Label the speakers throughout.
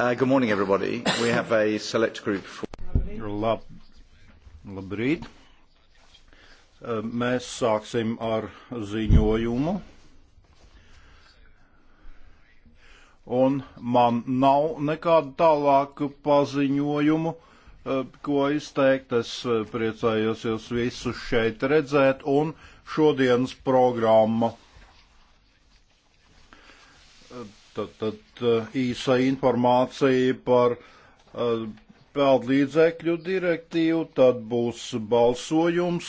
Speaker 1: Uh, good morning, everybody. We have a select group for... Lab, labrīt. Uh, mēs sāksim ar ziņojumu. Un man nav nekādu tālāku paziņojumu, uh, ko izteikt. Es uh, priecājos jūs visus šeit redzēt un šodienas programma Tad, tad eh, īsa informācija par uh, peldlīdzekļu direktīvu, tad būs balsojums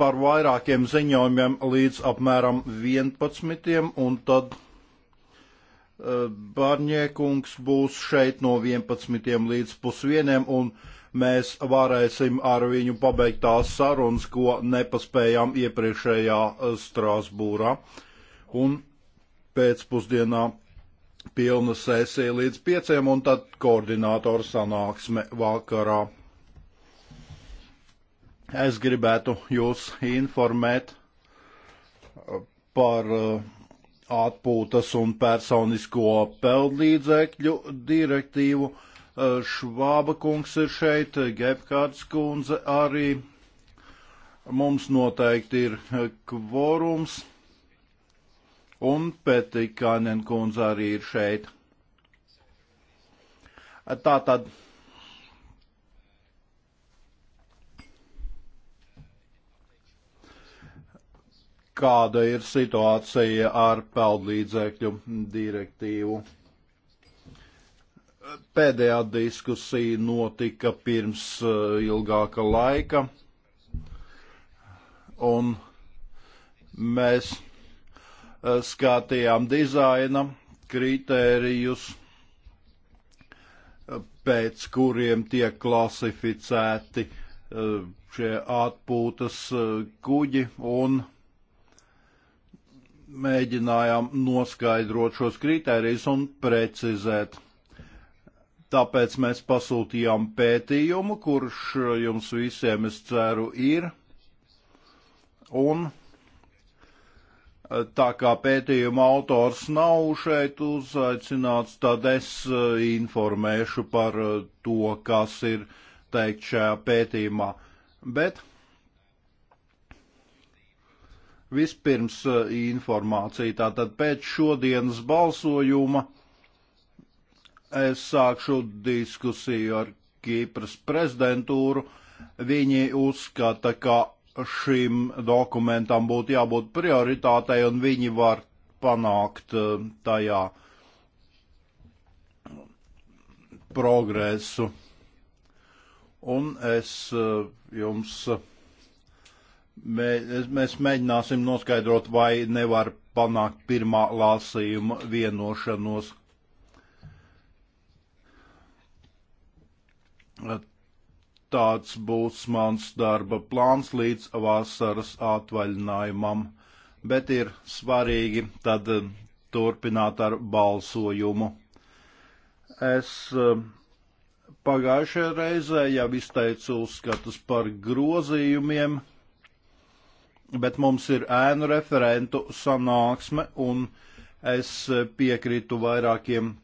Speaker 1: par vairākiem ziņojumiem līdz apmēram 11. un tad uh, Barņiekungs būs šeit no 11. līdz pusvieniem un mēs varēsim ar viņu pabeigt tās sarunas, ko nepaspējām iepriekšējā Strāsbūrā. Un pēcpusdienā pilna sesija līdz pieciem un tad koordinātora sanāksme vakarā. Es gribētu jūs informēt uh, par uh, atpūtas un personisko peldlīdzekļu direktīvu. Uh, Švāba kungs ir šeit, Gebhards kundze arī. Mums noteikti ir kvorums un Petikainen kundze arī ir šeit. Tātad. Kāda ir situācija ar peldlīdzekļu direktīvu? Pēdējā diskusija notika pirms uh, ilgāka laika, un mēs Eh, skatījām dizaina kritērijus, eh, pēc kuriem tiek klasificēti eh, šie atpūtas kuģi un mēģinājām noskaidrot šos kritērijus un precizēt. Tāpēc mēs pasūtījām pētījumu, kurš jums visiem, es ceru, ir. Un Tā kā pētījuma autors nav šeit uzaicināts, tad es e, informēšu par e, to, kas ir teikt šajā pētījumā. Bet vispirms e, informācija. Tātad pēc šodienas balsojuma es sākšu diskusiju ar Kīpras prezidentūru. Viņi uzskata, ka šim dokumentam būtu jābūt prioritātei un viņi var panākt eh, tajā progresu. Un es eh, jums, mē, mēs mēģināsim noskaidrot, vai nevar panākt pirmā lasījuma vienošanos tāds būs mans darba plāns līdz vasaras atvaļinājumam, bet ir svarīgi tad eh, turpināt ar balsojumu. Es eh, pagājušajā reizē jau izteicu uzskatus par grozījumiem, bet mums ir ēnu referentu sanāksme un es eh, piekrītu vairākiem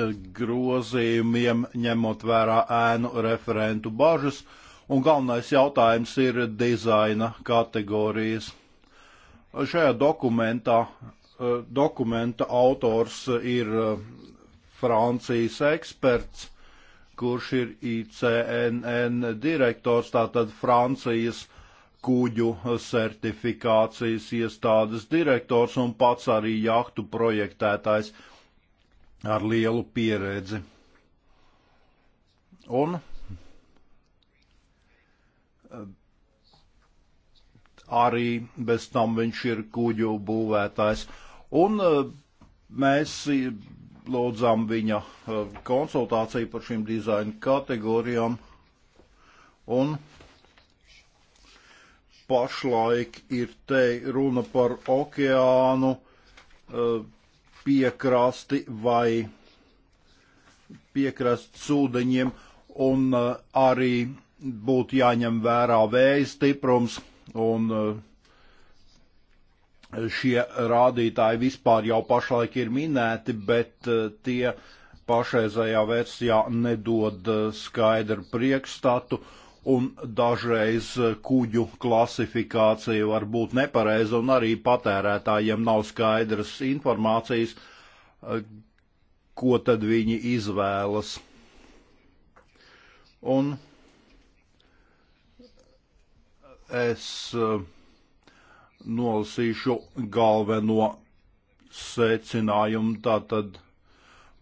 Speaker 1: Eh, grozījumiem, ņemot vērā ēnu referentu bažas, un galvenais jautājums ir dizaina kategorijas. Šajā dokumentā eh, dokumenta autors ir eh, Francijas eksperts, kurš ir ICNN direktors, tātad Francijas kuģu certifikācijas iestādes direktors un pats arī jahtu projektētājs. Uh, ar lielu pieredzi. Un eh, arī bez tam viņš ir kuģu būvētājs. Un eh, mēs eh, lūdzām viņa konsultāciju par šīm dizaina kategorijām. Un pašlaik ir te runa par okeānu, piekrasti vai piekrasts ūdeņiem, un uh, arī būtu jāņem vērā vēja stiprums, un uh, šie rādītāji vispār jau pašlaik ir minēti, bet uh, tie pašreizējā versijā nedod skaidru priekšstatu, uh, un dažreiz kuģu klasifikācija var būt nepareiza, un arī patērētājiem nav skaidras informācijas, ko tad viņi izvēlas. Un es eh, nolasīšu galveno secinājumu. Tātad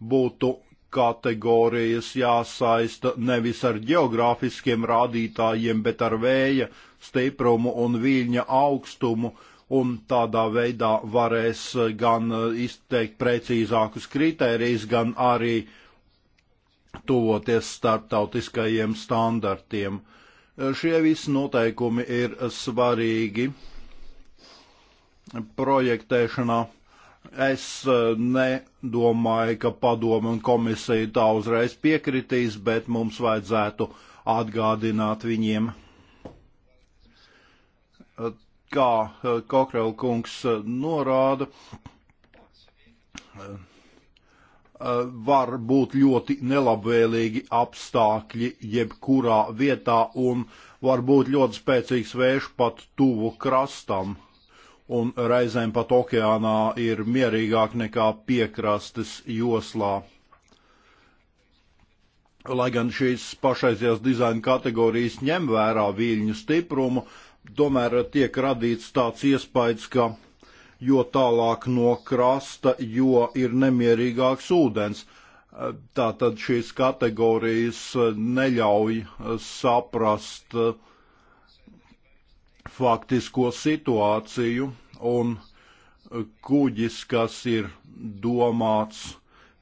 Speaker 1: būtu kategorijas jāsaista nevis ar geogrāfiskiem rādītājiem, bet ar vēja stiprumu un viļņa augstumu, un tādā veidā varēs gan izteikt precīzākus kritērijus, gan arī tuvoties starptautiskajiem standartiem. Šie visi noteikumi ir svarīgi projektēšanā Es eh, nedomāju, ka padome un komisija tā uzreiz piekritīs, bet mums vajadzētu atgādināt viņiem, eh, kā eh, Kokrela kungs norāda, var būt ļoti nelabvēlīgi apstākļi jebkurā vietā un var būt ļoti spēcīgs vējš pat tuvu krastam un reizēm pat okeānā ir mierīgāk nekā piekrastes joslā. Lai gan šīs pašreizējās dizaina kategorijas ņem vērā viļņu stiprumu, tomēr tiek radīts tāds iespējas, ka jo tālāk no krasta, jo ir nemierīgāks ūdens. Tātad šīs kategorijas neļauj saprast faktisko situāciju un kuģis, kas ir domāts,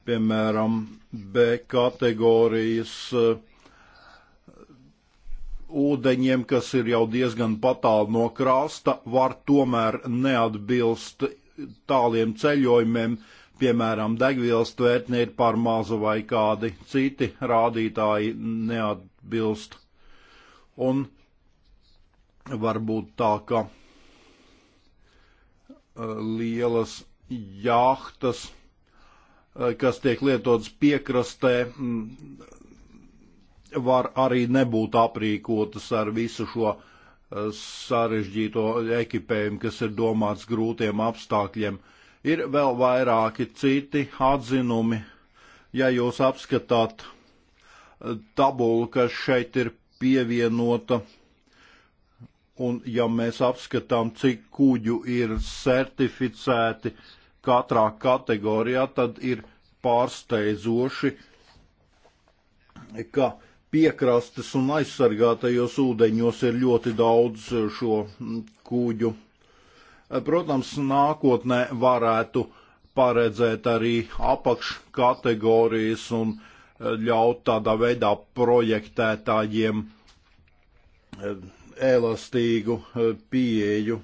Speaker 1: piemēram, B kategorijas e, ūdeņiem, kas ir jau diezgan patālu no krasta, var tomēr neatbilst tāliem ceļojumiem, piemēram, degvielas tvērtne ir par maza vai kādi citi rādītāji neatbilst. Un varbūt tā, ka lielas jahtas, eh, kas tiek lietotas piekrastē, var arī nebūt aprīkotas ar visu šo eh, sarežģīto ekipējumu, kas ir domāts grūtiem apstākļiem. Ir vēl vairāki citi atzinumi. Ja jūs apskatāt eh, tabulu, kas šeit ir pievienota, Un ja mēs apskatām, cik kuģu ir certificēti katrā kategorijā, tad ir pārsteidzoši, ka piekrastes un aizsargātajos ūdeņos ir ļoti daudz šo kuģu. Protams, nākotnē varētu paredzēt arī apakškategorijas un e, ļaut tādā veidā projektētājiem e, elastīgu eh, pieeju.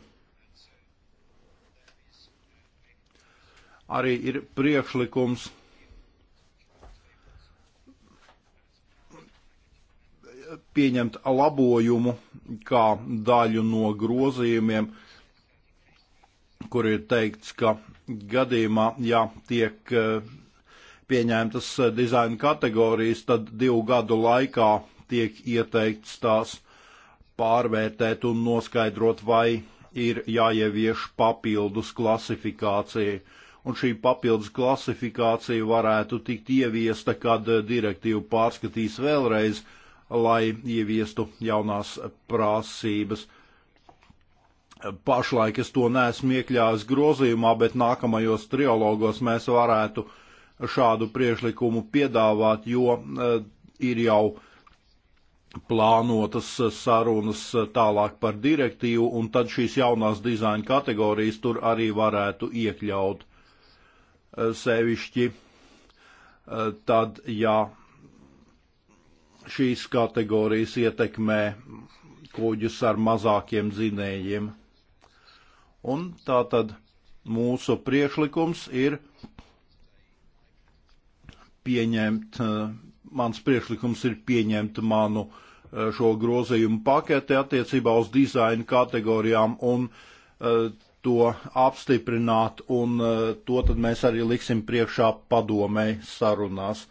Speaker 1: Arī ir priekšlikums pieņemt labojumu kā daļu no grozījumiem, kur ir teikts, ka gadījumā, ja tiek eh, pieņemtas eh, dizaina kategorijas, tad divu gadu laikā tiek ieteikts tās pārvērtēt un noskaidrot, vai ir jāievieš papildus klasifikācija. Un šī papildus klasifikācija varētu tikt ieviesta, kad direktīvu pārskatīs vēlreiz, lai ieviestu jaunās prasības. Pašlaik es to neesmu iekļāvis grozījumā, bet nākamajos trialogos mēs varētu šādu priešlikumu piedāvāt, jo eh, ir jau plānotas sarunas tālāk par direktīvu, un tad šīs jaunās dizaina kategorijas tur arī varētu iekļaut sevišķi. Tad, ja šīs kategorijas ietekmē kuģus ar mazākiem zinējiem. Un tā tad mūsu priekšlikums ir pieņemt, mans priekšlikums ir pieņemt manu uh, Eh, šo grozījumu paketi attiecībā uz dizaina kategorijām un eh, to apstiprināt, un eh, to tad mēs arī liksim priekšā padomēji sarunās.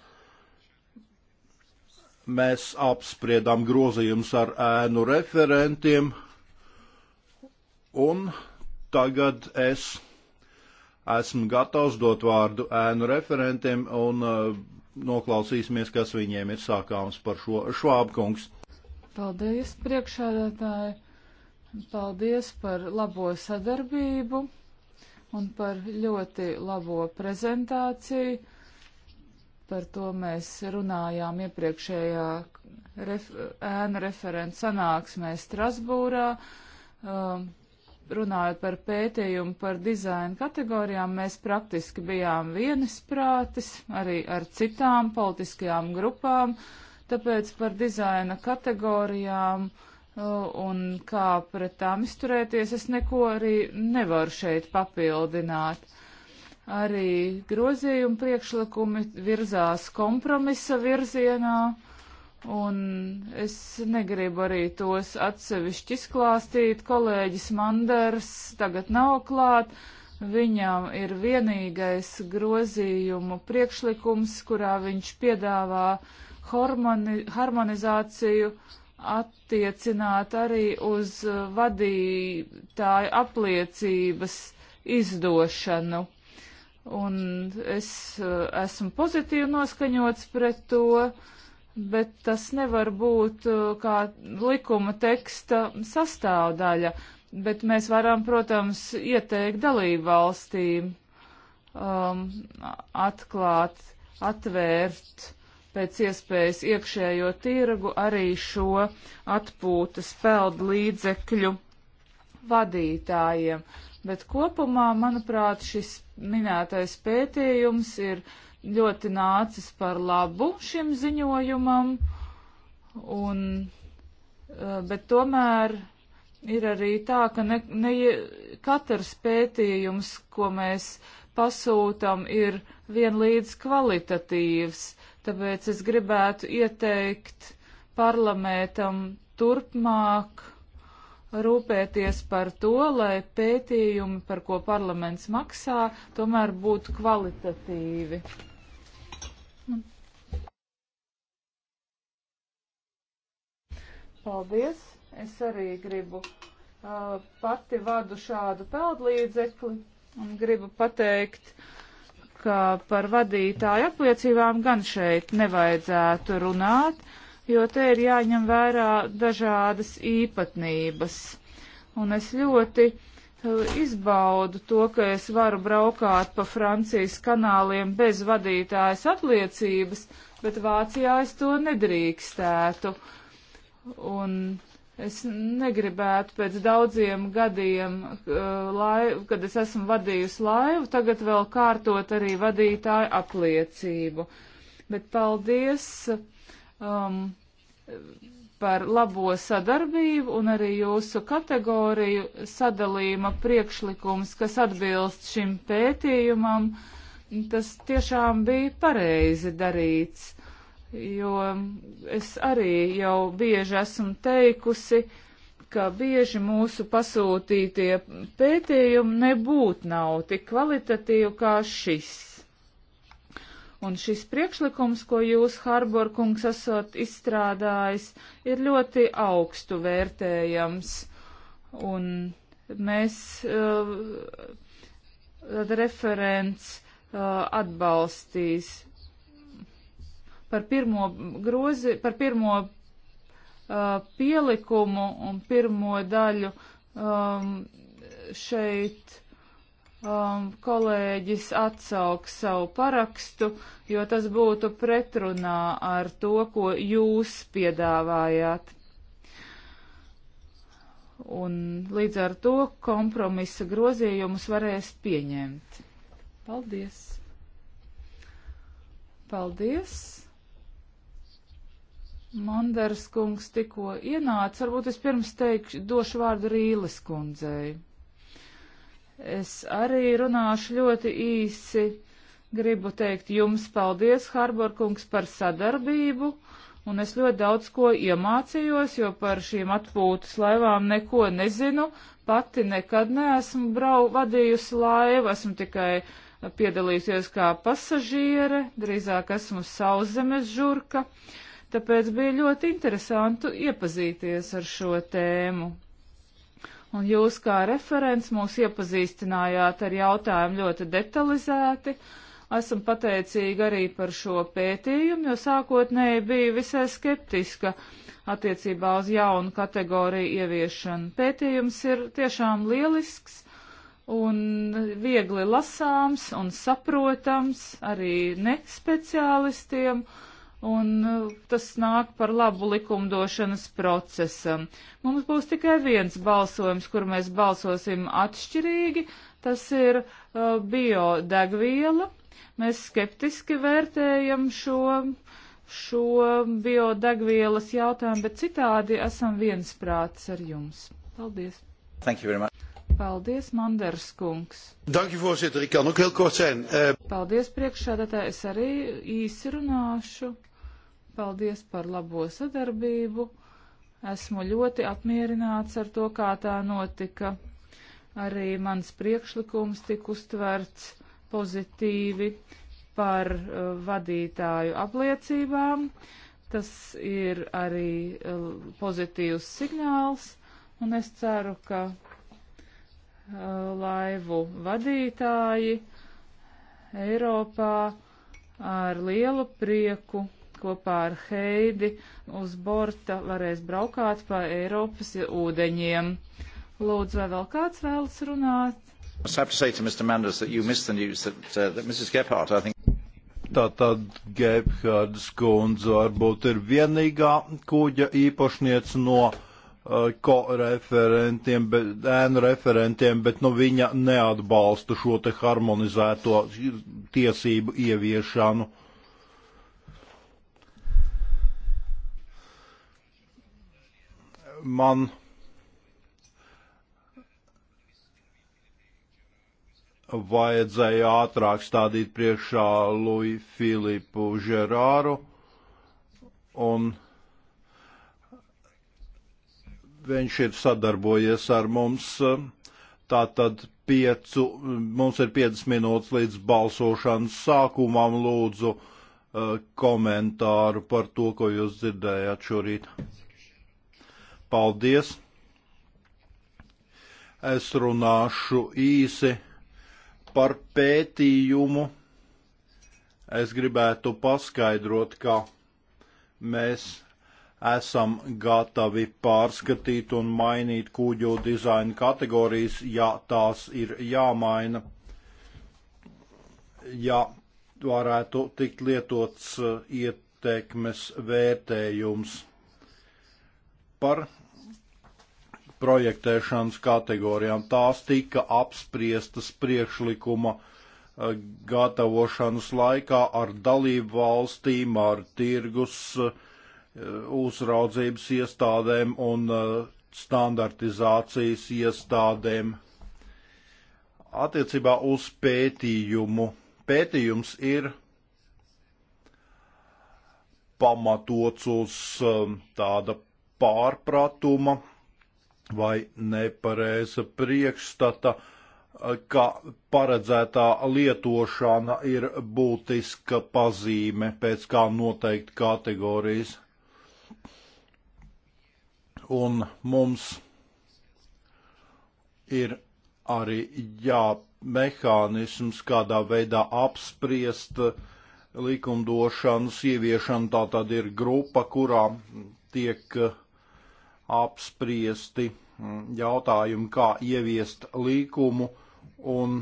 Speaker 1: Mēs apspriedām grozījumus ar ēnu referentiem, un tagad es esmu gatavs dot vārdu ēnu referentiem un noklausīsimies, kas viņiem ir sākāms par šo švābkungs.
Speaker 2: Paldies, priekšādātāji! Paldies par labo sadarbību un par ļoti labo prezentāciju. Par to mēs runājām iepriekšējā ref ēnu referents sanāksmē Strasbūrā. Um, runājot par pētījumu par dizaina kategorijām, mēs praktiski bijām vienisprātis arī ar citām politiskajām grupām. Uh, Tāpēc par dizaina kategorijām uh, un kā pret tām izturēties, es neko arī nevaru šeit papildināt. Arī grozījuma priekšlikumi virzās kompromisa virzienā. Un es negribu arī tos atsevišķi izklāstīt. Kolēģis Manders tagad nav klāt. Viņam ir vienīgais grozījumu priekšlikums, kurā viņš piedāvā hormoni, harmonizāciju attiecināt arī uz vadītāju apliecības izdošanu. Un es eh, esmu pozitīvi noskaņots pret to, bet tas nevar būt eh, kā likuma teksta sastāvdaļa. Bet mēs varam, protams, ieteikt dalību valstīm um, atklāt, atvērt pēc iespējas iekšējo tirgu arī šo atpūtas peld līdzekļu vadītājiem. Bet kopumā, manuprāt, šis minētais pētījums ir ļoti nācis par labu šim ziņojumam, un, e, bet tomēr ir arī tā, ka ne, ne katrs pētījums, ko mēs pasūtam, ir vienlīdz kvalitatīvs Tāpēc es gribētu ieteikt parlamentam turpmāk rūpēties par to, lai pētījumi, par ko parlaments maksā, tomēr būtu kvalitatīvi. Nu. Paldies! Es arī gribu uh, pati vadu šādu peldlīdzekli un gribu pateikt, uh, ka par vadītāju apliecībām gan šeit nevajadzētu runāt, jo te ir jāņem vērā dažādas īpatnības. Un es ļoti e, izbaudu to, ka es varu braukāt pa Francijas kanāliem bez vadītājas apliecības, bet Vācijā es to nedrīkstētu. Un Es negribētu pēc daudziem gadiem, uh, lai, kad es esmu vadījusi laivu, tagad vēl kārtot arī vadītāju apliecību. Bet paldies um, par labo sadarbību un arī jūsu kategoriju sadalījuma priekšlikums, kas atbilst šim pētījumam. Tas tiešām bija pareizi darīts jo es arī jau bieži esmu teikusi, ka bieži mūsu pasūtītie pētījumi nebūtu nav tik kvalitatīvi kā šis. Un šis priekšlikums, ko jūs, Harborkungs, esat izstrādājis, ir ļoti augstu vērtējams. Un mēs uh, referents uh, atbalstīs par pirmo grozi, par pirmo uh, pielikumu un pirmo daļu um, šeit um, kolēģis atsauks savu parakstu, jo tas būtu pretrunā ar to, ko jūs piedāvājāt. Un līdz ar to kompromisa grozījumus varēs pieņemt. Paldies! Paldies! Manders kungs tikko ienāca. Varbūt es pirms teikšu, došu vārdu Rīles kundzei. Es arī runāšu ļoti īsi. Gribu teikt jums paldies, Harbor kungs, par sadarbību. Un es ļoti daudz ko iemācījos, jo par šīm atpūtas laivām neko nezinu. Pati nekad neesmu brau, vadījusi laivu, esmu tikai piedalījusies kā pasažiere, drīzāk esmu sauszemes žurka. Uh, Tāpēc bija ļoti interesanti iepazīties ar šo tēmu. Un jūs kā referents mūs iepazīstinājāt ar jautājumu ļoti detalizēti. Esam pateicīgi arī par šo pētījumu, jo sākotnēji bija visai skeptiska attiecībā uz jaunu kategoriju ieviešanu. Pētījums ir tiešām lielisks un viegli lasāms un saprotams arī nespeciālistiem. speciālistiem un nu, tas nāk par labu likumdošanas procesam. Mums būs tikai viens balsojums, kur mēs balsosim atšķirīgi, tas ir uh, biodegviela. Mēs skeptiski vērtējam šo, šo biodegvielas jautājumu, bet citādi esam viensprāts ar jums. Paldies! Thank you very much. Paldies, Manders kungs.
Speaker 1: Dank u voorzitter. Ik kan ook heel kort zijn. Uh...
Speaker 2: Paldies, priekšsēdētāji. Es arī īsi runāšu. Paldies par labo sadarbību. Esmu ļoti apmierināts ar to, kā tā notika. Arī mans priekšlikums tika uztverts pozitīvi par uh, vadītāju apliecībām. Tas ir arī uh, pozitīvs signāls, un es ceru, ka uh, laivu vadītāji Eiropā ar lielu prieku kopā ar Heidi uz borta varēs braukāt pa Eiropas ūdeņiem. Lūdzu, vai vēl kāds vēlas runāt?
Speaker 3: Uh,
Speaker 1: Tātad Gebhards kundze varbūt ir vienīgā kuģa īpašniece no uh, ko-referentiem, ēnu referentiem, bet nu viņa neatbalsta šo te harmonizēto tiesību ieviešanu. Uh, man vajadzēja ātrāk stādīt priekšā Lui Filipu Žerāru, un viņš ir sadarbojies ar mums. Tātad piecu, mums ir piecas minūtes līdz balsošanas sākumam lūdzu eh, komentāru par to, ko jūs dzirdējāt šorīt. Paldies! Es runāšu īsi par pētījumu. Es gribētu paskaidrot, ka mēs esam gatavi pārskatīt un mainīt kūģu dizaina kategorijas, ja tās ir jāmaina, ja varētu tikt lietots uh, ietekmes vērtējums. Par projektēšanas kategorijām. Tās tika apspriestas priekšlikuma eh, gatavošanas laikā ar dalību valstīm, ar tirgus eh, uzraudzības iestādēm un eh, standartizācijas iestādēm. Attiecībā uz pētījumu. Pētījums ir pamatots uz tāda pārpratuma vai nepareiza priekšstata, ka paredzētā lietošana ir būtiska pazīme pēc kā noteikti kategorijas. Un mums ir arī jā, mehānisms, kādā veidā apspriest likumdošanas ieviešanu. Tā tad ir grupa, kurā tiek uh, apspriesti mm, jautājumi, kā ieviest līkumu, un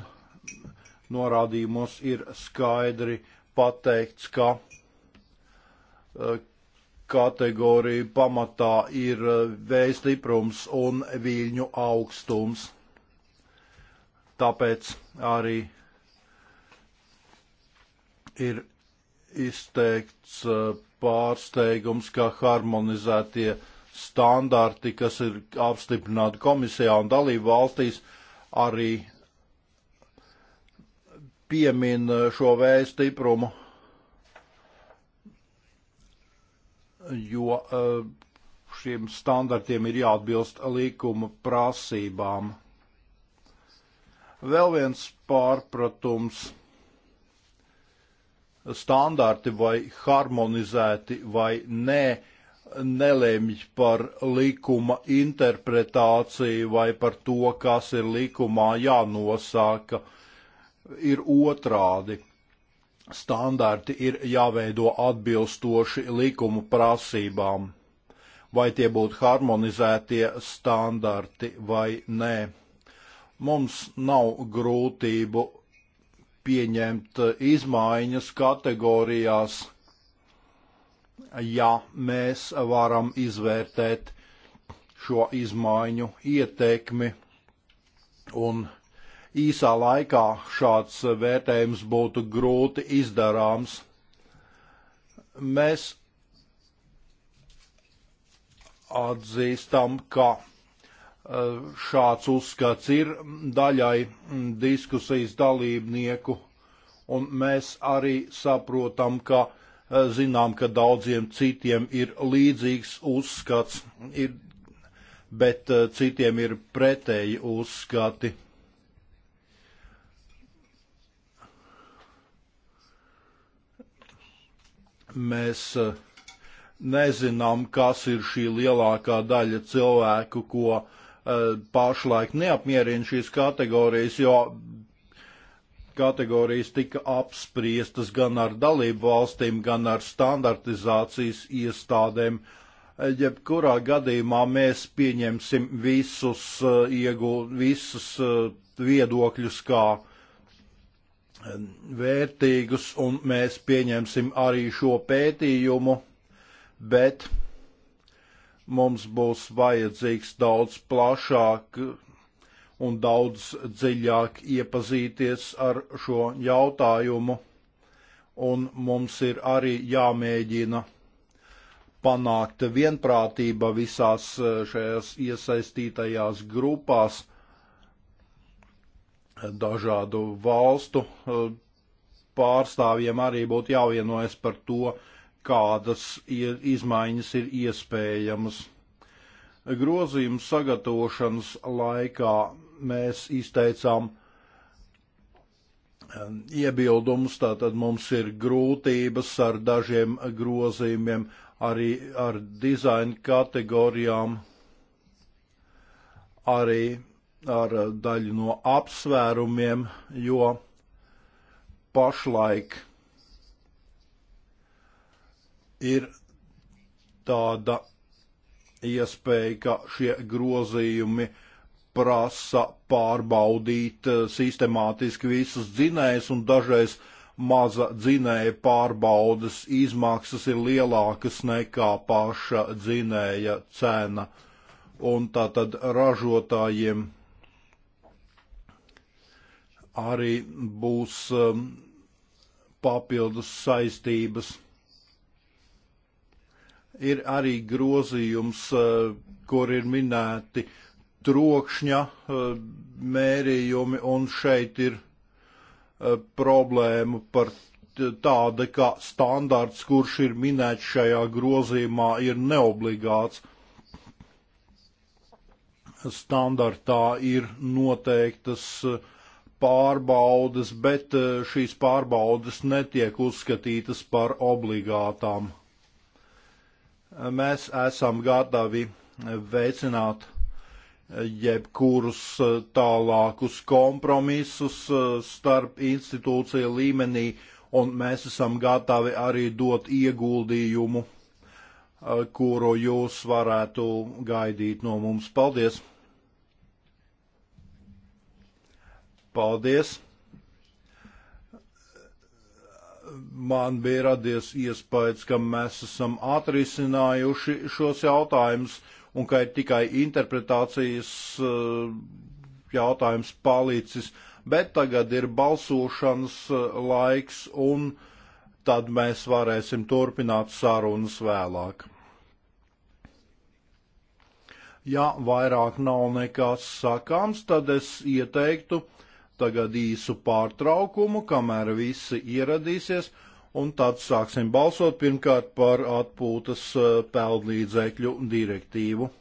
Speaker 1: norādījumos ir skaidri pateikts, ka e, kategorija pamatā ir e, vēja stiprums un viļņu augstums. Tāpēc arī ir izteikts e, pārsteigums, ka harmonizētie uh, standarti, kas ir apstiprināti komisijā un dalību valstīs, arī piemin eh, šo vēja stiprumu, jo eh, šiem standartiem ir jāatbilst līkuma prasībām. Vēl viens pārpratums. Standarti vai harmonizēti vai nē, nelemj par likuma interpretāciju vai par to, kas ir likumā jānosaka, ir otrādi. Standarti ir jāveido atbilstoši likumu prasībām, vai tie būtu harmonizētie standarti vai nē. Mums nav grūtību pieņemt izmaiņas kategorijās ja mēs varam izvērtēt šo izmaiņu ietekmi un īsā laikā šāds vērtējums būtu grūti izdarāms. Mēs atzīstam, ka e, šāds uzskats ir daļai diskusijas dalībnieku, un mēs arī saprotam, ka uh, Eh, zinām, ka daudziem citiem ir līdzīgs uzskats, ir, bet eh, citiem ir pretēji uzskati. Mēs eh, nezinām, kas ir šī lielākā daļa cilvēku, ko uh, pašlaik neapmierina šīs kategorijas, jo kategorijas tika apspriestas gan ar dalību valstīm, gan ar standartizācijas iestādēm. Jebkurā gadījumā mēs pieņemsim visus, eh, iegu, visus eh, viedokļus kā eh, vērtīgus, un mēs pieņemsim arī šo pētījumu, bet mums būs vajadzīgs daudz plašāk un daudz dziļāk iepazīties ar šo jautājumu, un mums ir arī jāmēģina panākt vienprātība visās eh, šajās iesaistītajās grupās eh, dažādu valstu eh, pārstāvjiem arī būtu jāvienojas par to, kādas izmaiņas ir iespējamas. Grozījuma sagatavošanas laikā mēs izteicām um, iebildumus, tātad mums ir grūtības ar dažiem grozījumiem, arī ar dizaina kategorijām, arī ar daļu no apsvērumiem, jo pašlaik ir tāda iespēja, ka šie grozījumi uh, prasa pārbaudīt eh, sistemātiski visus dzinējus, un dažreiz maza dzinēja pārbaudas izmaksas ir lielākas nekā paša dzinēja cena. Un tātad ražotājiem arī būs um, papildus saistības. Ir arī grozījums, uh, kur ir minēti uh, trokšņa eh, mērījumi, un šeit ir eh, problēma par tāda, ka standarts, kurš ir minēts šajā grozījumā, ir neobligāts. Standartā ir noteiktas eh, pārbaudes, bet šīs pārbaudes netiek uzskatītas par obligātām. Mēs esam gatavi veicināt jebkurus eh, tālākus kompromisus eh, starp institūciju līmenī, un mēs esam gatavi arī dot ieguldījumu, eh, kuru jūs varētu gaidīt no mums. Paldies! Paldies! man bija radies iespējas, ka mēs esam atrisinājuši šos jautājumus, un ka ir tikai interpretācijas eh, jautājums palicis, bet tagad ir balsošanas eh, laiks un tad mēs varēsim turpināt sarunas vēlāk. Ja vairāk nav nekas sakāms, tad es ieteiktu tagad īsu pārtraukumu, kamēr visi ieradīsies, Un tad sāksim balsot pirmkārt par atpūtas eh, peldlīdzekļu direktīvu.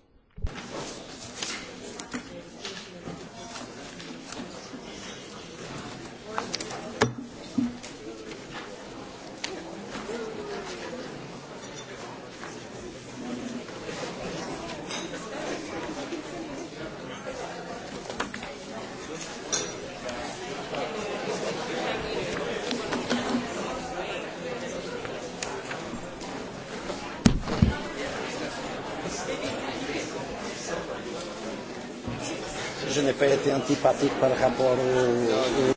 Speaker 3: fatigue, por ejemplo, o, o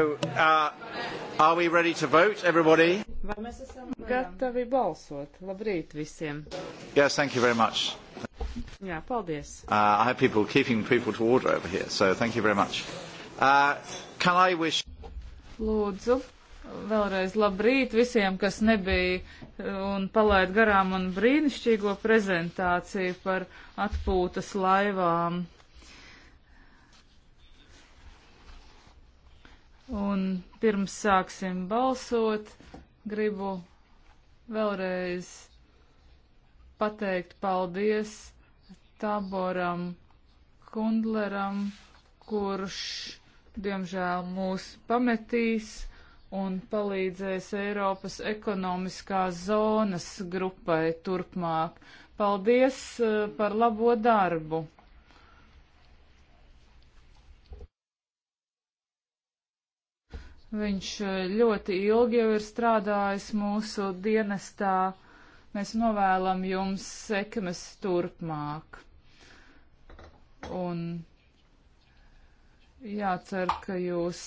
Speaker 1: Uh,
Speaker 3: are we ready to vote, everybody?
Speaker 4: Vai mēs esam gatavi balsot? Labrīt visiem.
Speaker 3: Yes, thank you very much.
Speaker 4: Jā, paldies.
Speaker 3: Uh, I have people keeping people to order over here, so thank you very much. Uh, can I wish...
Speaker 4: Lūdzu,
Speaker 2: vēlreiz labrīt visiem, kas nebija uh, un palaid garām un brīnišķīgo prezentāciju par atpūtas laivām. Un pirms sāksim balsot, gribu vēlreiz pateikt paldies Taboram Kundleram, kurš, diemžēl, mūs pametīs un palīdzēs Eiropas ekonomiskās zonas grupai turpmāk. Paldies uh, par labo darbu! Viņš e, ļoti ilgi jau ir strādājis mūsu dienestā. Mēs novēlam jums sekmes turpmāk. Un jācer, ka jūs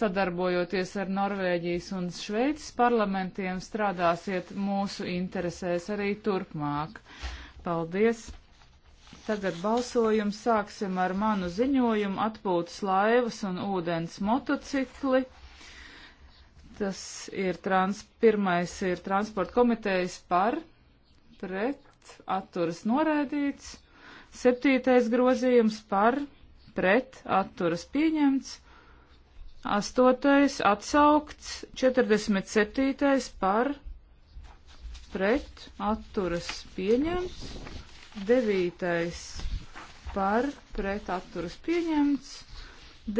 Speaker 2: sadarbojoties ar Norvēģijas un Šveices parlamentiem strādāsiet mūsu interesēs arī turpmāk. Paldies! Tagad balsojumu sāksim ar manu ziņojumu atpūtas laivas un ūdens motocikli. Tas ir trans, pirmais ir transporta komitejas par, pret, atturas noraidīts. Septītais grozījums par, pret, atturas pieņemts. Astotais atsaukts, 47. par, pret, atturas pieņemts. Devītais par, pret, atturas pieņemts.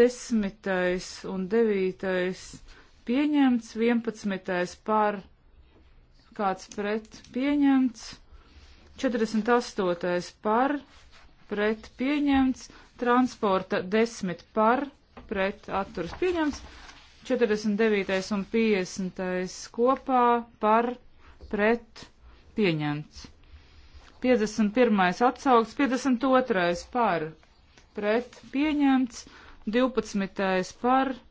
Speaker 2: Desmitais un devītais par pieņemts, 11. par kāds pret pieņemts, 48. par pret pieņemts, transporta 10 par pret atturas pieņemts, 49. un 50. kopā par pret pieņemts. 51. atsaukts, 52. par pret pieņemts, 12. par pret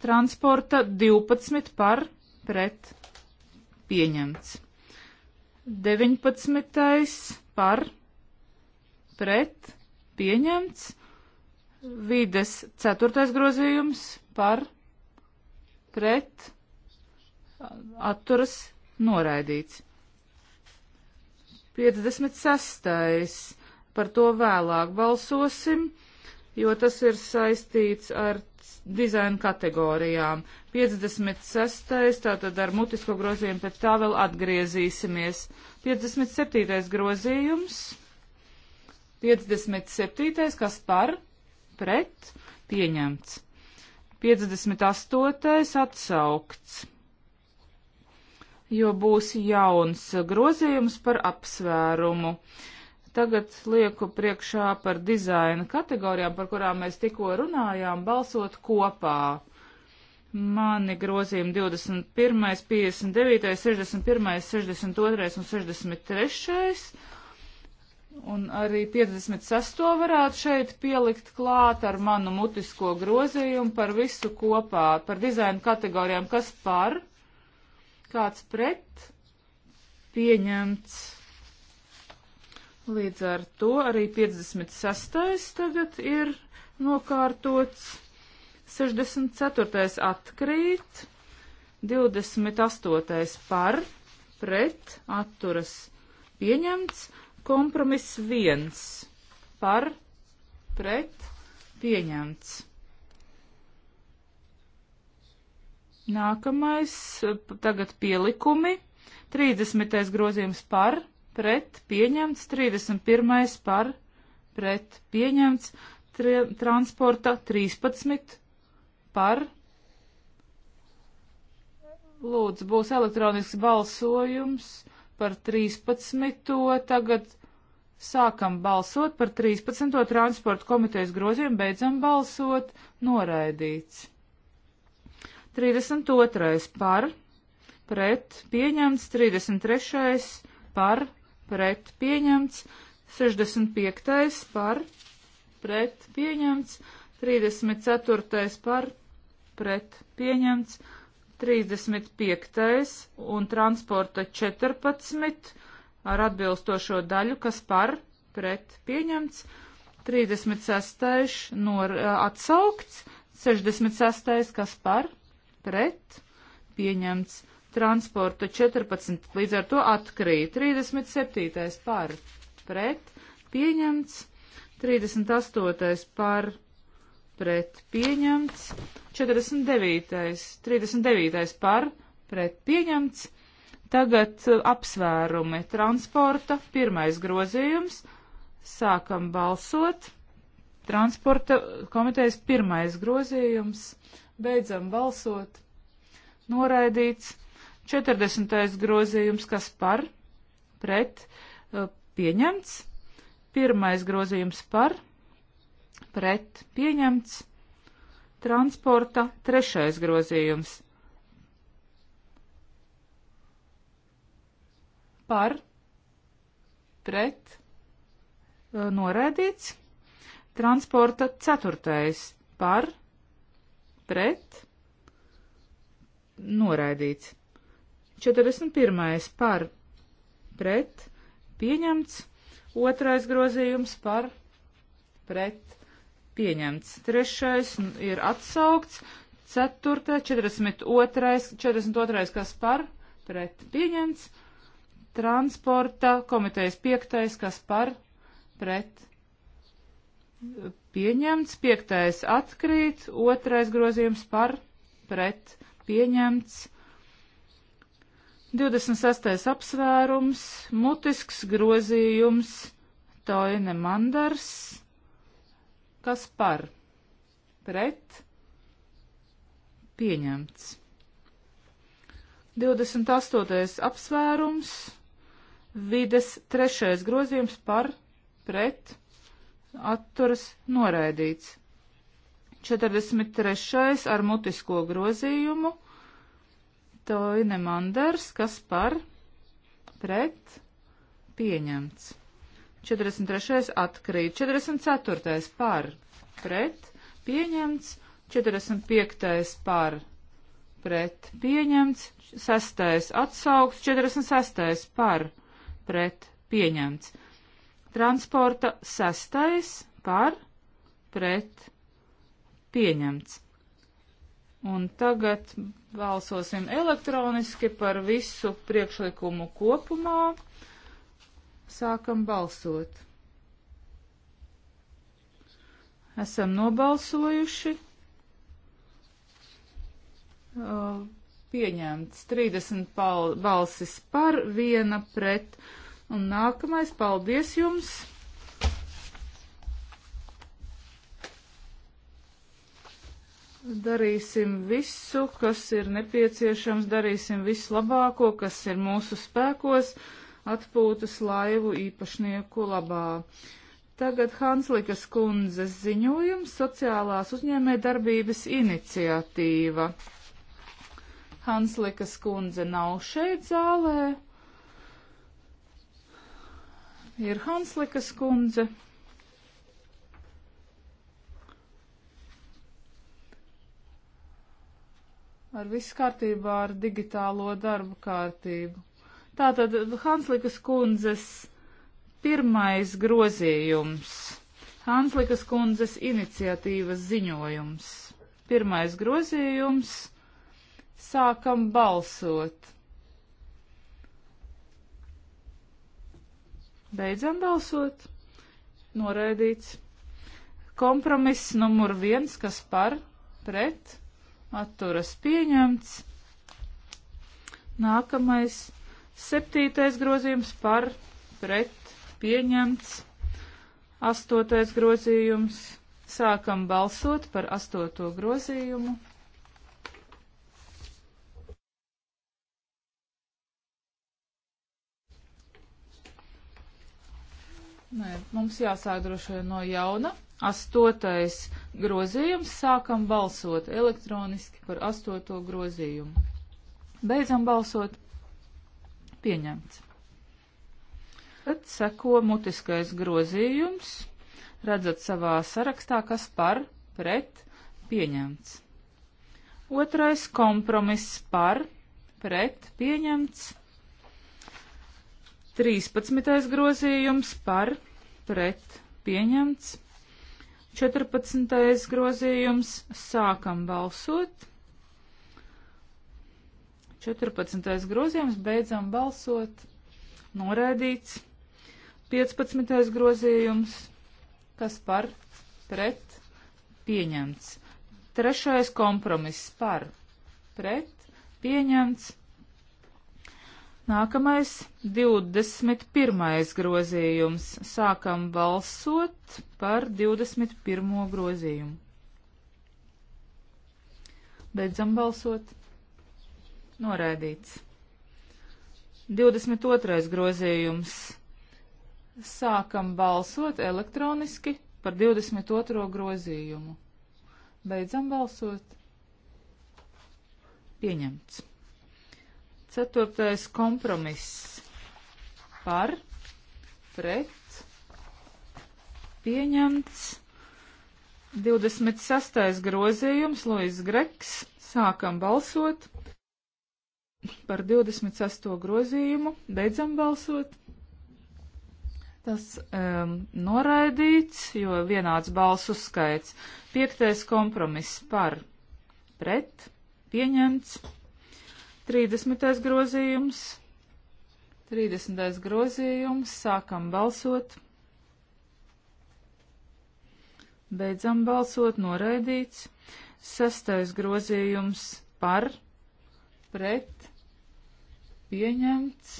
Speaker 2: transporta 12 par pret pieņemts. 19. par pret pieņemts. Vides 4. grozījums par pret atturas noraidīts. 56. par to vēlāk balsosim, jo tas ir saistīts ar dizaina kategorijām. 56. tātad ar mutisko grozījumu pēc tā vēl atgriezīsimies. 57. grozījums. 57. kas par, pret, pieņemts. 58. atsaukts, jo būs jauns grozījums par apsvērumu. Uh, Tagad lieku priekšā par dizaina kategorijām, par kurām mēs tikko runājām, balsot kopā. Mani grozījumi 21, 59, 61, 62 un 63. Un arī 56. varētu šeit pielikt klāt ar manu mutisko grozījumu par visu kopā, par dizaina kategorijām, kas par, kāds pret, pieņemts. Līdz ar to arī 56. tagad ir nokārtots, 64. atkrīt, 28. par, pret, atturas pieņemts, kompromiss 1 par, pret, pieņemts. Nākamais, tagad pielikumi, 30. grozījums par, pret pret pieņemts, 31. par pret pieņemts, tri, transporta 13 par. Lūdzu, būs elektronisks balsojums par 13. Tagad sākam balsot par 13. transporta komitejas grozījumu, beidzam balsot, noraidīts. 32. par, pret, pieņemts, 33. par, pret pieņemts, 65. par pret pieņemts, 34. par pret pieņemts, 35. un transporta 14 ar atbilstošo daļu, kas par pret pieņemts, 36. Nor, eh, atsaukts, 66. kas par pret pieņemts transporta 14, līdz ar to atkrīt. 37. par pret pieņemts, 38. par pret pieņemts, 49. 39. par pret pieņemts. Tagad uh, apsvērumi transporta, pirmais grozījums, sākam balsot. Transporta komitejas pirmais grozījums, beidzam balsot, noraidīts 40. grozījums, kas par, pret, uh, pieņemts. Pirmais grozījums par, pret, pieņemts. Transporta trešais grozījums par, pret, uh, noraidīts. Transporta ceturtais par, pret, noraidīts 41. par pret pieņemts, otrais grozījums par pret pieņemts, trešais ir atsaukts, ceturtais, 42. 42. kas par pret pieņemts, transporta komitejas piektais, kas par pret pieņemts, piektais atkrīt, otrais grozījums par pret pieņemts. 26. apsvērums, mutisks grozījums, Toine Mandars. Kas par? Pret? Pieņemts. 28. apsvērums, vides trešais grozījums par, pret, atturas noraidīts. 43. ar mutisko grozījumu to Inemanders, kas par pret pieņemts. 43. atkrīt, 44. par pret pieņemts, 45. par pret pieņemts, 6. atsaukts, 46. par pret pieņemts. Transporta 6. par pret pieņemts. Un tagad balsosim elektroniski par visu priekšlikumu kopumā. Sākam balsot. Esam nobalsojuši. Uh, pieņemts 30 balsis par, viena pret. Un nākamais, paldies jums! Darīsim visu, kas ir nepieciešams, darīsim vislabāko, kas ir mūsu spēkos, atpūtas laivu īpašnieku labā. Tagad Hanslikas kundzes ziņojums sociālās uzņēmē darbības iniciatīva. Hanslikas kundze nav šeit zālē. Ir Hanslikas kundze. ar viss kārtībā ar digitālo darbu kārtību. Tātad Hanslikas kundzes pirmais grozījums. Hanslikas kundzes iniciatīvas ziņojums. Pirmais grozījums. Sākam balsot. Beidzam balsot. Noraidīts. Kompromiss numur viens, kas par, pret, atturas pieņemts. Nākamais septītais grozījums par pret pieņemts. Astotais grozījums. Sākam balsot par astoto grozījumu. Nē, mums jāsāk droši vien no jauna. Astotais grozījums. Sākam balsot elektroniski par astoto grozījumu. Beidzam balsot. Pieņemts. Tad seko mutiskais grozījums. Redzat savā sarakstā, kas par, pret, pieņemts. Otrais kompromiss par, pret, pieņemts. 13. grozījums par, pret, pieņemts. 14. grozījums. Sākam balsot. 14. grozījums. Beidzam balsot. Noraidīts. 15. grozījums. Kas par? Pret. Pieņemts. Trešais kompromiss par. Pret. Pieņemts. Nākamais 21. grozījums. Sākam balsot par 21. grozījumu. Beidzam balsot. Noraidīts. 22. grozījums. Sākam balsot elektroniski par 22. grozījumu. Beidzam balsot. Pieņemts. Ceturtais kompromiss par, pret, pieņemts. 26. grozījums, Lois Greks, sākam balsot par 26. grozījumu, beidzam balsot. Tas um, noraidīts, jo vienāds balsu skaits. Piektais kompromiss par, pret, pieņemts. 30. grozījums. 30. grozījums. Sākam balsot. Beidzam balsot. Noraidīts. 6. grozījums par, pret, pieņemts.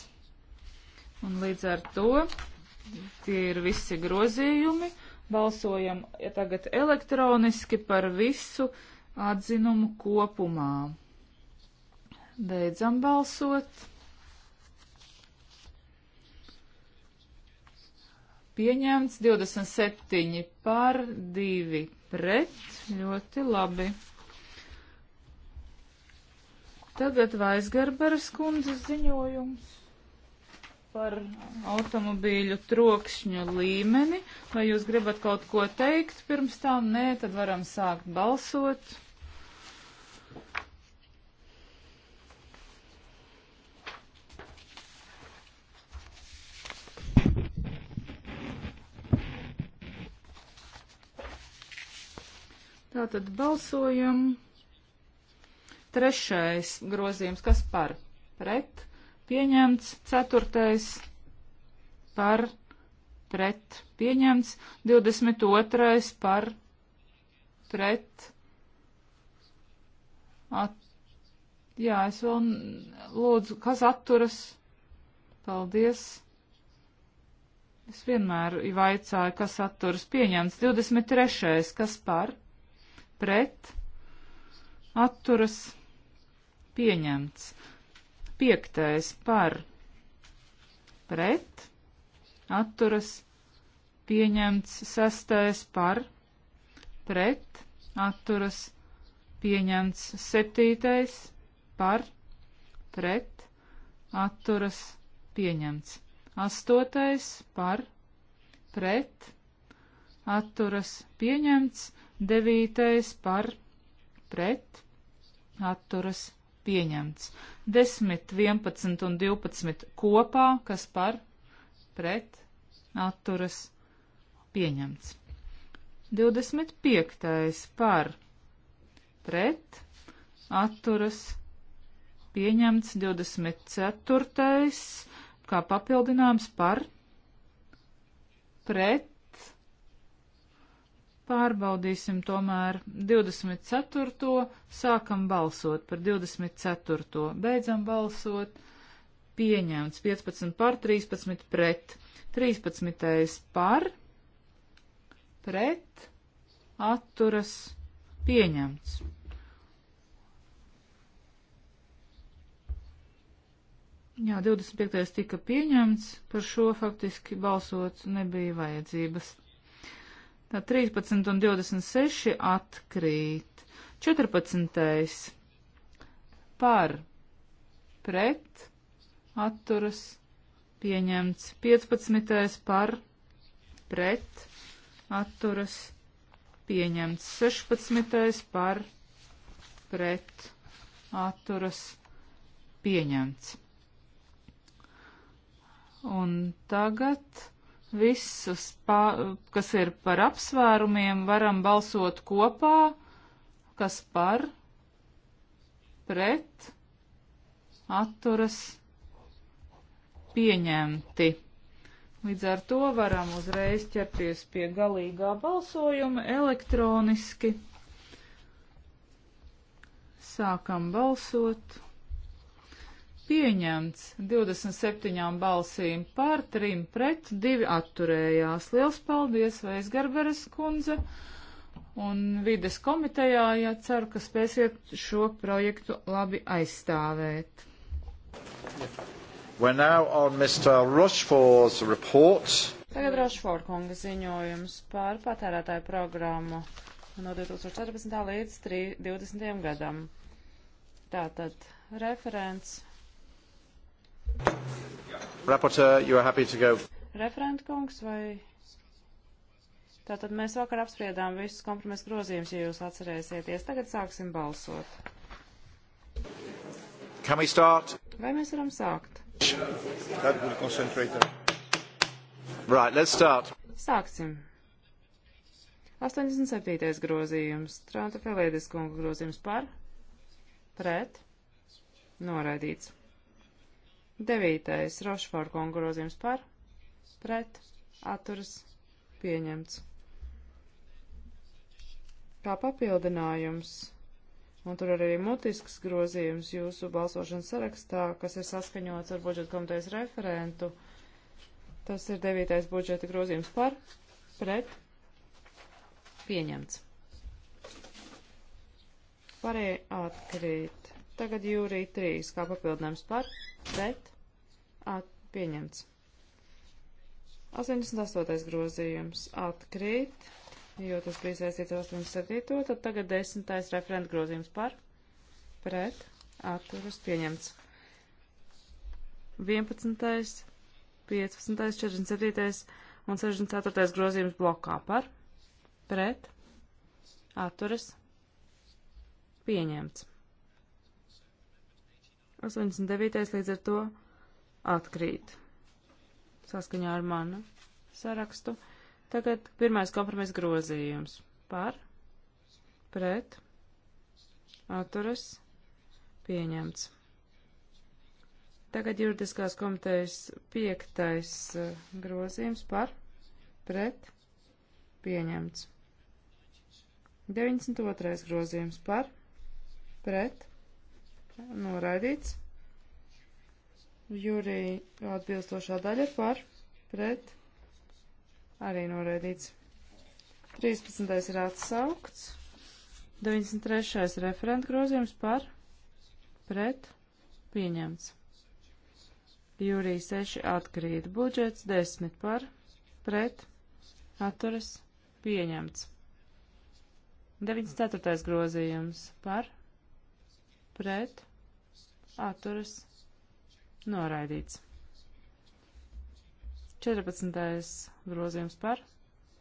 Speaker 2: Un līdz ar to tie ir visi grozījumi. Balsojam ja tagad elektroniski par visu atzinumu kopumā. Beidzam balsot. Pieņemts 27 par 2 pret. Ļoti labi. Tagad Vaisgarberas kundzes ziņojums par automobīļu trokšņu līmeni. Vai jūs gribat kaut ko teikt pirms tam? Nē, tad varam sākt balsot. Tātad balsojam. Trešais grozījums, kas par pret, pieņemts. Ceturtais par pret, pieņemts. 22. par pret. At, jā, es vēl lūdzu, kas atturas? Paldies. Es vienmēr vaicāju, kas atturas pieņemts. 23. kas par pret pret, atturas, pieņemts. Piektais par, pret, atturas, pieņemts. Sestais par, pret, atturas, pieņemts. Septītais par, pret, atturas, pieņemts. Astotais par, pret, atturas, pieņemts Devītais par pret atturas pieņemts. 10, 11 un 12 kopā, kas par pret atturas pieņemts. 25. par pret atturas pieņemts. 24. kā papildinājums par pret Pārbaudīsim tomēr 24. Sākam balsot par 24. Beidzam balsot. Pieņemts 15 par, 13 pret. 13. par, pret, atturas, pieņemts. Jā, 25. tika pieņemts, par šo faktiski balsot nebija vajadzības. Tā 13 un 26 atkrīt. 14. par pret atturas pieņemts. 15. par pret atturas pieņemts. 16. par pret atturas pieņemts. Un tagad Visus, pā, kas ir par apsvērumiem, varam balsot kopā, kas par, pret, atturas, pieņemti. Līdz ar to varam uzreiz ķerties pie galīgā balsojuma elektroniski. Sākam balsot pieņemts 27 balsīm pār, 3 pret, 2 atturējās. Liels paldies, Veisgarberes kundze! Un vides komitejā, ja ceru, ka spēsiet šo projektu labi aizstāvēt.
Speaker 4: Tagad Rošforda kunga ziņojums par patērētāju programmu no 2014. līdz 2020. gadam. Tātad referents
Speaker 3: Rapporteur, you are happy to go.
Speaker 4: Referent kungs vai? Tātad mēs vakar apspriedām visus kompromisu grozījumus, ja jūs atcerēsieties. Tagad sāksim balsot.
Speaker 3: Can we start?
Speaker 4: Vai mēs varam sākt?
Speaker 3: That will concentrate. Right, let's start.
Speaker 4: Sāksim. 87. grozījums. Trānta Felēdis kunga grozījums par. Pret. Noraidīts. Devītais Rošfor kunga grozījums par, pret, atturas, pieņemts. Kā papildinājums, un tur arī mutisks grozījums jūsu balsošanas sarakstā, kas ir saskaņots ar budžeta komitejas referentu, tas ir devītais budžeta grozījums par, pret, pieņemts. Pārējie atkrīt. Tagad jūrī 3 kā papildinājums par, pret, at, pieņemts. 88. grozījums atkrīt, jo tas bija saistīts ar 87. Tad tagad 10. referenta grozījums par, pret, atturas pieņemts. 11. 15., 47. un 64. grozījums blokā par, pret, atturas, pieņemts. 89. līdz ar to atkrīt saskaņā ar manu sarakstu. Tagad pirmais kompromiss grozījums par, pret, atturas, pieņemts. Tagad juridiskās komitejas piektais eh, grozījums par, pret, pieņemts. 92. grozījums par, pret, noraidīts. Jurī atbilstošā daļa par pret arī noraidīts. 13. ir atsaukts. 93. referenta grozījums par pret pieņemts. Jūrī 6 atkrīt. Budžets 10 par pret atturas pieņemts. 94. grozījums par pret atturas noraidīts. 14. grozījums par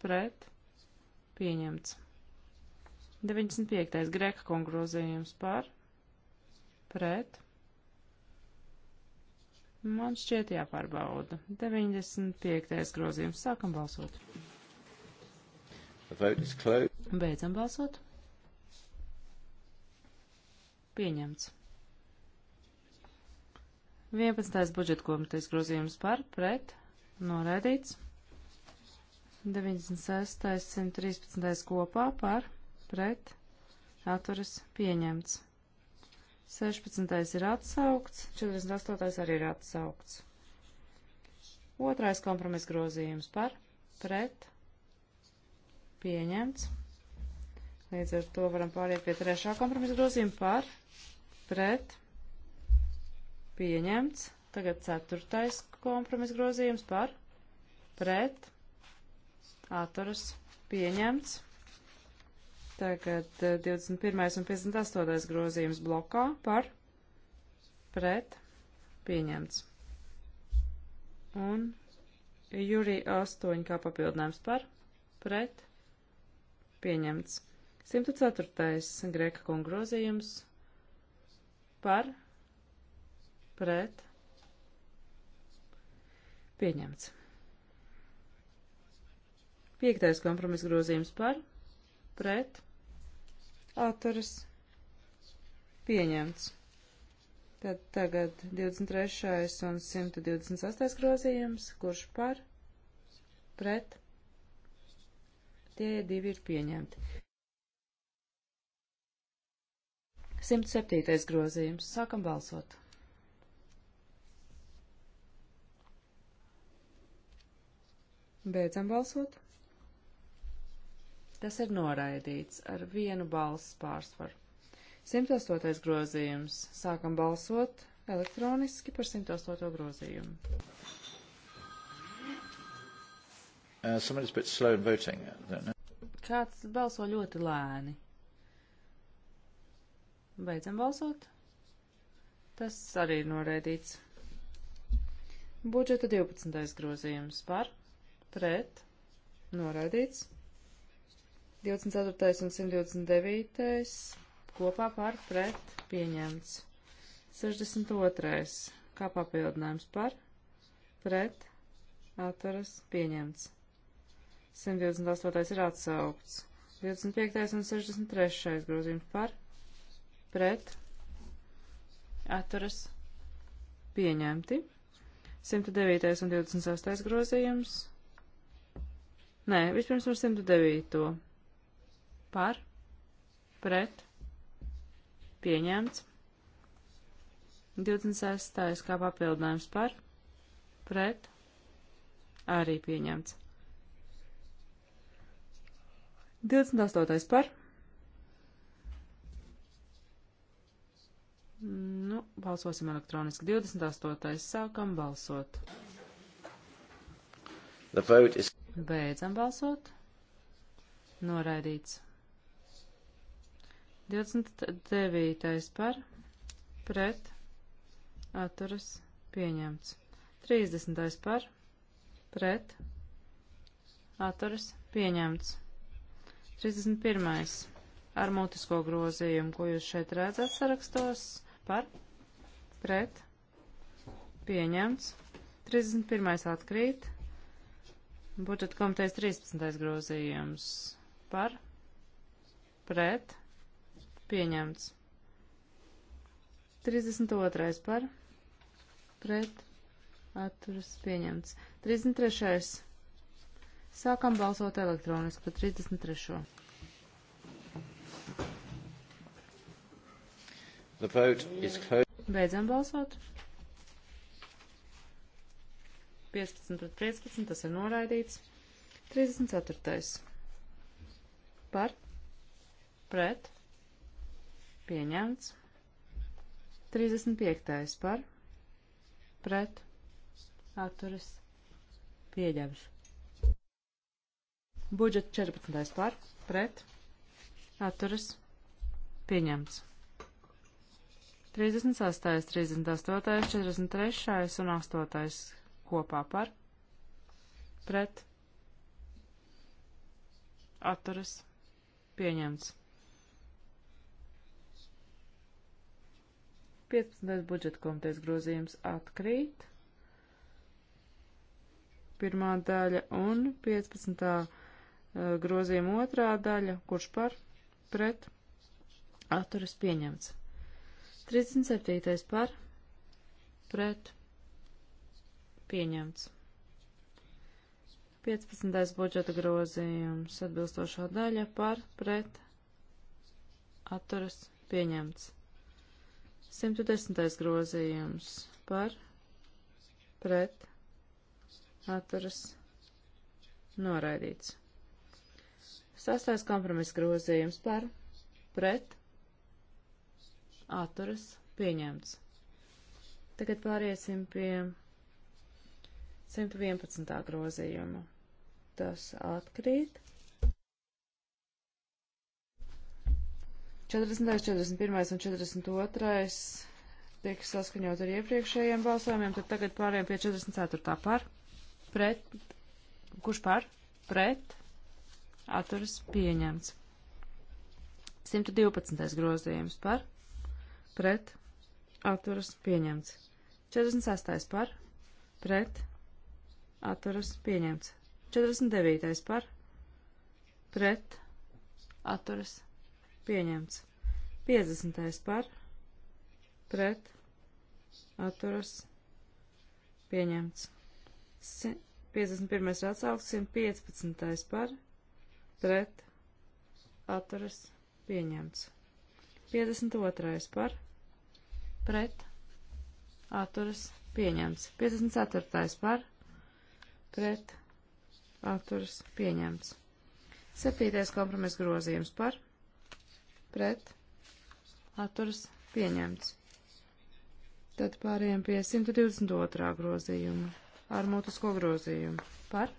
Speaker 4: pret pieņemts. 95. greka kongrozījums par pret. Man šķiet jāpārbauda. 95. grozījums. Sākam balsot.
Speaker 3: Beidzam
Speaker 4: balsot. Pieņemts. 11. budžeta komitejas grozījums par, pret, noraidīts. 96. 113. kopā par, pret, atturas pieņemts. 16. ir atsaukts, 48. arī ir atsaukts. Otrais kompromis grozījums par, pret, pieņemts. Līdz ar to varam pāriet pie trešā kompromisa grozījuma par, pret, pieņemts pieņemts. Tagad ceturtais kompromis grozījums par pret atturas pieņemts. Tagad 21. Eh, un 58. grozījums blokā par pret pieņemts. Un Jurī 8 kā papildinājums par pret pieņemts. 104. Greka kungrozījums par pret pret pieņemts. Piektais kompromis grozījums par pret atturas pieņemts. Tad tagad 23. un 128. grozījums, kurš par, pret, tie divi ir pieņemti. 107. grozījums. Sākam balsot. Beidzam balsot. Tas ir noraidīts ar vienu balss pārsvaru. 108. grozījums. Sākam balsot elektroniski par 108. grozījumu.
Speaker 3: Uh, voting,
Speaker 4: Kāds balso ļoti lēni. Beidzam balsot. Tas arī ir noraidīts. Budžeta 12. grozījums par pret, noraidīts. 24. un 129. kopā par pret pieņemts. 62. kā papildinājums par pret atturas pieņemts. 128. ir atsaukts. 25. un 63. grozījums par pret atturas pieņemti. 109. un 26. grozījums Nē, vispirms par 109. Par, pret, pieņemts. 26. kā papildinājums par, pret, arī pieņemts. 28. par. Nu, balsosim elektroniski. 28. sākam balsot. The vote is Beidzam balsot. Noraidīts. 29. par pret atturas pieņemts. 30. par pret atturas pieņemts. 31. ar mutisko grozījumu, ko jūs šeit redzat sarakstos par pret pieņemts. 31. atkrīt. Budžeta komitejas 13. grozījums par, pret, pieņemts. 32. par, pret, atturas, pieņemts. 33. Sākam balsot elektroniski par 33.
Speaker 3: The vote is closed.
Speaker 4: Beidzam balsot. 15 pret 15, tas ir noraidīts. 34. Par, pret, pieņemts. 35. par, pret, atturis, pieņems. Budžet 14. par, pret, atturis, pieņemts. 36., 38., 43. un 8 kopā par pret atturas pieņemts. 15. budžeta komitejas grozījums atkrīt. Pirmā daļa un 15. Eh, grozījuma otrā daļa, kurš par pret atturas pieņemts. 37. par pret Pieņemts. 15. budžeta grozījums atbilstošā daļa par pret atturas pieņemts. 110. grozījums par pret atturas noraidīts. 6. kompromiss grozījums par pret atturas pieņemts. Tagad pāriesim pie 111. grozījuma. Tas atkrīt. 40., 41. un 42. tiek saskaņot ar iepriekšējiem balsojumiem, tad tagad pārējām pie 44. par, pret, kurš par, pret, atturas pieņemts. 112. grozījums par, pret, atturas pieņemts. 46. par, pret, atturas pieņemts. 49. par pret atturas pieņemts. 50. par pret atturas pieņemts. 51. ir atsaugs, 115. par pret atturas pieņemts. 52. par pret atturas pieņemts. 54. par pret pret atturas pieņemts. Septītais kompromiss grozījums par pret atturas pieņemts. Tad pārējām pie 122. grozījuma ar mutisko grozījumu par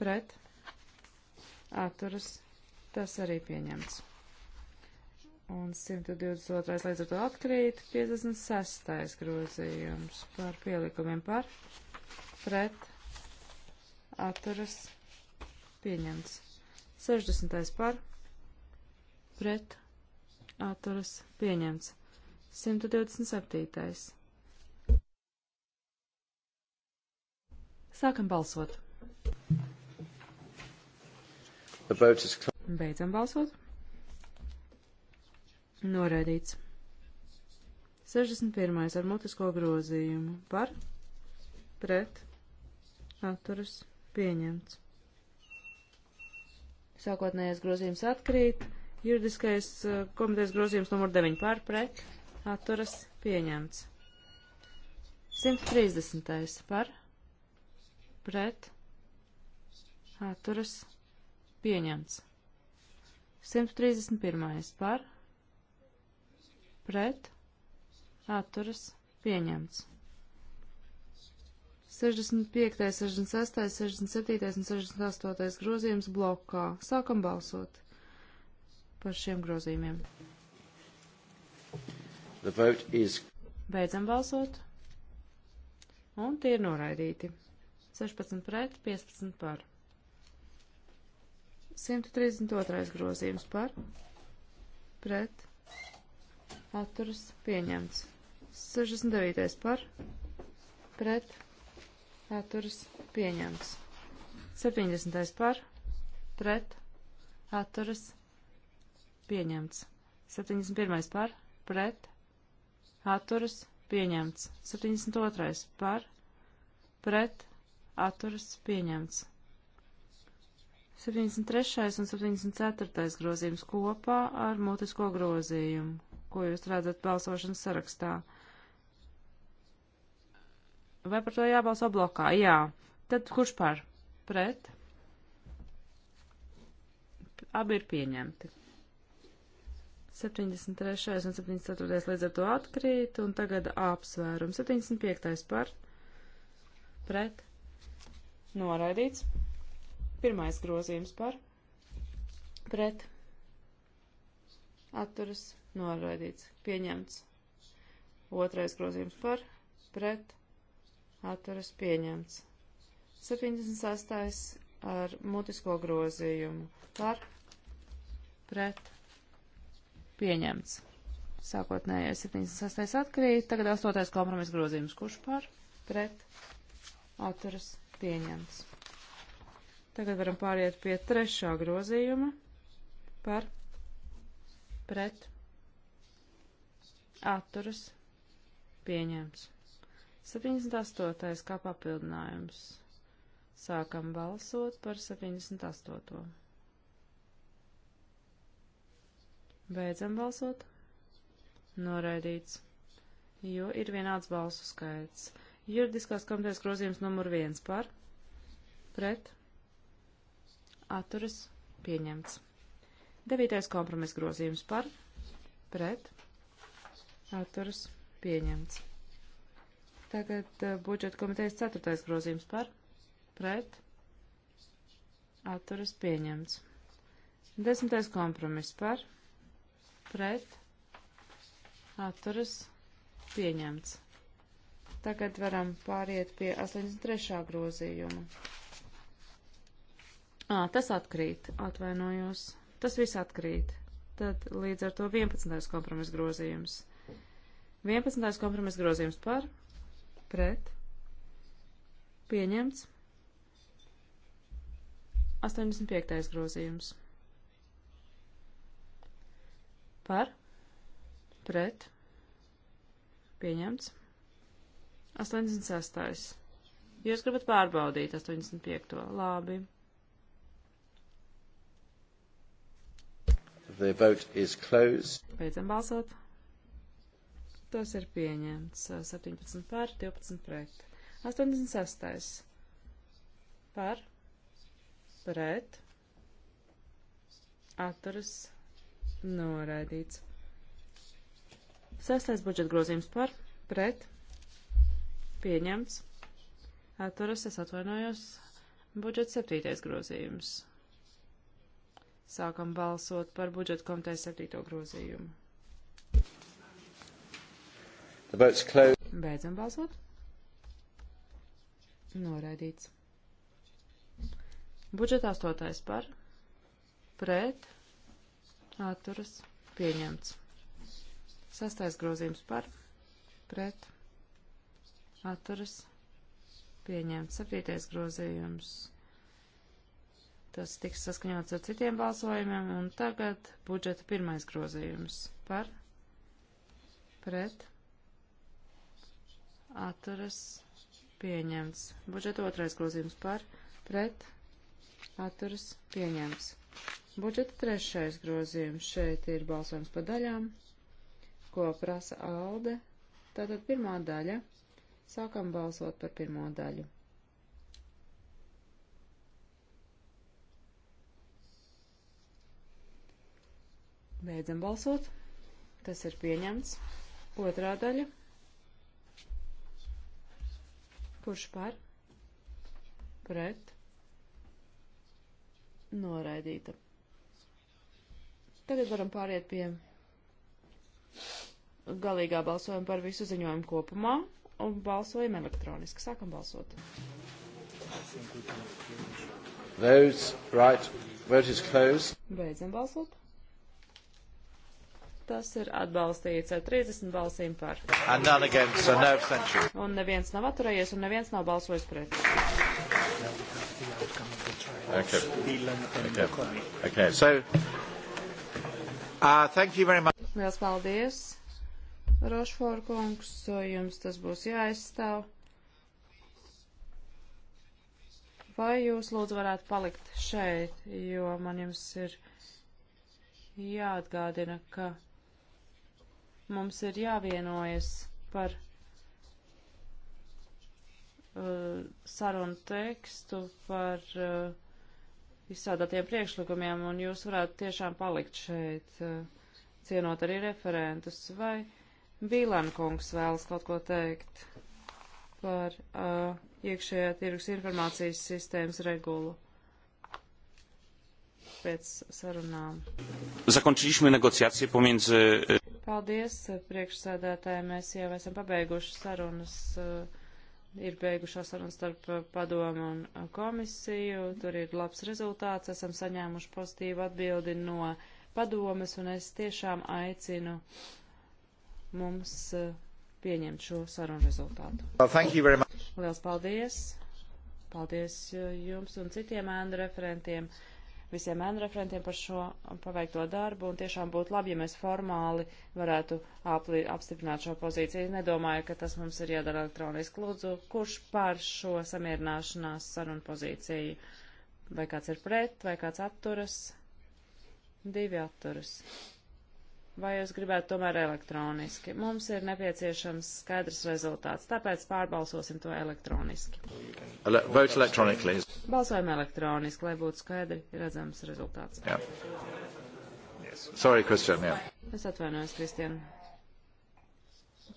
Speaker 4: pret atturas tas arī pieņemts. Un 122. līdz ar to atkrīt 56. grozījums par pielikumiem par pret atturas pieņemts. 60. par pret atturas pieņemts. 127. Sākam balsot. Beidzam balsot. Noraidīts. 61. ar mutisko grozījumu par pret atturas pieņemts Pieņemts. Sākotnējais grozījums atkrīt. Juridiskais eh, komitejas grozījums numur 9 pār pret. Atturas pieņemts. 130. par pret. Atturas pieņemts. 131. par pret. Atturas pieņemts. 65., 66., 67. un 68. grozījums blokā. Sākam balsot par šiem grozījumiem. Is... Beidzam balsot. Un tie ir noraidīti. 16 pret, 15 par. 132. grozījums par, pret, atturas pieņemts. 69. par, pret, atturas pieņemts. 70. par, pret, atturas pieņemts. 71. par, pret, atturas pieņemts. 72. par, pret, atturas pieņemts. 73. un 74. grozījums kopā ar mutisko grozījumu, ko jūs redzat balsošanas sarakstā. Uh, Vai par to jābalso blokā? Jā. Tad kurš par? Pret? Abi ir pieņemti. 73. un 74. līdz ar to atkrīt, un tagad apsvērum. 75. par? Pret? Noraidīts. Pirmais grozījums par? Pret? Atturas? Noraidīts. Pieņemts. Otrais grozījums par? Pret? atturas pieņemts. 76. ar mutisko grozījumu par pret pieņemts. Sākotnējais 76. atkrīt, tagad 8. kompromis grozījums, kurš par pret atturas pieņemts. Tagad varam pāriet pie trešā grozījuma par pret atturas pieņemts. 78. kā papildinājums. Sākam balsot par 78. Beidzam balsot. Noraidīts, jo ir vienāds balsu skaits. Juridiskās komitejas grozījums numur 1 par, pret, atturas, pieņemts. 9. kompromis grozījums par, pret, atturas, pieņemts. Tagad eh, budžeta komitejas ceturtais grozījums par, pret, atturas pieņemts. Desmitais kompromiss par, pret, atturas pieņemts. Tagad varam pāriet pie 83. grozījuma. Ā, tas atkrīt, atvainojos. Tas viss atkrīt. Tad līdz ar to 11. kompromis grozījums. 11. kompromis grozījums par, pret, pieņemts. 85. grozījums. Par, pret, pieņemts. 86. Jūs gribat pārbaudīt 85. Labi.
Speaker 3: The vote is closed.
Speaker 4: Beidzam balsot. Tas ir pieņemts. 17 par, 12 pret. 86. Par, pret, atturas, noraidīts. Sestais budžeta grozījums par, pret, pieņemts. Atturas, es atvainojos. Budžeta septītais grozījums. Sākam balsot par budžeta komitejas septīto grozījumu.
Speaker 3: The vote's closed.
Speaker 4: Beidzam balsot. Noraidīts. Budžeta astotais par, pret, atturas, pieņemts. Sastais grozījums par, pret, atturas, pieņemts. Septītais grozījums. Tas tiks saskaņots ar citiem balsojumiem, un tagad budžeta pirmais grozījums par, pret, atturas pieņemts. Budžeta otrais grozījums par pret atturas pieņemts. Budžeta trešais grozījums šeit ir balsojums pa daļām, ko prasa Alde. Tātad pirmā daļa. Sākam balsot par pirmo daļu. Beidzam balsot. Tas ir pieņemts. Otrā daļa. Kurš par? Pret. Noraidīta. Tagad varam pāriet pie galīgā balsojuma par visu ziņojumu kopumā un balsojam elektroniski. Sākam balsot.
Speaker 3: Those right. Vote is closed.
Speaker 4: Beidzam balsot. Tas ir atbalstīts ar 30 balsīm par.
Speaker 3: Against, so
Speaker 2: no
Speaker 4: un neviens nav atturējies, un neviens nav balsojis pret.
Speaker 3: Okay. Okay. Okay. So, uh, thank you very much.
Speaker 4: Liels paldies, Rošfor kungs, jums tas būs jāaizstāv. Vai jūs lūdzu varētu palikt šeit, jo man jums ir jāatgādina, ka Mums ir jāvienojas par uh, sarunu tekstu, par uh, izstrādātiem priekšlikumiem, un jūs varētu tiešām palikt šeit, uh, cienot arī referentus. Vai Bīlankungs vēlas kaut ko teikt par uh, iekšējā tirgus informācijas sistēmas regulu? pēc sarunām. Zakończyliśmy negocjacje pomiędzy. Paldies, eh, priekšsēdētāji. Mēs jau esam pabeiguši sarunas, eh, ir beigušās sarunas starp eh, padomu un komisiju. Tur ir labs rezultāts. Esam saņēmuši pozitīvu atbildi no padomas, un es tiešām aicinu mums pieņemt šo sarunu rezultātu. Well, Lielas paldies! Paldies jums un citiem ēnu referentiem! visiem ēnreferentiem par šo paveikto darbu, un tiešām būtu labi, ja mēs formāli varētu apli, apstiprināt šo pozīciju. Nedomāju, ka tas mums ir jādara elektroniski. Lūdzu, kurš par šo samierināšanās sarunu pozīciju? Vai kāds ir pret, vai kāds atturas? Divi atturas vai jūs gribētu tomēr elektroniski. Mums ir nepieciešams skaidrs rezultāts, tāpēc pārbalsosim to elektroniski.
Speaker 3: Ele vote electronically.
Speaker 4: Balsojam elektroniski, lai būtu skaidri redzams rezultāts. Yeah.
Speaker 3: Yes. Sorry, Christian, yeah.
Speaker 4: Es atvainojos, Kristian.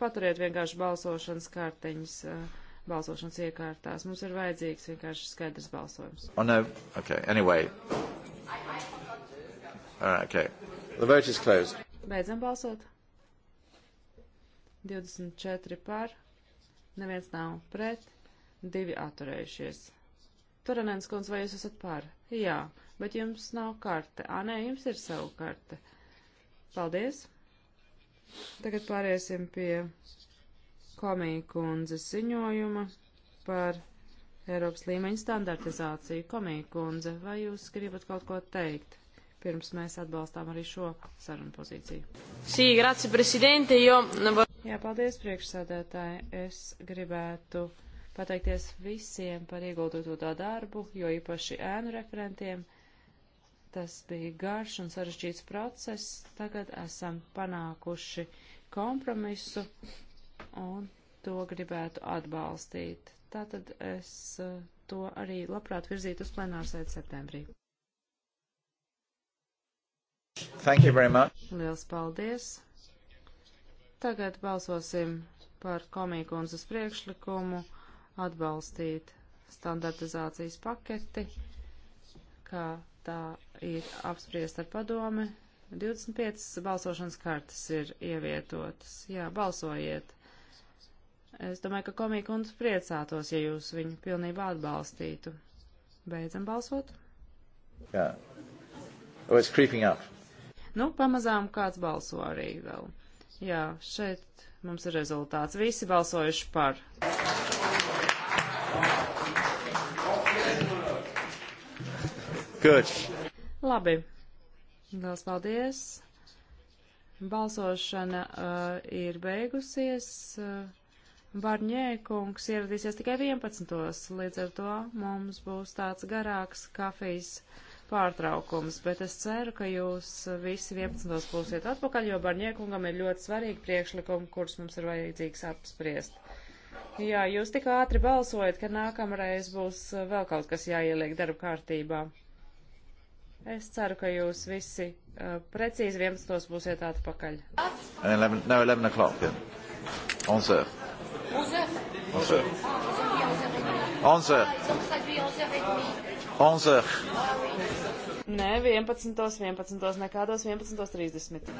Speaker 4: Paturiet vienkārši balsošanas kārteņas. Uh, eh, balsošanas iekārtās. Mums ir vajadzīgs vienkārši skaidrs balsojums.
Speaker 3: Oh, no. okay. Anyway. All right, okay. The vote is closed.
Speaker 4: Beidzam balsot. 24 par, neviens nav pret, divi atturējušies. Turanens kundze, vai jūs esat par? Jā, bet jums nav karte. Ā, nē, jums ir savu karte. Paldies. Tagad pāriesim pie komija kundzes ziņojuma par Eiropas līmeņa standartizāciju. Komija kundze, vai jūs gribat kaut ko teikt? pirms mēs atbalstām arī šo sarunu pozīciju. Sī, grazie, prezidente, jo. Jā, paldies, priekšsēdētāji. Es gribētu pateikties visiem par ieguldīto tā darbu, jo īpaši ēnu referentiem. Tas bija garš un sarežģīts process. Tagad esam panākuši kompromisu un to gribētu atbalstīt. Tātad es eh, to arī labprāt virzītu uz plenārsēdi septembrī.
Speaker 3: Thank you very much.
Speaker 4: Liels paldies. Tagad balsosim par komīkundzes priekšlikumu atbalstīt standartizācijas paketi, kā tā ir apspriesta ar padome. 25 balsošanas kartas ir ievietotas. Jā, balsojiet. Es domāju, ka komīkundze priecātos, ja jūs viņu pilnībā atbalstītu. Beidzam balsot.
Speaker 3: Jā. Yeah. Oh, it's creeping up.
Speaker 4: Nu, pamazām kāds balso arī vēl. Jā, šeit mums ir rezultāts. Visi balsojuši par. Good. Labi. Liels paldies. Balsošana uh, ir beigusies. Uh, Barņē kungs ieradīsies tikai 11. Līdz ar to mums būs tāds garāks kafijas pārtraukums, bet es ceru, ka jūs visi 11. būsiet atpakaļ, jo Barņiekungam ir ļoti svarīgi priekšlikumi, kurus mums ir vajadzīgs apspriest. Jā, jūs tik ātri balsojat, ka nākamreiz būs vēl kaut kas jāieliek darba kārtībā. Es ceru, ka jūs visi uh, precīzi 11. būsiet atpakaļ.
Speaker 3: 11, no, 11 o'clock, yeah. 11. 11. 11. 11. 11. 11.
Speaker 1: 11.
Speaker 4: Nē, 11. 11. nekādos 11.30.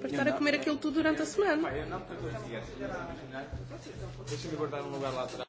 Speaker 1: para estar a comer aquilo
Speaker 2: tudo durante a semana. Deixa-me guardar um lugar lá atrás.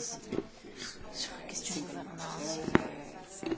Speaker 2: Sur la question gouvernance. Euh,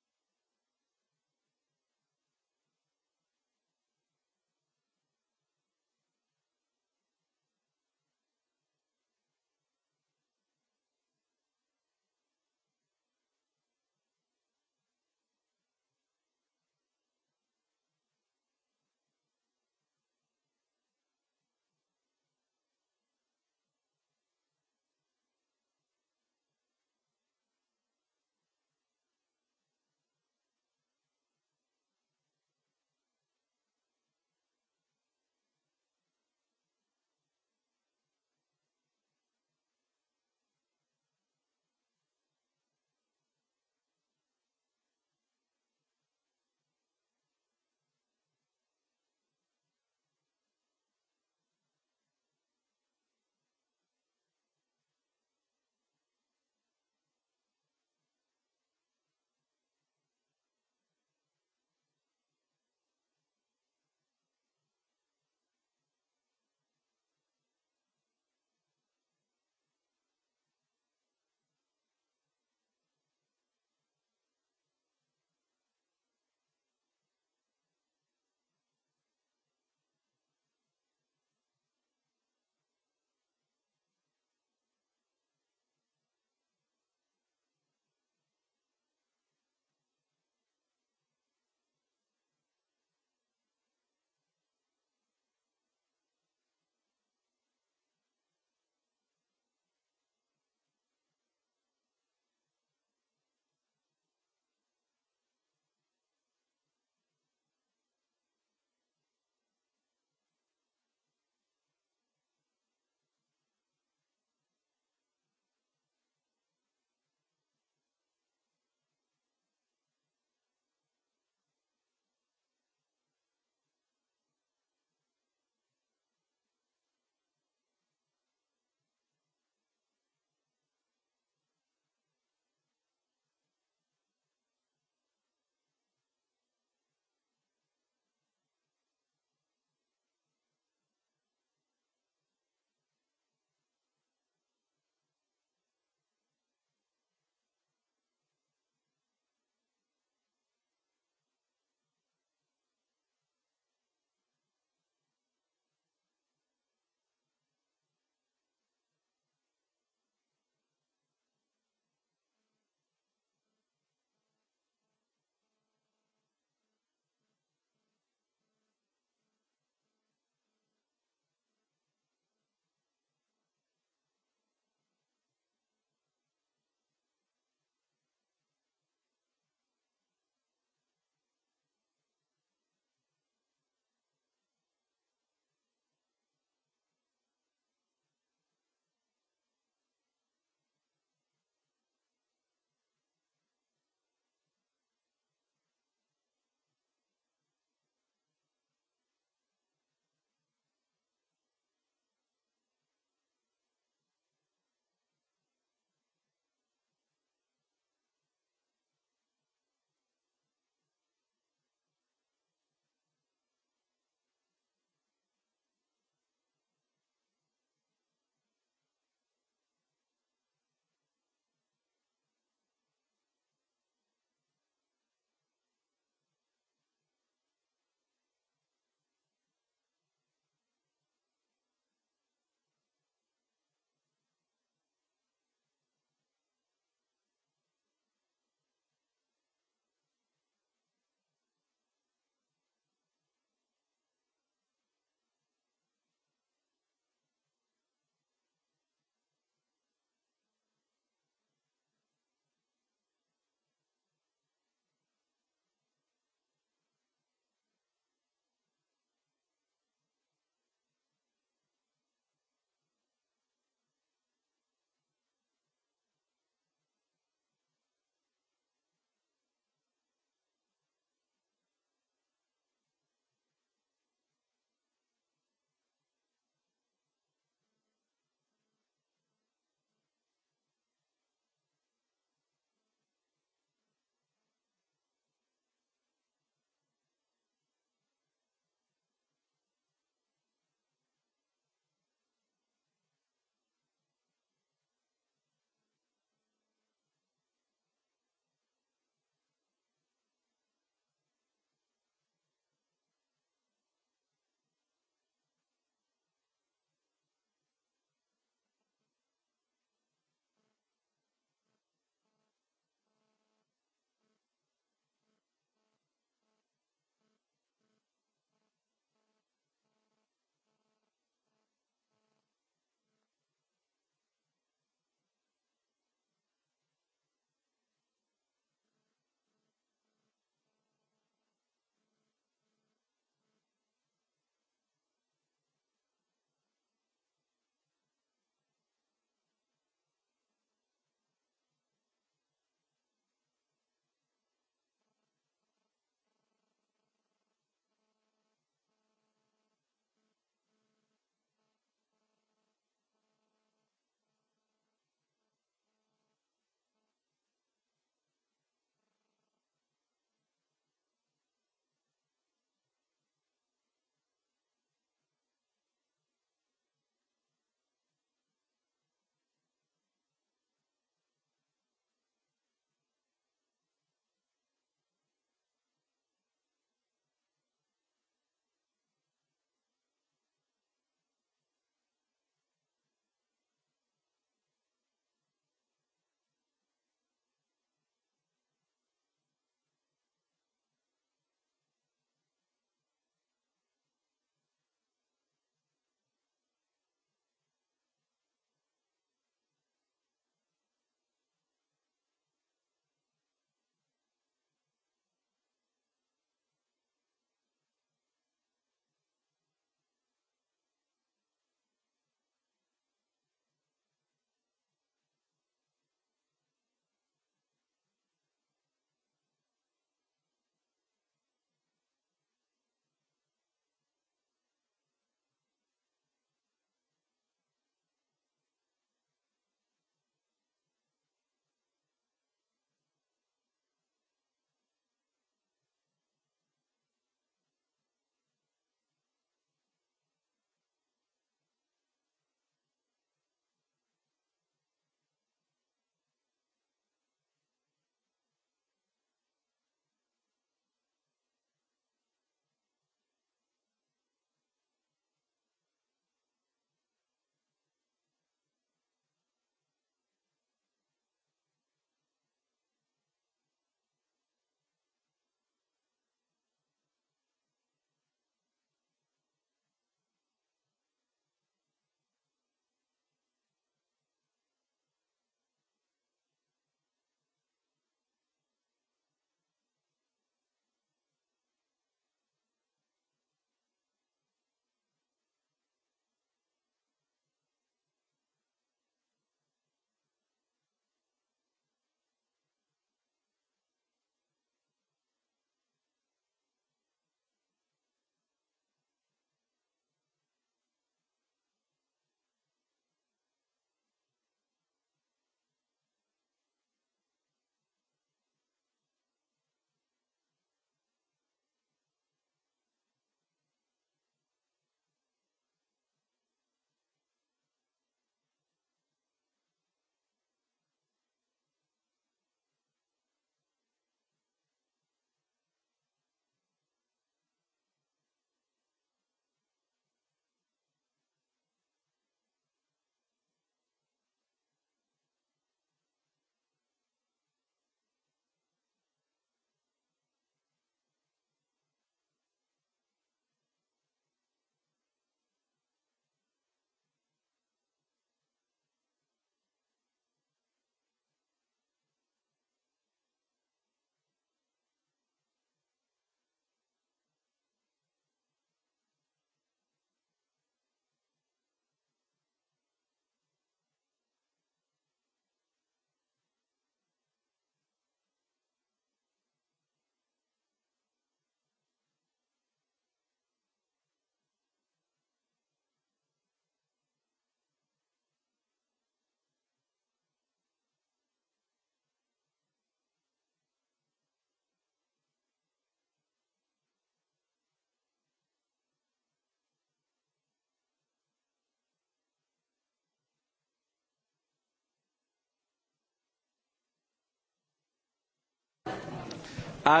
Speaker 3: Uh,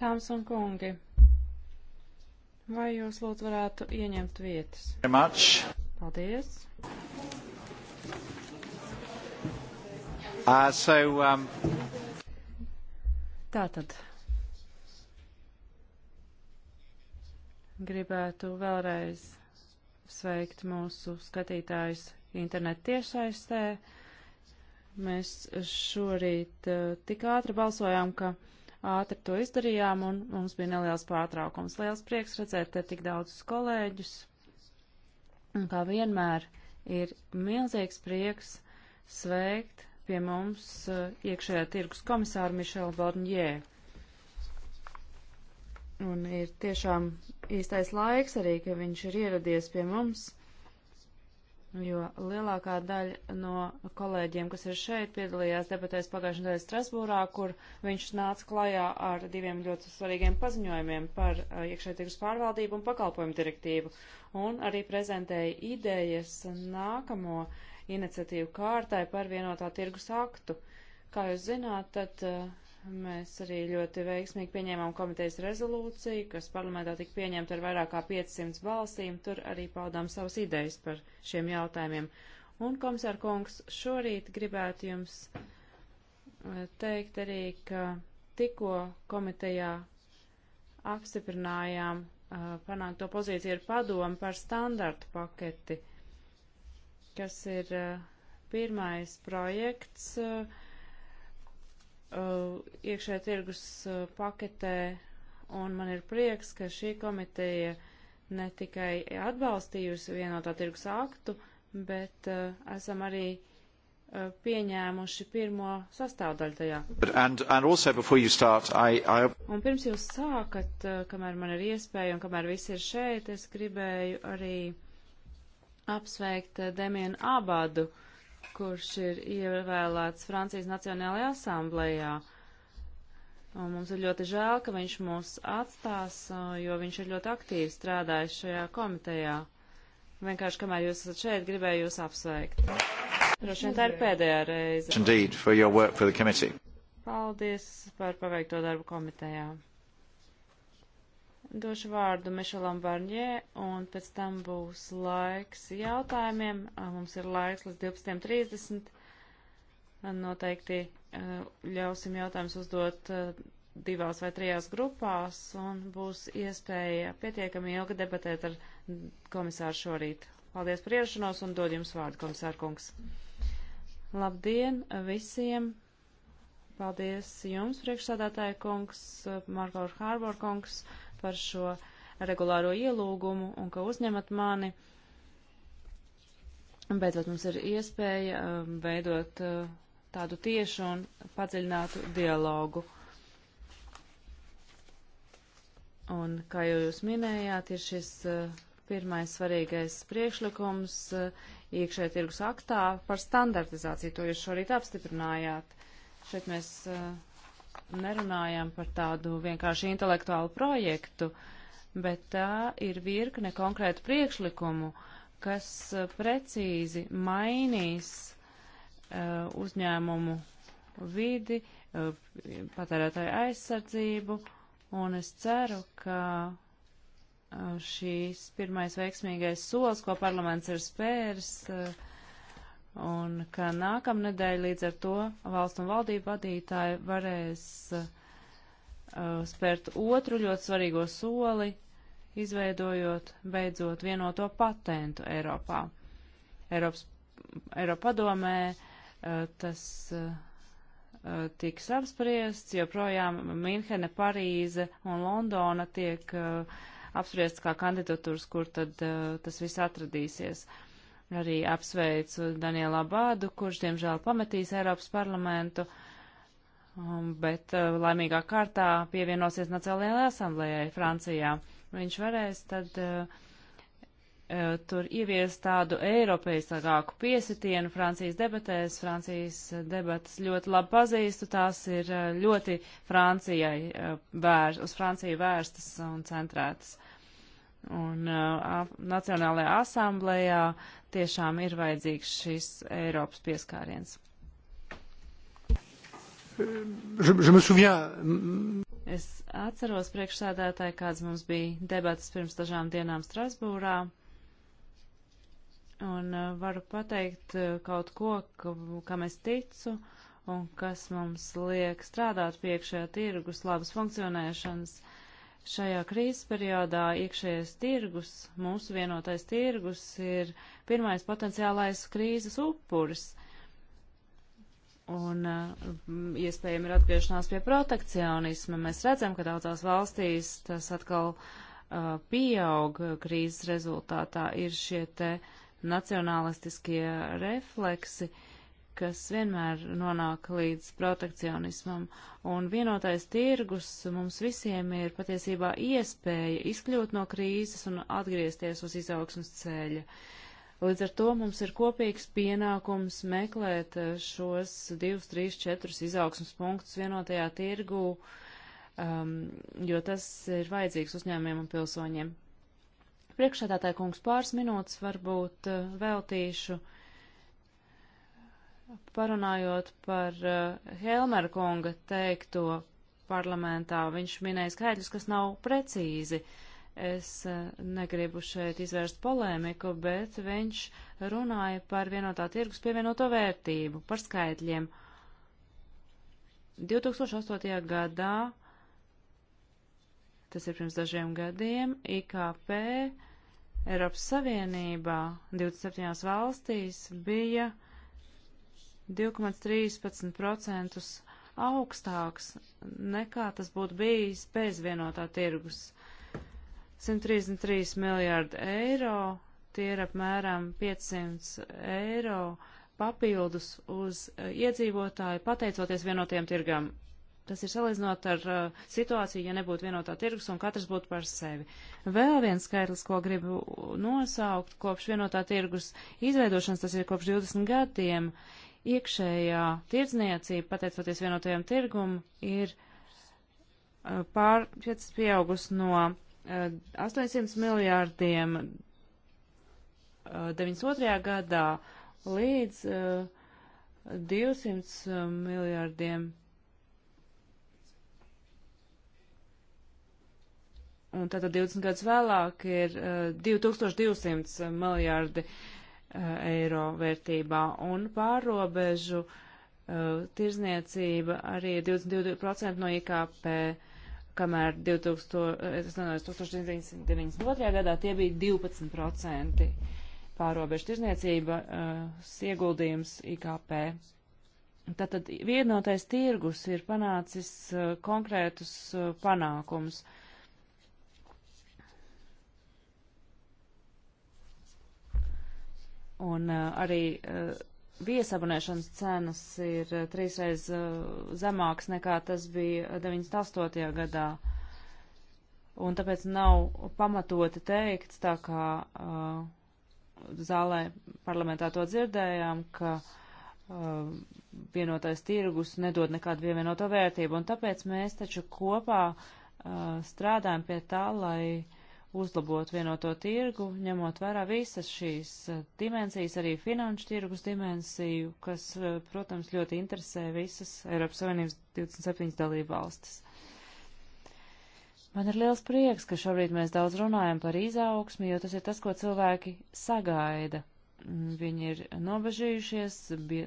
Speaker 4: Dāmas un kungi, vai jūs lūdzu
Speaker 3: varētu ieņemt vietas? Paldies. Uh, so, um...
Speaker 4: Tātad. Gribētu vēlreiz sveikt mūsu skatītājus internetu tiešsaistē. Mēs šorīt eh, tik ātri balsojām, ka ātri to izdarījām, un mums bija neliels pārtraukums. Liels prieks redzēt te tik daudzus kolēģus. Un kā vienmēr ir milzīgs prieks sveikt pie mums eh, iekšējā tirgus komisāru Mišelu Barnjē. Un ir tiešām īstais laiks arī, ka viņš ir ieradies pie mums jo lielākā daļa no kolēģiem, kas ir šeit, piedalījās debatēs pagājušajā nedēļā Strasbūrā, kur viņš nāca klajā ar diviem ļoti svarīgiem paziņojumiem par uh, iekšēju tirgus pārvaldību un pakalpojumu direktīvu, un arī prezentēja idejas nākamo iniciatīvu kārtai par vienotā tirgus aktu. Kā jūs zināt, tad uh, Mēs arī ļoti veiksmīgi pieņēmām komitejas rezolūciju, kas parlamentā tika pieņemta ar vairāk kā 500 balsīm. Tur arī paudām savas idejas par šiem jautājumiem. Un, komisār kungs, šorīt gribētu jums eh, teikt arī, ka tikko komitejā apstiprinājām eh, panākt to pozīciju ar padomu par standartu paketi, kas ir eh, pirmais projekts. Uh, Uh, iekšē tirgus uh, paketē, un man ir prieks, ka šī komiteja ne tikai atbalstījusi vienotā tirgus aktu, bet uh, esam arī uh, pieņēmuši pirmo sastāvdaļu tajā.
Speaker 3: And, and start, I, I...
Speaker 4: Un pirms jūs sākat, uh, kamēr man ir iespēja un kamēr viss ir šeit, es gribēju arī apsveikt uh, Demienu Abādu, uh, kurš ir ievēlēts Francijas Nacionālajā asamblējā. Un mums ir ļoti žēl, ka viņš mūs atstās, jo viņš ir ļoti aktīvi strādājis šajā komitejā. Vienkārši, kamēr jūs esat šeit, gribēju jūs apsveikt. Droši vien tā ir pēdējā reize.
Speaker 3: Indeed,
Speaker 4: Paldies par paveikto darbu komitejā. Došu vārdu Mišelam Barņē, un pēc tam būs laiks jautājumiem. Mums ir laiks līdz 12.30. Noteikti ļausim jautājumus uzdot divās vai trijās grupās, un būs iespēja pietiekami ilgi debatēt ar komisāru šorīt. Paldies par ierašanos un dod jums vārdu, komisārkungs. Labdien visiem! Paldies jums, priekšsādātāja kungs, Marko Hārbor kungs par šo regulāro ielūgumu un ka uzņemat mani. Beidzot, mums ir iespēja um, veidot uh, tādu tiešu un padziļinātu dialogu. Un, kā jau jūs minējāt, ir šis uh, pirmais svarīgais priekšlikums uh, iekšē tirgus aktā par standartizāciju. To jūs šorīt apstiprinājāt. Šeit mēs uh, nerunājam par tādu vienkārši intelektuālu projektu, bet tā ir virkne konkrētu priekšlikumu, kas eh, precīzi mainīs uh, uzņēmumu vidi, uh, patērētāju aizsardzību, un es ceru, ka uh, šīs pirmais veiksmīgais solis, ko parlaments ir spērs, uh, un ka nākamnedēļ līdz ar to valstu un valdību vadītāji varēs uh, spērt otru ļoti svarīgo soli, izveidojot beidzot vienoto patentu Eiropā. Eiropas, Eiropa padomē uh, tas uh, uh tiks apspriests, joprojām Minhene, Parīze un Londona tiek uh, apspriests kā kandidatūras, kur tad uh, tas viss atradīsies. Uh, Arī apsveicu Danielu Abādu, kurš, diemžēl, pametīs Eiropas parlamentu, um, bet uh, laimīgā kārtā pievienosies Nacionālajai asamblējai Francijā. Viņš varēs tad uh, uh tur ievies tādu eiropeiskāku piesitienu Francijas debatēs. Francijas debatas ļoti labi pazīstu, tās ir uh, ļoti Francijai vērs, uz Franciju vērstas un centrētas. Un uh, Nacionālajā asamblējā tiešām ir vajadzīgs šis Eiropas pieskāriens.
Speaker 3: Je, je
Speaker 1: souviens...
Speaker 4: Es atceros priekšsēdētāji, kāds mums bija debatas pirms dažām dienām Strasbūrā. Un uh, varu pateikt uh, kaut ko, ka, kam es ticu un kas mums liek strādāt pie iekšējā tirgus labas funkcionēšanas. Uh, Šajā krīzes periodā iekšējais tirgus, mūsu vienotais tirgus, ir pirmais potenciālais krīzes upuris. Un mm, iespējami ir atgriešanās pie protekcionisma. Mēs redzam, ka daudzās valstīs tas atkal uh, pieaug krīzes rezultātā. Ir šie te nacionalistiskie refleksi. Uh, kas vienmēr nonāk līdz protekcionismam, un vienotais tirgus mums visiem ir patiesībā iespēja izkļūt no krīzes un atgriezties uz izaugsmas ceļa. Līdz ar to mums ir kopīgs pienākums meklēt eh, šos divus, trīs, četrus izaugsmas punktus vienotajā tirgū, um, jo tas ir vajadzīgs uzņēmiem un pilsoņiem. Priekšsēdētāja kungs pāris minūtes varbūt eh, veltīšu uh, parunājot par eh, Helmer kunga teikto parlamentā, viņš minēja skaidrs, kas nav precīzi. Es eh, negribu šeit izvērst polēmiku, bet viņš runāja par vienotā tirgus pievienoto vērtību, par skaitļiem. 2008. gadā, tas ir pirms dažiem gadiem, IKP Eiropas Savienībā 27 valstīs bija 2,13% augstāks nekā tas būtu bijis bez vienotā tirgus. 133 miljārdi eiro, tie ir apmēram 500 eiro papildus uz eh, iedzīvotāju, pateicoties vienotiem tirgam. Tas ir salīdzinot ar uh, situāciju, ja nebūtu vienotā tirgus un katrs būtu par sevi. Vēl viens skaitlis, ko gribu nosaukt, kopš vienotā tirgus izveidošanas, tas ir kopš 20 gadiem, uh, iekšējā tirdzniecība, pateicoties vienotajam tirgumam, ir uh, pār, pieaugus no 800 uh, miljārdiem 92. Uh, gadā līdz 200 miljārdiem. Un tātad 20 gadus vēlāk ir 2200 miljārdi uh, Eh, eiro vērtībā, un pārrobežu uh, eh, tirzniecība arī ir 22% no IKP, kamēr 2000, eh, nezinu, 1992. gadā tie bija 12% pārrobežu tirzniecība uh, ieguldījums IKP. Tātad vienotais tirgus ir panācis uh, konkrētus panākumus. Uh, Un uh, arī uh, viesabunēšanas cenas ir uh, trīsreiz zemāks nekā tas bija 98. gadā. Un tāpēc nav pamatoti teikts, tā kā uh, zālē parlamentā to dzirdējām, ka uh, vienotais tirgus nedod nekādu pievienoto vērtību. Un tāpēc mēs taču kopā uh, strādājam pie tā, lai uh, uzlabot vienoto tirgu, ņemot vērā visas šīs eh, dimensijas, arī finanšu tirgus dimensiju, kas, eh, protams, ļoti interesē visas Eiropas Savienības 27 dalību valstis. Man ir liels prieks, ka šobrīd mēs daudz runājam par izaugsmi, jo tas ir tas, ko cilvēki sagaida. Viņi ir nobežījušies,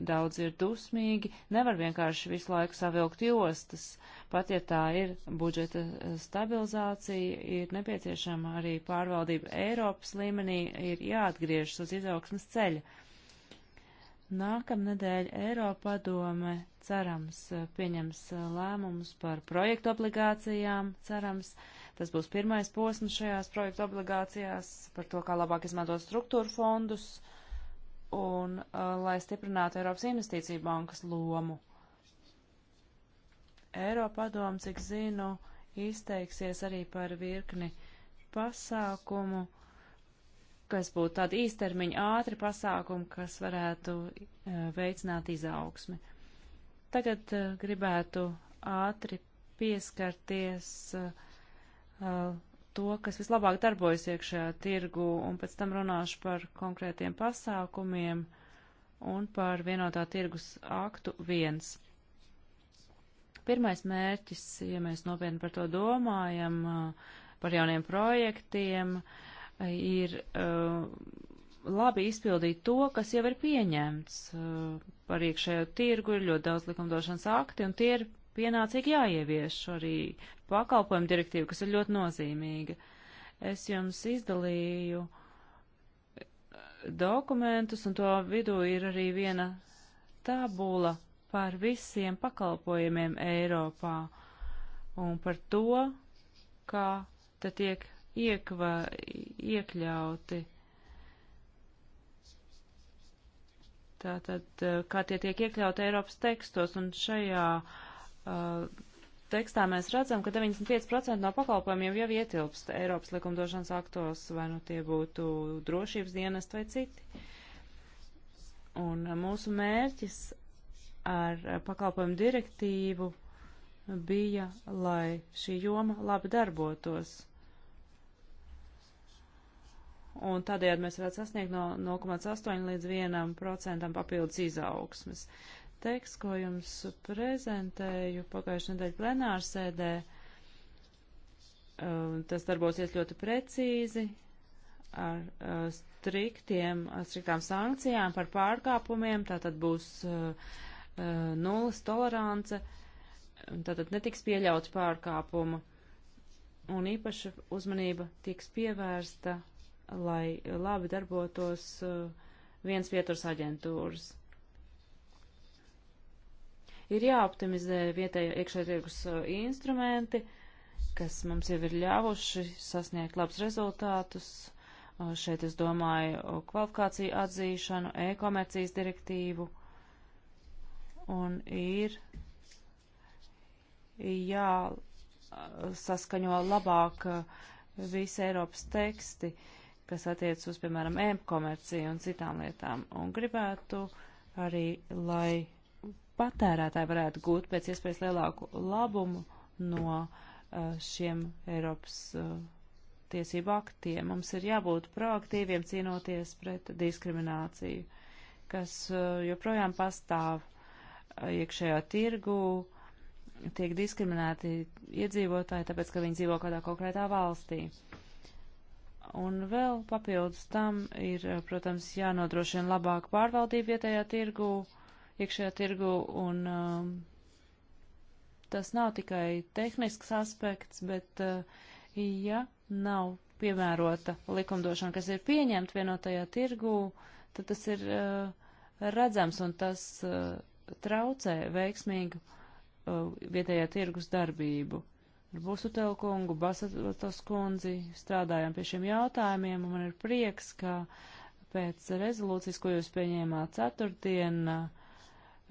Speaker 4: daudz ir dusmīgi, nevar vienkārši visu laiku savilkt jostas. Pat ja tā ir budžeta eh, stabilizācija, ir nepieciešama arī pārvaldība Eiropas līmenī, ir jāatgriežas uz izaugsmas ceļa. Nākamnedēļ Eiropa padome cerams eh, pieņems eh, lēmumus par projektu obligācijām, cerams, Tas būs pirmais posms šajās projektu obligācijās par to, kā labāk izmantot struktūru fondus. Uh, un uh, lai stiprinātu Eiropas investīciju bankas lomu. Eiropadom, cik zinu, izteiksies arī par virkni pasākumu, kas būtu tādi īstermiņa ātri pasākumi, kas varētu uh, veicināt izaugsmi. Tagad uh, gribētu ātri pieskarties uh, uh to, kas vislabāk darbojas iekšējā tirgu, un pēc tam runāšu par konkrētiem pasākumiem un par vienotā tirgus aktu viens. Pirmais mērķis, ja mēs nopietni par to domājam, par jauniem projektiem, ir labi izpildīt to, kas jau ir pieņemts par iekšējo tirgu, ir ļoti daudz likumdošanas akti, un tie ir pienācīgi jāievieš arī pakalpojumu direktīvu, kas ir ļoti nozīmīga. Es jums izdalīju eh, dokumentus, un to vidū ir arī viena tabula par visiem pakalpojumiem Eiropā un par to, kā te tiek iekva, iekļauti. Tātad, eh, kā tie tiek iekļauti Eiropas tekstos un šajā uh, Uh, tekstā mēs redzam, ka 95% no pakalpojumiem jau ietilpst Eiropas likumdošanas aktos, vai nu tie būtu drošības dienest vai citi. Un uh, mūsu mērķis ar uh, pakalpojumu direktīvu bija, lai šī joma labi darbotos. Un tādējādi mēs varētu sasniegt no 0,8 līdz 1% papildus izaugsmes. Uh, Teksts, ko jums prezentēju pagājušajā nedēļā plenārsēdē, um, tas darbosies ļoti precīzi ar uh, striktiem, uh, striktām sankcijām par pārkāpumiem, tātad būs uh, nulles tolerance, tātad netiks pieļauts pārkāpumu un īpaša uzmanība tiks pievērsta, lai labi darbotos viens pieturs aģentūras. Ir jāoptimizē vietējo iekšējtirgus uh, instrumenti, kas mums jau ir ļāvuši sasniegt labs rezultātus. Uh, šeit es domāju uh, kvalifikāciju atzīšanu, e-komercijas direktīvu. Un ir jāsaskaņo labāk visi Eiropas teksti, kas attiec uz, piemēram, e-komerciju un citām lietām. Un gribētu arī, lai patērētāji varētu gūt pēc iespējas lielāku labumu no uh, šiem Eiropas uh, tiesību aktiem. Mums ir jābūt proaktīviem cīnoties pret diskrimināciju, kas uh, joprojām pastāv iekšējā tirgū, tiek diskriminēti iedzīvotāji, tāpēc, ka viņi dzīvo kādā konkrētā valstī. Un vēl papildus tam ir, protams, jānodrošina labāka pārvaldība vietējā tirgū. Ja iekšējā tirgu, un um, tas nav tikai tehnisks aspekts, bet uh, ja nav piemērota likumdošana, kas ir pieņemta vienotajā tirgu, tad tas ir uh, redzams un tas uh, traucē veiksmīgu uh, vietējā tirgus darbību. Ar Busutel kungu, Basatos kundzi strādājam pie šiem jautājumiem, un man ir prieks, ka pēc rezolūcijas, ko jūs pieņēmāt ceturtdien, uh,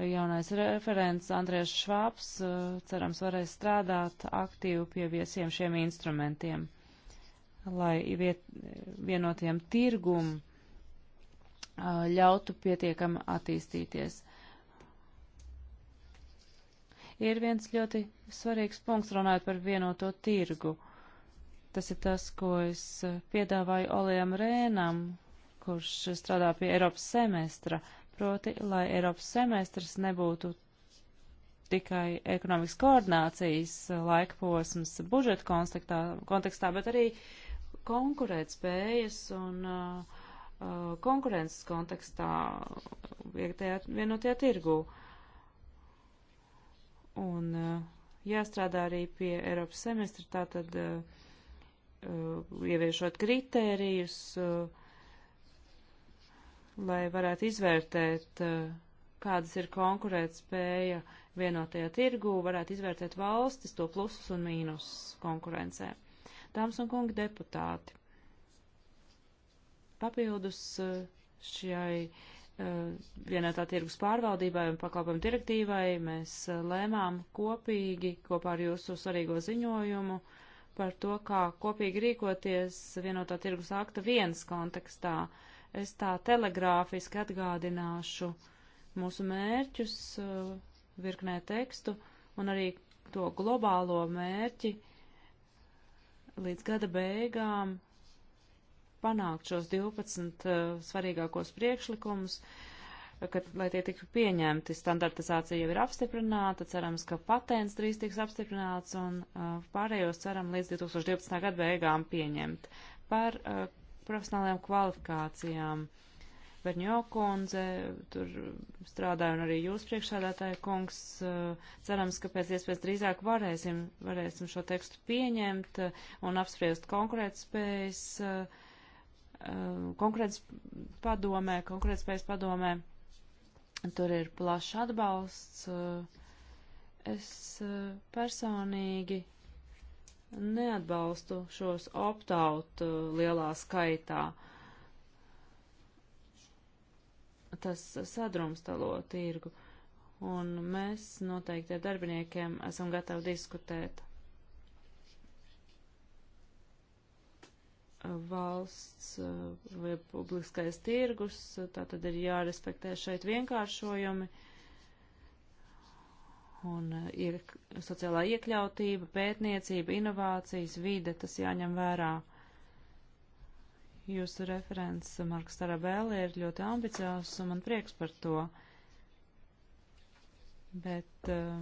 Speaker 4: jaunais referents Andrēs Švāps, eh, cerams, varēs strādāt aktīvi pie visiem šiem instrumentiem, lai viet, vienotiem tirgum eh, ļautu pietiekami attīstīties. Ir viens ļoti svarīgs punkts runājot par vienoto tirgu. Tas ir tas, ko es eh, piedāvāju Olijam Rēnam, kurš strādā pie Eiropas semestra proti, lai Eiropas semestrs nebūtu tikai ekonomikas koordinācijas laika posms budžeta kontekstā, kontekstā bet arī konkurēt spējas un uh, uh konkurences kontekstā vienotajā tirgū. Un uh, jāstrādā arī pie Eiropas semestra, tātad uh, uh ieviešot kritērijus, uh, lai varētu izvērtēt, eh, kādas ir konkurētspēja vienotajā tirgū, varētu izvērtēt valstis to plusus un mīnusus konkurencē. Dāmas un kungi deputāti, papildus eh, šai eh, vienotā tirgus pārvaldībai un pakalpojumu direktīvai mēs lēmām kopīgi kopā ar jūsu svarīgo ziņojumu par to, kā kopīgi rīkoties vienotā tirgus akta viens kontekstā. Uh, Es tā telegrāfiski atgādināšu mūsu mērķus uh, virknē tekstu un arī to globālo mērķi līdz gada beigām panākt šos 12 uh, svarīgākos priekšlikumus, kad, lai tie tiktu pieņemti. Standartizācija jau ir apstiprināta, cerams, ka patents drīz tiks apstiprināts un uh, pārējos ceram līdz 2012. gada beigām pieņemt. Par uh, profesionālajām kvalifikācijām. Verņo kundze tur strādāja un arī jūs priekšādātāja kungs. Cerams, ka pēc iespējas drīzāk varēsim, varēsim šo tekstu pieņemt un apspriest konkurētspējas, konkurētas padomē, konkurētspējas padomē. Tur ir plašs atbalsts. Es eh, personīgi neatbalstu šos opt-out uh, lielā skaitā. Tas sadrumstalo tirgu, un mēs noteikti ar darbiniekiem esam gatavi diskutēt. Valsts uh, vai publiskais tirgus, uh, tā tad ir jārespektē šeit vienkāršojumi Un eh, ir sociālā iekļautība, pētniecība, inovācijas, vide, tas jāņem vērā. Jūsu referents Marks Tarabēlē ir ļoti ambiciozs un man prieks par to. Bet uh,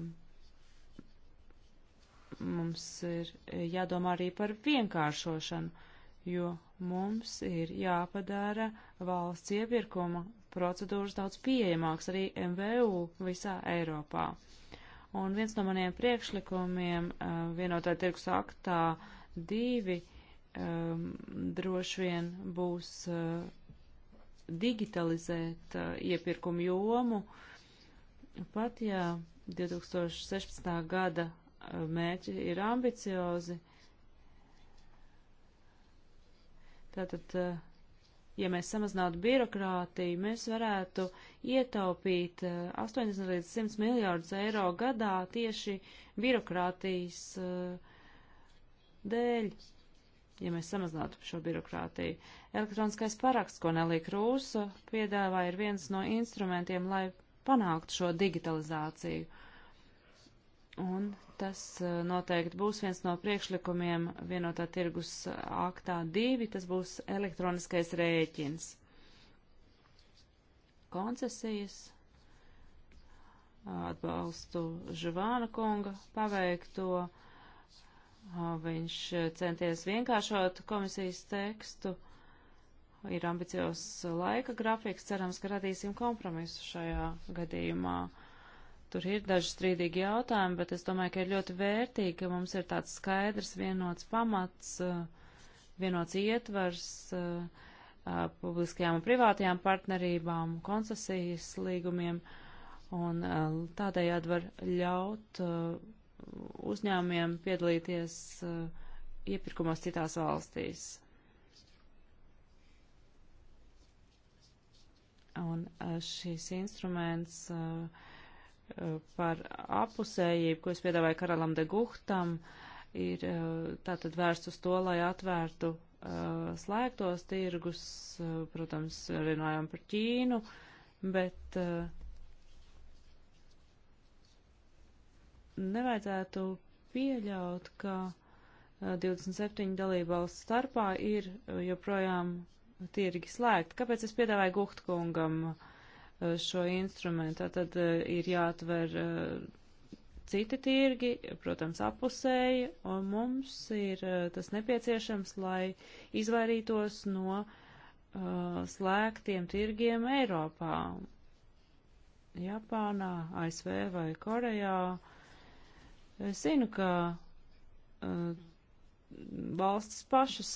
Speaker 4: mums ir jādomā arī par vienkāršošanu, jo mums ir jāpadara valsts iepirkuma procedūras daudz pieejamāks arī MVU visā Eiropā. Un viens no maniem priekšlikumiem eh, vienotā tirgus aktā divi um, droši vien būs uh, digitalizēt uh, iepirkumu jomu. Pat ja 2016. gada mērķi ir ambiciozi, tātad uh, ja mēs samazinātu birokrātiju, mēs varētu ietaupīt 80 eh, līdz 100 miljārdus eiro gadā tieši birokrātijas eh, dēļ, ja mēs samazinātu šo birokrātiju. Elektroniskais paraksts, ko Nelī Krūsa piedāvā, ir viens no instrumentiem, lai panāktu šo digitalizāciju. Un Tas e, noteikti būs viens no priekšlikumiem vienotā tirgus aktā divi, tas būs elektroniskais rēķins. Koncesijas atbalstu Živāna kunga paveikto. Viņš centies vienkāršot komisijas tekstu. Ir ambiciozs laika grafiks, cerams, ka radīsim kompromisu šajā gadījumā. Tur ir daži strīdīgi jautājumi, bet es domāju, ka ir ļoti vērtīgi, ka mums ir tāds skaidrs, vienots pamats, eh, vienots ietvars eh, eh, publiskajām un privātajām partnerībām, koncesijas līgumiem, un tādējādi var ļaut uzņēmumiem piedalīties iepirkumos citās valstīs. Un šīs instruments uh, par apusējību, ko es piedāvāju karalam de Guhtam, ir eh, tātad vērsts uz to, lai atvērtu eh, slēgtos tirgus, eh, protams, runājam par Ķīnu, bet nevajadzētu pieļaut, ka 27 dalībvalsts starpā ir joprojām tirgi slēgti. Kāpēc es piedāvāju Guhtkungam kungam? Eh, šo instrumentu. Tad eh, ir jāatver eh, citi tirgi, protams, apusēji, un mums ir tas nepieciešams, lai izvairītos no slēgtiem tirgiem Eiropā, Japānā, ASV vai Korejā. Es zinu, ka valstis pašas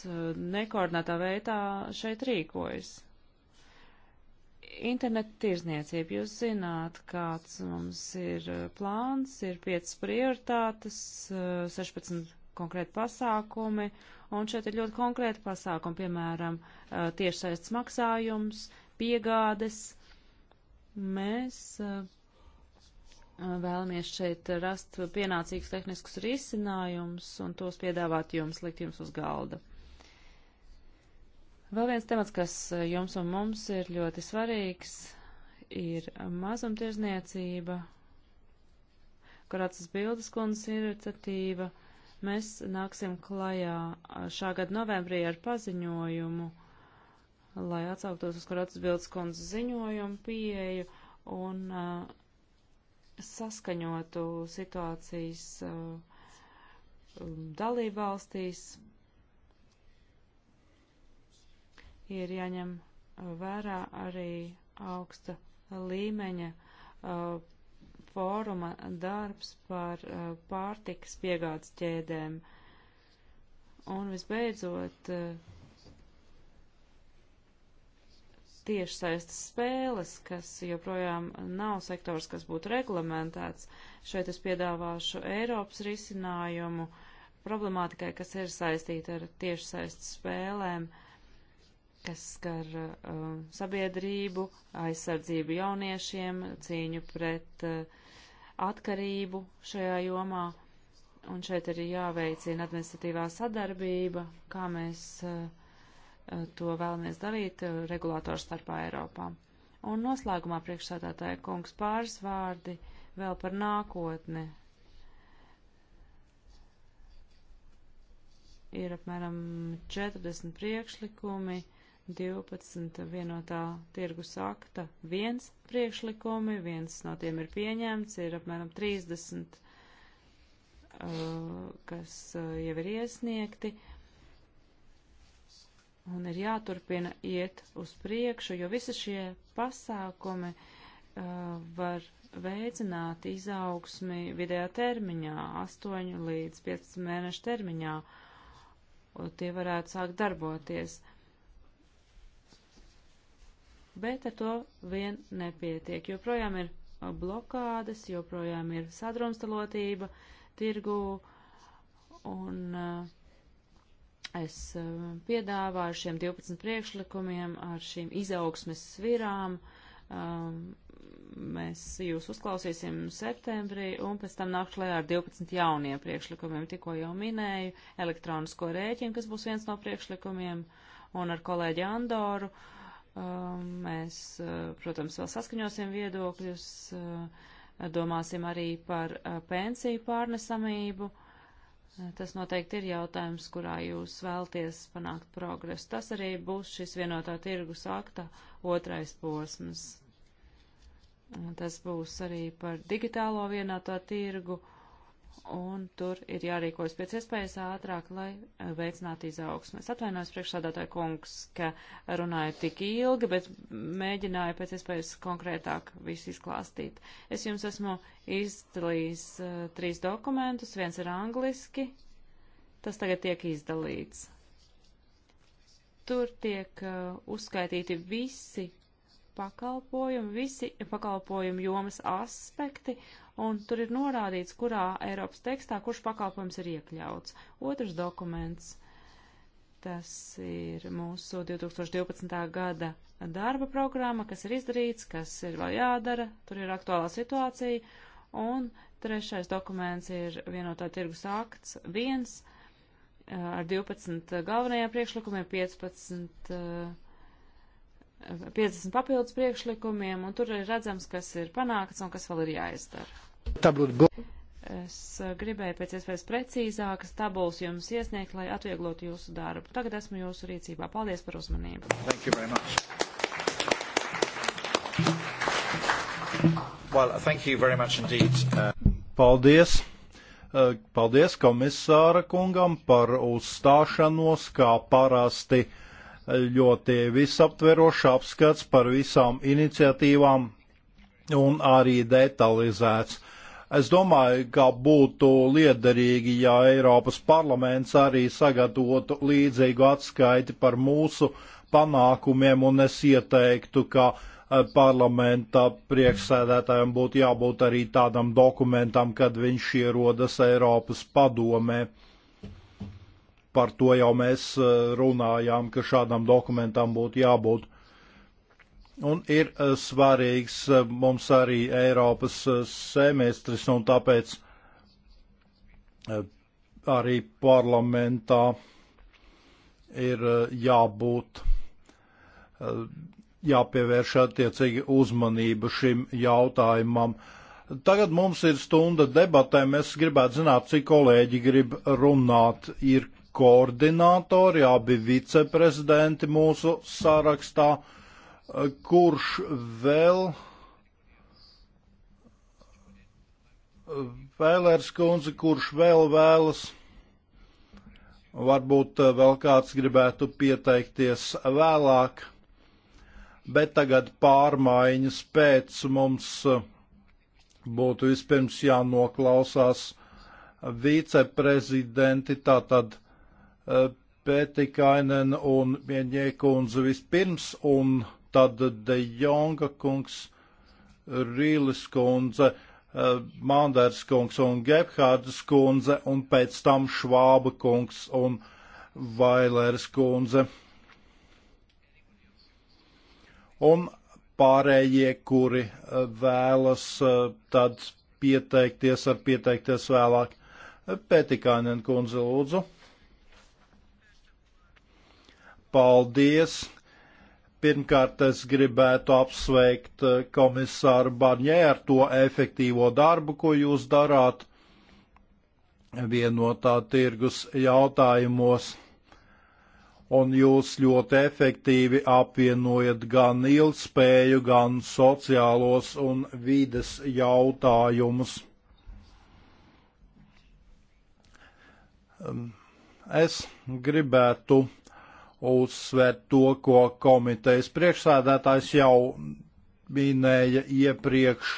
Speaker 4: nekoordinētā veidā šeit rīkojas. Internet tirzniecība. Jūs zināt, kāds mums ir uh, plāns, ir 5 prioritātes, 16 uh, konkrēti pasākumi, un šeit ir ļoti konkrēti pasākumi, piemēram, uh, tiešsaists maksājums, piegādes. Mēs vēlamies šeit rast pienācīgus tehniskus risinājumus un tos piedāvāt jums, likt jums uz galda. Vēl viens temats, kas eh, jums un mums ir ļoti svarīgs, ir mazumtirzniecība, kurācas bildes kundas iniciatīva. Mēs nāksim klajā eh, šā gada novembrī ar paziņojumu, lai atsauktos uz kurācas bildes kundas ziņojumu pieeju un uh, saskaņotu situācijas uh, dalībvalstīs ir jāņem uh, vērā arī augsta līmeņa uh, fóruma darbs par uh, pārtikas piegādes ķēdēm. Un visbeidzot, uh, tiešsaistes spēles, kas joprojām nav sektors, kas būtu reglamentēts. Šeit es piedāvāšu Eiropas risinājumu problemātikai, kas ir saistīta ar tiešsaistes spēlēm. Uh, kas skar uh, sabiedrību, aizsardzību jauniešiem, cīņu pret uh, atkarību šajā jomā. Un šeit ir jāveicina administratīvā sadarbība, kā mēs uh, uh to vēlamies darīt uh, regulātoru starpā Eiropā. Un noslēgumā priekšsādātāja kungs pāris vārdi vēl par nākotni. Ir apmēram 40 priekšlikumi 12 vienotā tirgus akta viens priekšlikumi, viens no tiem ir pieņemts, ir apmēram 30, uh, kas uh, jau ir iesniegti. Un ir jāturpina iet uz priekšu, jo visi šie pasākumi uh, var veicināt izaugsmi vidējā termiņā, 8 līdz 15 mēnešu termiņā. Tie varētu sākt darboties. Uh, bet ar to vien nepietiek. Joprojām ir uh, blokādes, joprojām ir sadrumstalotība tirgū, un uh, es uh, piedāvāju šiem 12 priekšlikumiem ar šīm izaugsmes svirām. Um, mēs jūs uzklausīsim septembrī un pēc tam nākšu lejā ar 12 jauniem priekšlikumiem, tikko jau minēju, elektronisko rēķinu, kas būs viens no priekšlikumiem, un ar kolēģi Andoru. Uh, Um, mēs, uh, protams, vēl saskaņosim viedokļus, uh, domāsim arī par uh, pensiju pārnesamību. Tas noteikti ir jautājums, kurā jūs vēlties panākt progresu. Tas arī būs šis vienotā tirgus akta otrais posms. Tas būs arī par digitālo vienotā tirgu. Uh, un tur ir jārīkojas pēc iespējas ātrāk, lai e, veicinātu izaugsmu. Es atvainojos priekšsādātāju kungs, ka runāju tik ilgi, bet mēģināju pēc iespējas konkrētāk visu izklāstīt. Es jums esmu izdalījis uh, trīs dokumentus, viens ir angliski, tas tagad tiek izdalīts. Tur tiek uh, uzskaitīti visi pakalpojumi, visi pakalpojumi jomas aspekti, un tur ir norādīts, kurā Eiropas tekstā, kurš pakalpojums ir iekļauts. Otrs dokuments, tas ir mūsu 2012. gada darba programma, kas ir izdarīts, kas ir vēl jādara, tur ir aktuālā situācija, un trešais dokuments ir vienotā tirgus akts viens eh, ar 12 galvenajiem priekšlikumiem, 15 uh, eh, 50 papildus priekšlikumiem, un tur ir redzams, kas ir panākts un kas vēl ir jāizdara. Es gribēju pēc iespējas precīzākas tabulas jums iesniegt, lai atvieglotu jūsu darbu. Tagad esmu jūsu rīcībā. Paldies par uzmanību. Thank you
Speaker 3: very much. Well, thank you very much indeed. Uh...
Speaker 1: Paldies. Uh, paldies komisāra kungam par uzstāšanos, kā parasti ļoti visaptverošs apskats par visām iniciatīvām un arī detalizēts. Es domāju, ka būtu liederīgi, ja Eiropas parlaments arī sagatavotu līdzīgu atskaiti par mūsu panākumiem, un es ieteiktu, ka eh, parlamenta priekšsēdētājiem būtu jābūt arī tādam dokumentam, kad viņš ierodas Eiropas padomē par to jau mēs eh, runājām, ka šādam dokumentam būtu jābūt. Un ir eh, svarīgs eh, mums arī Eiropas semestris, un tāpēc arī parlamentā ir jābūt, jāpievērš attiecīgi uzmanība šim jautājumam. Tagad mums ir stunda debatēm. Es gribētu zināt, cik kolēģi grib runāt. Ir koordinātori, abi viceprezidenti mūsu sarakstā, e, kurš vēl e, Vēlērs kundze, kurš vēl vēlas, varbūt e, vēl kāds gribētu pieteikties vēlāk, bet tagad pārmaiņas pēc mums būtu vispirms jānoklausās viceprezidenti, tātad Pētikainen un Mieņiekundze vispirms, un tad De Jonga kungs, Rīles kundze, eh, Manders kungs un Gebhārdas kundze, un pēc tam Švāba kungs un Vailērs kundze. Un pārējie, kuri eh, vēlas eh, tad pieteikties, var pieteikties vēlāk. Pētikānen kundze lūdzu. Paldies! Pirmkārt, es gribētu apsveikt eh, komisāru Barņē ar to efektīvo darbu, ko jūs darāt vienotā tirgus jautājumos. Un jūs ļoti efektīvi apvienojat gan ilgspēju, gan sociālos un vides jautājumus. Es gribētu uzsvērt to, ko komitejas priekšsēdētājs jau minēja iepriekš,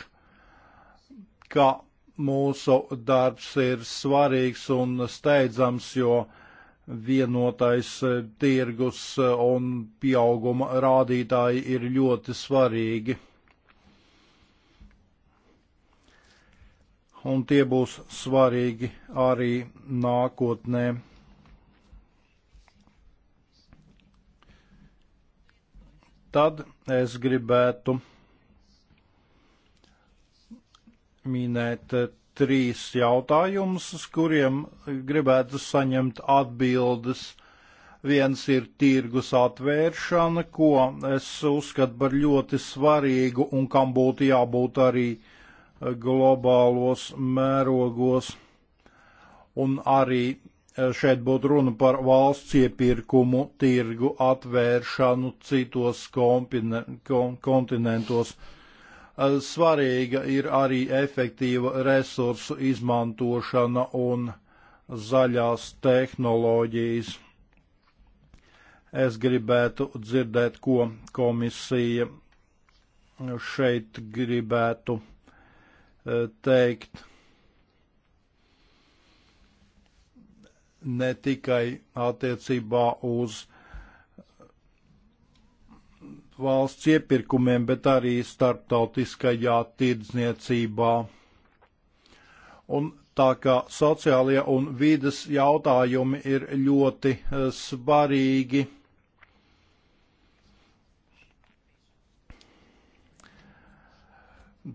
Speaker 1: ka mūsu darbs ir svarīgs un steidzams, jo vienotais tirgus un pieauguma rādītāji ir ļoti svarīgi. Un tie būs svarīgi arī nākotnē. tad es gribētu minēt eh, trīs jautājumus, uz kuriem gribētu saņemt atbildes. Viens ir tirgus atvēršana, ko es uzskatu par ļoti svarīgu un kam būtu jābūt arī eh, globālos mērogos. Un arī Šeit būtu runa par valsts iepirkumu, tirgu atvēršanu citos kontinentos. Eh, svarīga ir arī efektīva resursu izmantošana un zaļās tehnoloģijas. Es gribētu dzirdēt, ko komisija šeit gribētu eh, teikt. ne tikai attiecībā uz valsts iepirkumiem, bet arī starptautiskajā tirdzniecībā. Un tā kā sociālie un vīdes jautājumi ir ļoti eh, svarīgi, uh,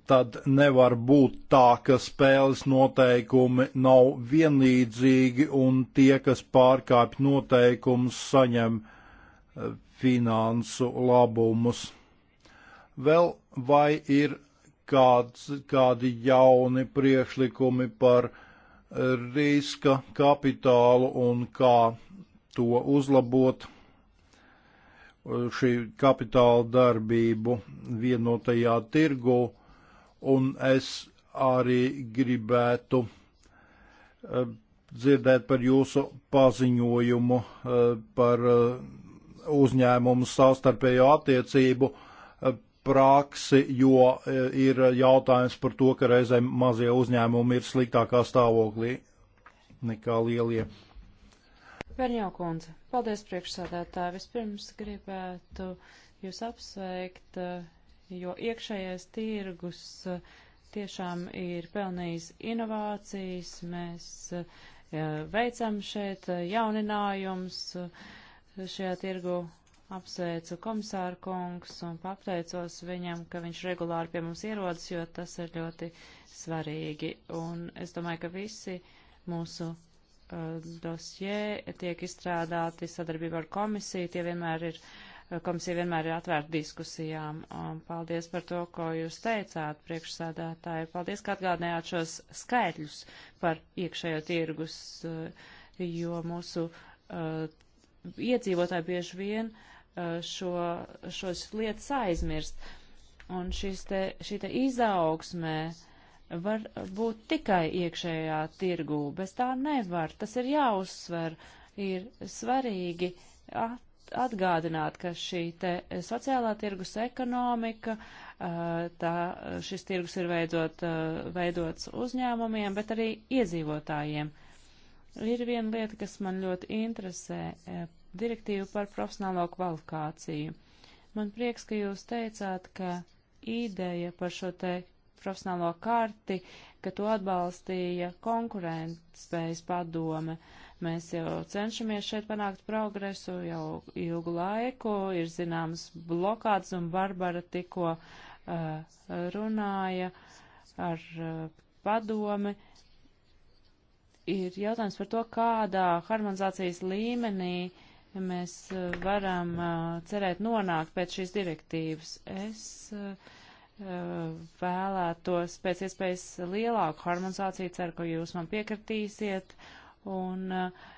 Speaker 1: tad nevar būt tā, ka spēles noteikumi nav vienlīdzīgi un tie, kas pārkāpj noteikumus, saņem eh, finansu labumus. Vēl vai ir kāds, kādi jauni priekšlikumi par eh, riska kapitālu un kā to uzlabot? Eh, šī kapitāla darbību vienotajā tirgu un es arī gribētu eh, dzirdēt par jūsu paziņojumu eh, par eh, uzņēmumu savstarpējo attiecību praksi, jo ir jautājums par to, ka reizēm mazie uzņēmumi ir sliktākā stāvoklī nekā lielie.
Speaker 4: Verņau kundze, paldies priekšsādātāji. Vispirms gribētu jūs apsveikt jo iekšējais tirgus eh, tiešām ir pelnījis inovācijas, mēs eh, veicam šeit eh, jauninājums šajā tirgu. Apsveicu komisāru kungs un pateicos viņam, ka viņš regulāri pie mums ierodas, jo tas ir ļoti svarīgi. Un es domāju, ka visi mūsu uh, dosjē tiek izstrādāti sadarbībā ar komisiju, tie vienmēr ir uh, komisija vienmēr ir atvērta diskusijām. Un paldies par to, ko jūs teicāt, priekšsādātāji. Paldies, ka atgādinājāt šos skaitļus par iekšējo tirgus, eh, jo mūsu uh, iedzīvotāji bieži vien uh, šo, šos lietas aizmirst. Un te, šī te izaugsmē var būt tikai iekšējā tirgū, bez tā nevar. Tas ir jāuzsver, ir svarīgi at atgādināt, ka šī te sociālā tirgus ekonomika, tā, šis tirgus ir veidot, veidots uzņēmumiem, bet arī iedzīvotājiem. Ir viena lieta, kas man ļoti interesē - direktīva par profesionālo kvalifikāciju. Man prieks, ka jūs teicāt, ka ideja par šo te profesionālo karti, ka to atbalstīja konkurentspējas padome. Mēs jau cenšamies šeit panākt progresu jau ilgu laiku, ir zināms blokāds un Barbara tikko uh, runāja ar uh, padomi. Ir jautājums par to, kādā harmonizācijas līmenī mēs uh, varam uh, cerēt nonākt pēc šīs direktīvas. Es uh, Eh, vēlētos pēc iespējas lielāku harmonizāciju, ceru, ka jūs man piekritīsiet, un uh,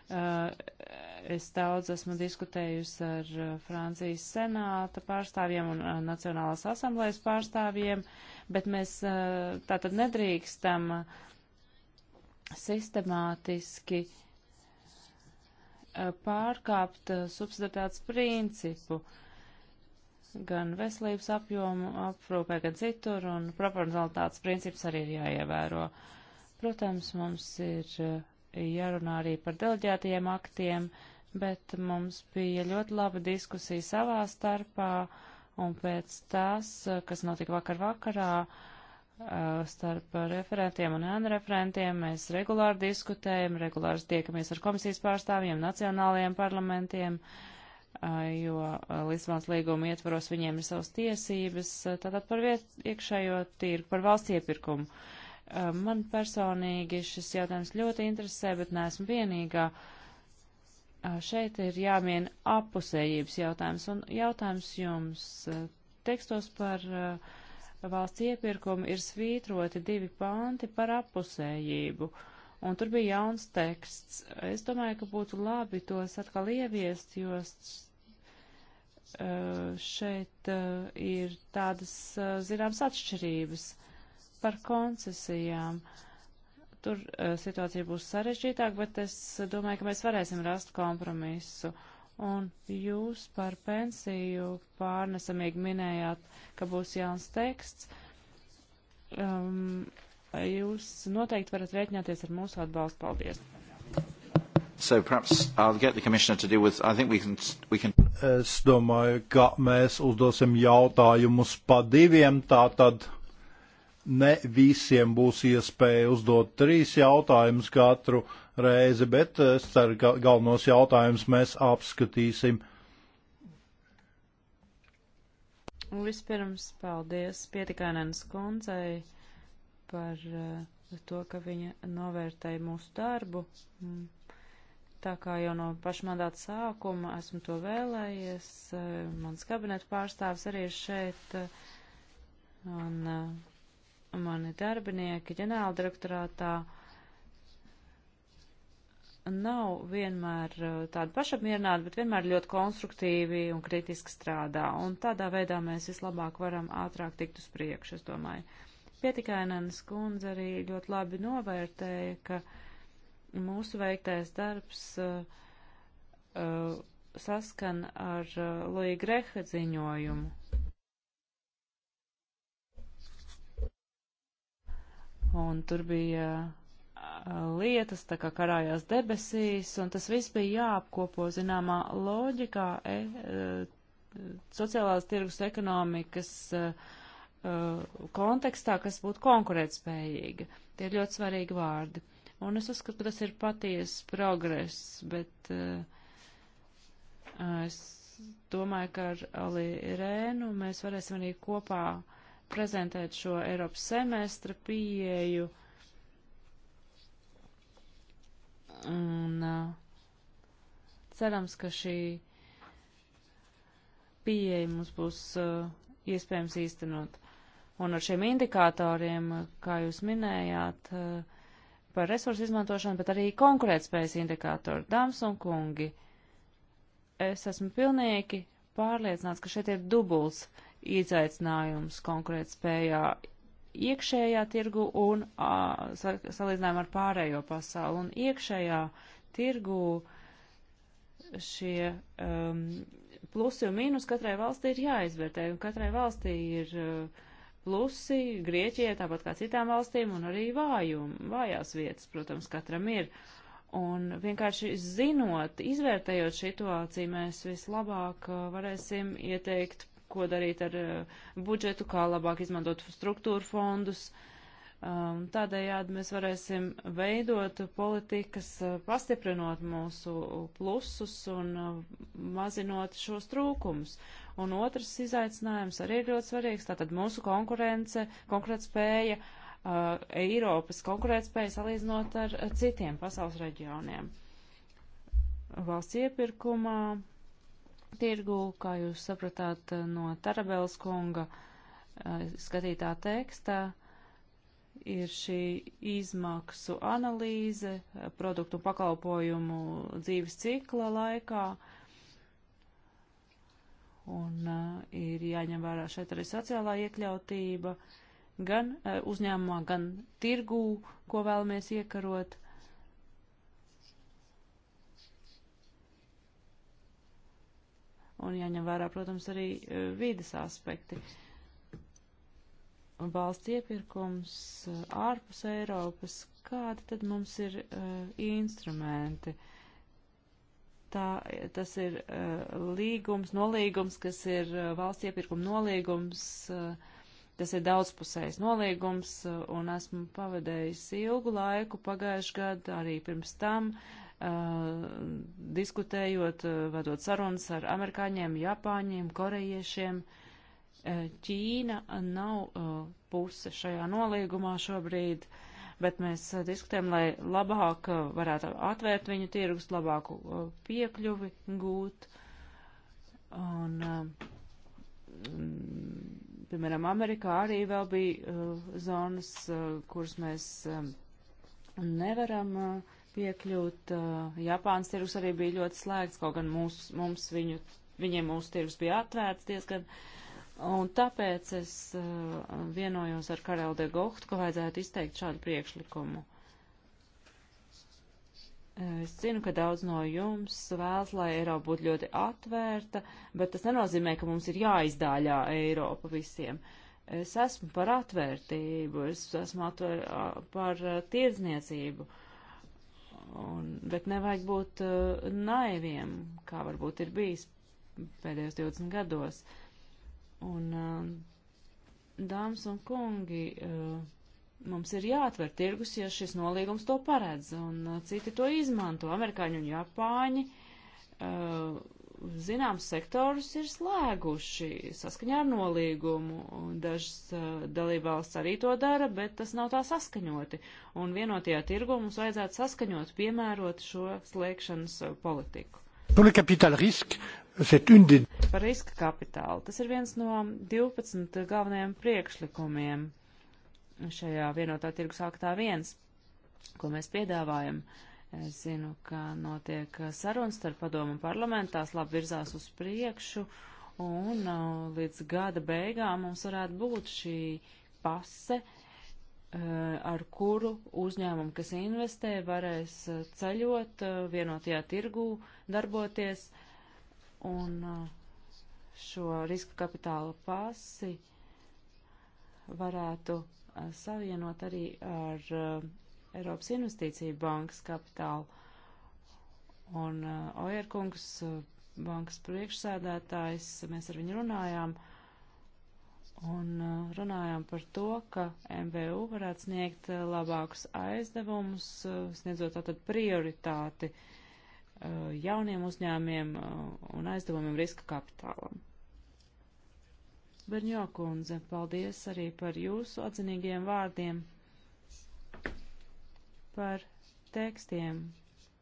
Speaker 4: es daudz esmu diskutējusi ar eh, Francijas senāta pārstāvjiem un Nacionālās asamblējas pārstāvjiem, bet mēs uh, tātad nedrīkstam sistemātiski uh, pārkāpt subsidētāts principu. Uh, gan veselības apjomu aprūpē, gan citur, un proporcionalitātes princips arī ir jāievēro. Protams, mums ir eh, jārunā arī par deleģētajiem aktiem, bet mums bija ļoti laba diskusija savā starpā, un pēc tās, eh, kas notika vakar vakarā, eh, starp referentiem un ēnu referentiem, mēs regulāri diskutējam, regulāri tiekamies ar komisijas pārstāvjiem, nacionālajiem parlamentiem. Uh, jo Lisbonas līguma ietvaros viņiem ir savas tiesības, tātad par viet, iekšējo tirgu, par valsts iepirkumu. Man personīgi šis jautājums ļoti interesē, bet neesmu vienīgā. Šeit ir jāmien apusējības jautājums, un jautājums jums tekstos par valsts iepirkumu ir svītroti divi panti par apusējību. Uh, un tur bija jauns teksts. Es domāju, ka būtu labi tos atkal ieviest, jo Eh, šeit eh, ir tādas eh, zināmas atšķirības par koncesijām. Tur situācija būs sarežģītāka, bet es domāju, ka mēs varēsim rast kompromisu. Un jūs par pensiju pārnesamīgi minējāt, ka būs jauns teksts. Um, jūs noteikti varat rēķināties ar mūsu atbalstu. Paldies!
Speaker 3: So perhaps I'll get the commissioner to deal with. I think we can we can.
Speaker 1: Es domāju, ka mēs uzdosim jautājumus pa diviem, tātad ne visiem būs iespēja uzdot trīs jautājumus katru reizi, bet es ceru, ka galvenos jautājumus mēs apskatīsim.
Speaker 4: Vispirms paldies Pietikainēnas kundzei par eh, to, ka viņa novērtēja mūsu darbu. Mm tā kā jau no pašmandāta sākuma esmu to vēlējies. E, mans kabineta pārstāvs arī ir šeit, e, un e, mani darbinieki ģenerāldirektorātā nav vienmēr tādi pašapmierināti, bet vienmēr ļoti konstruktīvi un kritiski strādā. Un tādā veidā mēs vislabāk varam ātrāk tikt uz priekšu, es domāju. Pietikainēnas kundze arī ļoti labi novērtēja, ka Mūsu veiktais darbs uh, uh, saskan ar uh, Lija Greha ziņojumu. Un tur bija lietas tā kā karājās debesīs, un tas viss bija jāapkopo zināmā loģikā e, e, sociālās tirgus ekonomikas e, kontekstā, kas būtu konkurētspējīga. Tie ir ļoti svarīgi vārdi. Un es uzskatu, ka tas ir patiesas progress, bet uh, es domāju, ka ar Ali Rēnu mēs varēsim arī kopā prezentēt šo Eiropas semestra pieeju. Un uh, cerams, ka šī pieeja mums būs uh, iespējams īstenot. Un ar šiem indikatoriem, kā jūs minējāt, uh, par resursu izmantošanu, bet arī konkurētspējas indikātoru. Dāmas un kungi, es esmu pilnīgi pārliecināts, ka šeit ir dubuls izaicinājums konkurētspējā iekšējā tirgu un a, salīdzinājumā ar pārējo pasauli. Un iekšējā tirgu šie um, plusi un mīnus katrai valstī ir jāizvērtē, un katrai valstī ir uh, plusi Grieķijai, tāpat kā citām valstīm, un arī vājumi, vājās vietas, protams, katram ir. Un vienkārši zinot, izvērtējot situāciju, mēs vislabāk uh, varēsim ieteikt, ko darīt ar uh, budžetu, kā labāk izmantot struktūru fondus. Um, tādējādi mēs varēsim veidot politikas, uh, pastiprinot mūsu plusus un mazinot šos trūkumus. Un otrs izaicinājums arī ir ļoti svarīgs, tātad mūsu konkurence, konkurētspēja, uh, Eiropas konkurētspēja salīdzinot ar citiem pasaules reģioniem. Valsts iepirkumā, tirgu, kā jūs sapratāt uh, no Tarabels kunga uh, skatītā tekstā, ir šī izmaksu analīze uh, produktu un pakalpojumu dzīves cikla laikā. Un uh, ir jāņem vērā šeit arī sociālā iekļautība gan uh, uzņēmumā, gan tirgū, ko vēlamies iekarot. Un jāņem vērā, protams, arī uh, vīdes aspekti. Valsts iepirkums uh, ārpus Eiropas, kādi tad mums ir uh, instrumenti? Uh, tā, tas ir uh, līgums, nolīgums, kas ir uh, valsts iepirkuma nolīgums, uh, tas ir daudzpusējs nolīgums, uh, un esmu pavadējis ilgu laiku pagājuši gadu, arī pirms tam, uh, diskutējot, uh, vadot sarunas ar amerikāņiem, japāņiem, korejiešiem. Uh, Ķīna nav uh, puse šajā nolīgumā šobrīd. Uh, bet mēs eh, diskutējam, lai labāk eh, varētu atvērt viņu tirgus, labāku eh, piekļuvi gūt. Un, piemēram, Amerikā arī vēl bija uh, zonas, uh, kuras mēs um, nevaram uh, piekļūt. Uh, Japāns tirgus arī bija ļoti slēgts, kaut gan mūs, mums viņu, viņiem mūsu tirgus bija atvērts diezgan. Uh, Un tāpēc es uh, vienojos ar Karelde Gohtu, ka vajadzētu izteikt šādu priekšlikumu. Uh, es zinu, ka daudz no jums vēlas, lai Eiropa būtu ļoti atvērta, bet tas nenozīmē, ka mums ir jāizdāļā Eiropa visiem. Es esmu par atvērtību, es esmu atver, uh, par tirdzniecību, un, bet nevajag būt uh, naiviem, kā varbūt ir bijis pēdējos 20 gados. Uh, Un, um, dāmas un kungi, uh, mums ir jāatver tirgus, ja šis nolīgums to paredz, un uh, citi to izmanto. Amerikāņi un Japāņi uh, zināms sektorus ir slēguši saskaņā ar nolīgumu. Dažas dalībvalsts arī to dara, bet tas nav tā saskaņoti. Un vienotajā tirgu mums vajadzētu saskaņot, piemērot šo slēgšanas politiku.
Speaker 1: Pour le capital risque, Des...
Speaker 4: Par riska kapitālu. Tas ir viens no 12 galvenajiem priekšlikumiem šajā vienotā tirgus aktā viens, ko mēs piedāvājam. Es zinu, ka notiek sarunas starp padomu un parlamentās, labi virzās uz priekšu, un uh, līdz gada beigām mums varētu būt šī pase, uh, ar kuru uzņēmumu, kas investē, varēs uh, ceļot vienotajā tirgū, darboties Un uh, šo riska kapitāla pasi varētu uh, savienot arī ar uh, Eiropas Investīciju bankas kapitālu. Un Ojerkungs, bankas priekšsēdētājs, mēs ar viņu runājām un runājām par to, ka MVU varētu sniegt labākus aizdevumus, sniedzot tātad prioritāti uh, Eh, jauniem uzņēmiem eh, un aizdevumiem riska kapitālam. Berņo kundze, paldies arī par jūsu atzinīgiem vārdiem, par tekstiem,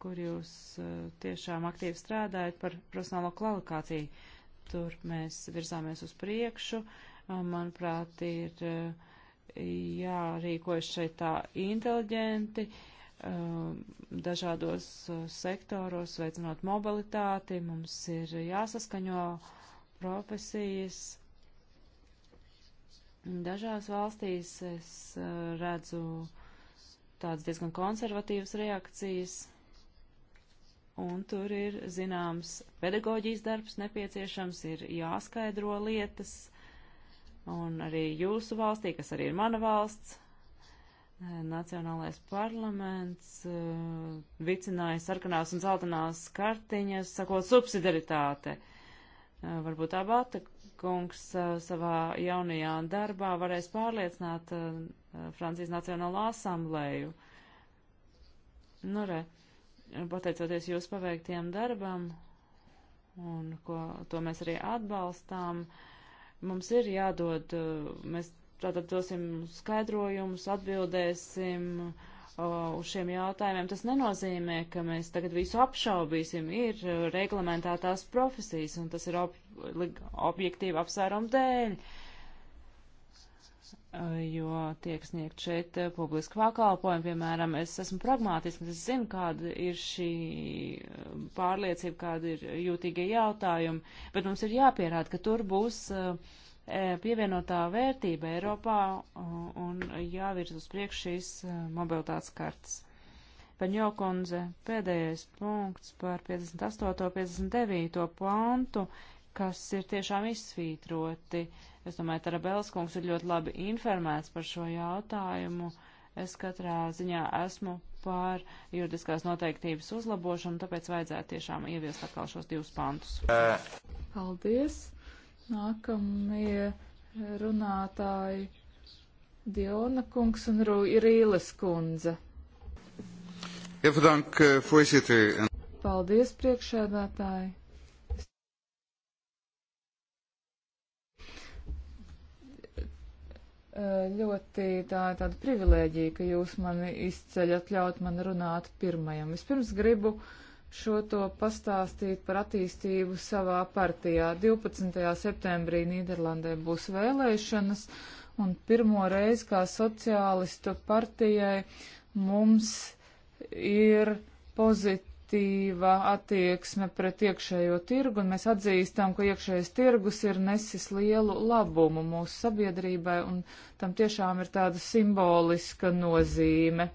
Speaker 4: kur jūs eh, tiešām aktīvi strādājat par profesionālo kvalifikāciju. Tur mēs virzāmies uz priekšu. Manuprāt, ir jārīkojas šeit tā inteliģenti. Uh, Um, dažādos uh, sektoros, veicinot mobilitāti, mums ir jāsaskaņo profesijas. Dažās valstīs es uh, redzu tādas diezgan konservatīvas reakcijas, un tur ir zināms pedagoģijas darbs nepieciešams, ir jāskaidro lietas, un arī jūsu valstī, kas arī ir mana valsts, Nacionālais parlaments uh, vicināja sarkanās un zeltanās kartiņas, sakot subsidaritāte. Uh, eh, varbūt tā Bata kungs uh, savā jaunajā darbā varēs pārliecināt Francijas Nacionālo asamblēju. Nu, re, pateicoties jūsu paveiktiem darbam, un ko, to mēs arī atbalstām, mums ir jādod, mēs Tātad dosim skaidrojumus, atbildēsim uz šiem jautājumiem. Tas nenozīmē, ka mēs tagad visu apšaubīsim. Ir e, reglamentētās profesijas, un tas ir ob objektīvi apsvērumu dēļ, e, jo tiek sniegt šeit e, publiski pakalpojumi. Piemēram, es esmu pragmātisks, es zinu, kāda ir šī pārliecība, kāda ir jūtīgie jautājumi, bet mums ir jāpierāda, ka tur būs uh, E, pievienotā vērtība Eiropā un jāvirz uz priekšu šīs e, mobilitātes kartas. Paņo kundze, pēdējais punkts par 58. 59. pantu, kas ir tiešām izsvītroti. Es domāju, Tarabels kungs ir ļoti labi informēts par šo jautājumu. Es katrā ziņā esmu par juridiskās noteiktības uzlabošanu, tāpēc vajadzētu tiešām ieviest atkal šos divus pantus.
Speaker 2: Paldies! Nākamie runātāji Diona kungs un Rīles kundze. Eh, Paldies, priekšēdētāji! Eh, ļoti tā, tāda privilēģija, ka jūs mani izceļat, ļaut man runāt pirmajam. Vispirms gribu uh, šo to pastāstīt par attīstību savā partijā. 12. septembrī Nīderlandē būs vēlēšanas, un pirmo reizi kā sociālistu partijai mums ir pozitīva attieksme pret iekšējo tirgu, un mēs atzīstam, ka iekšējais tirgus ir nesis lielu labumu mūsu sabiedrībai, un tam tiešām ir tāda simboliska nozīme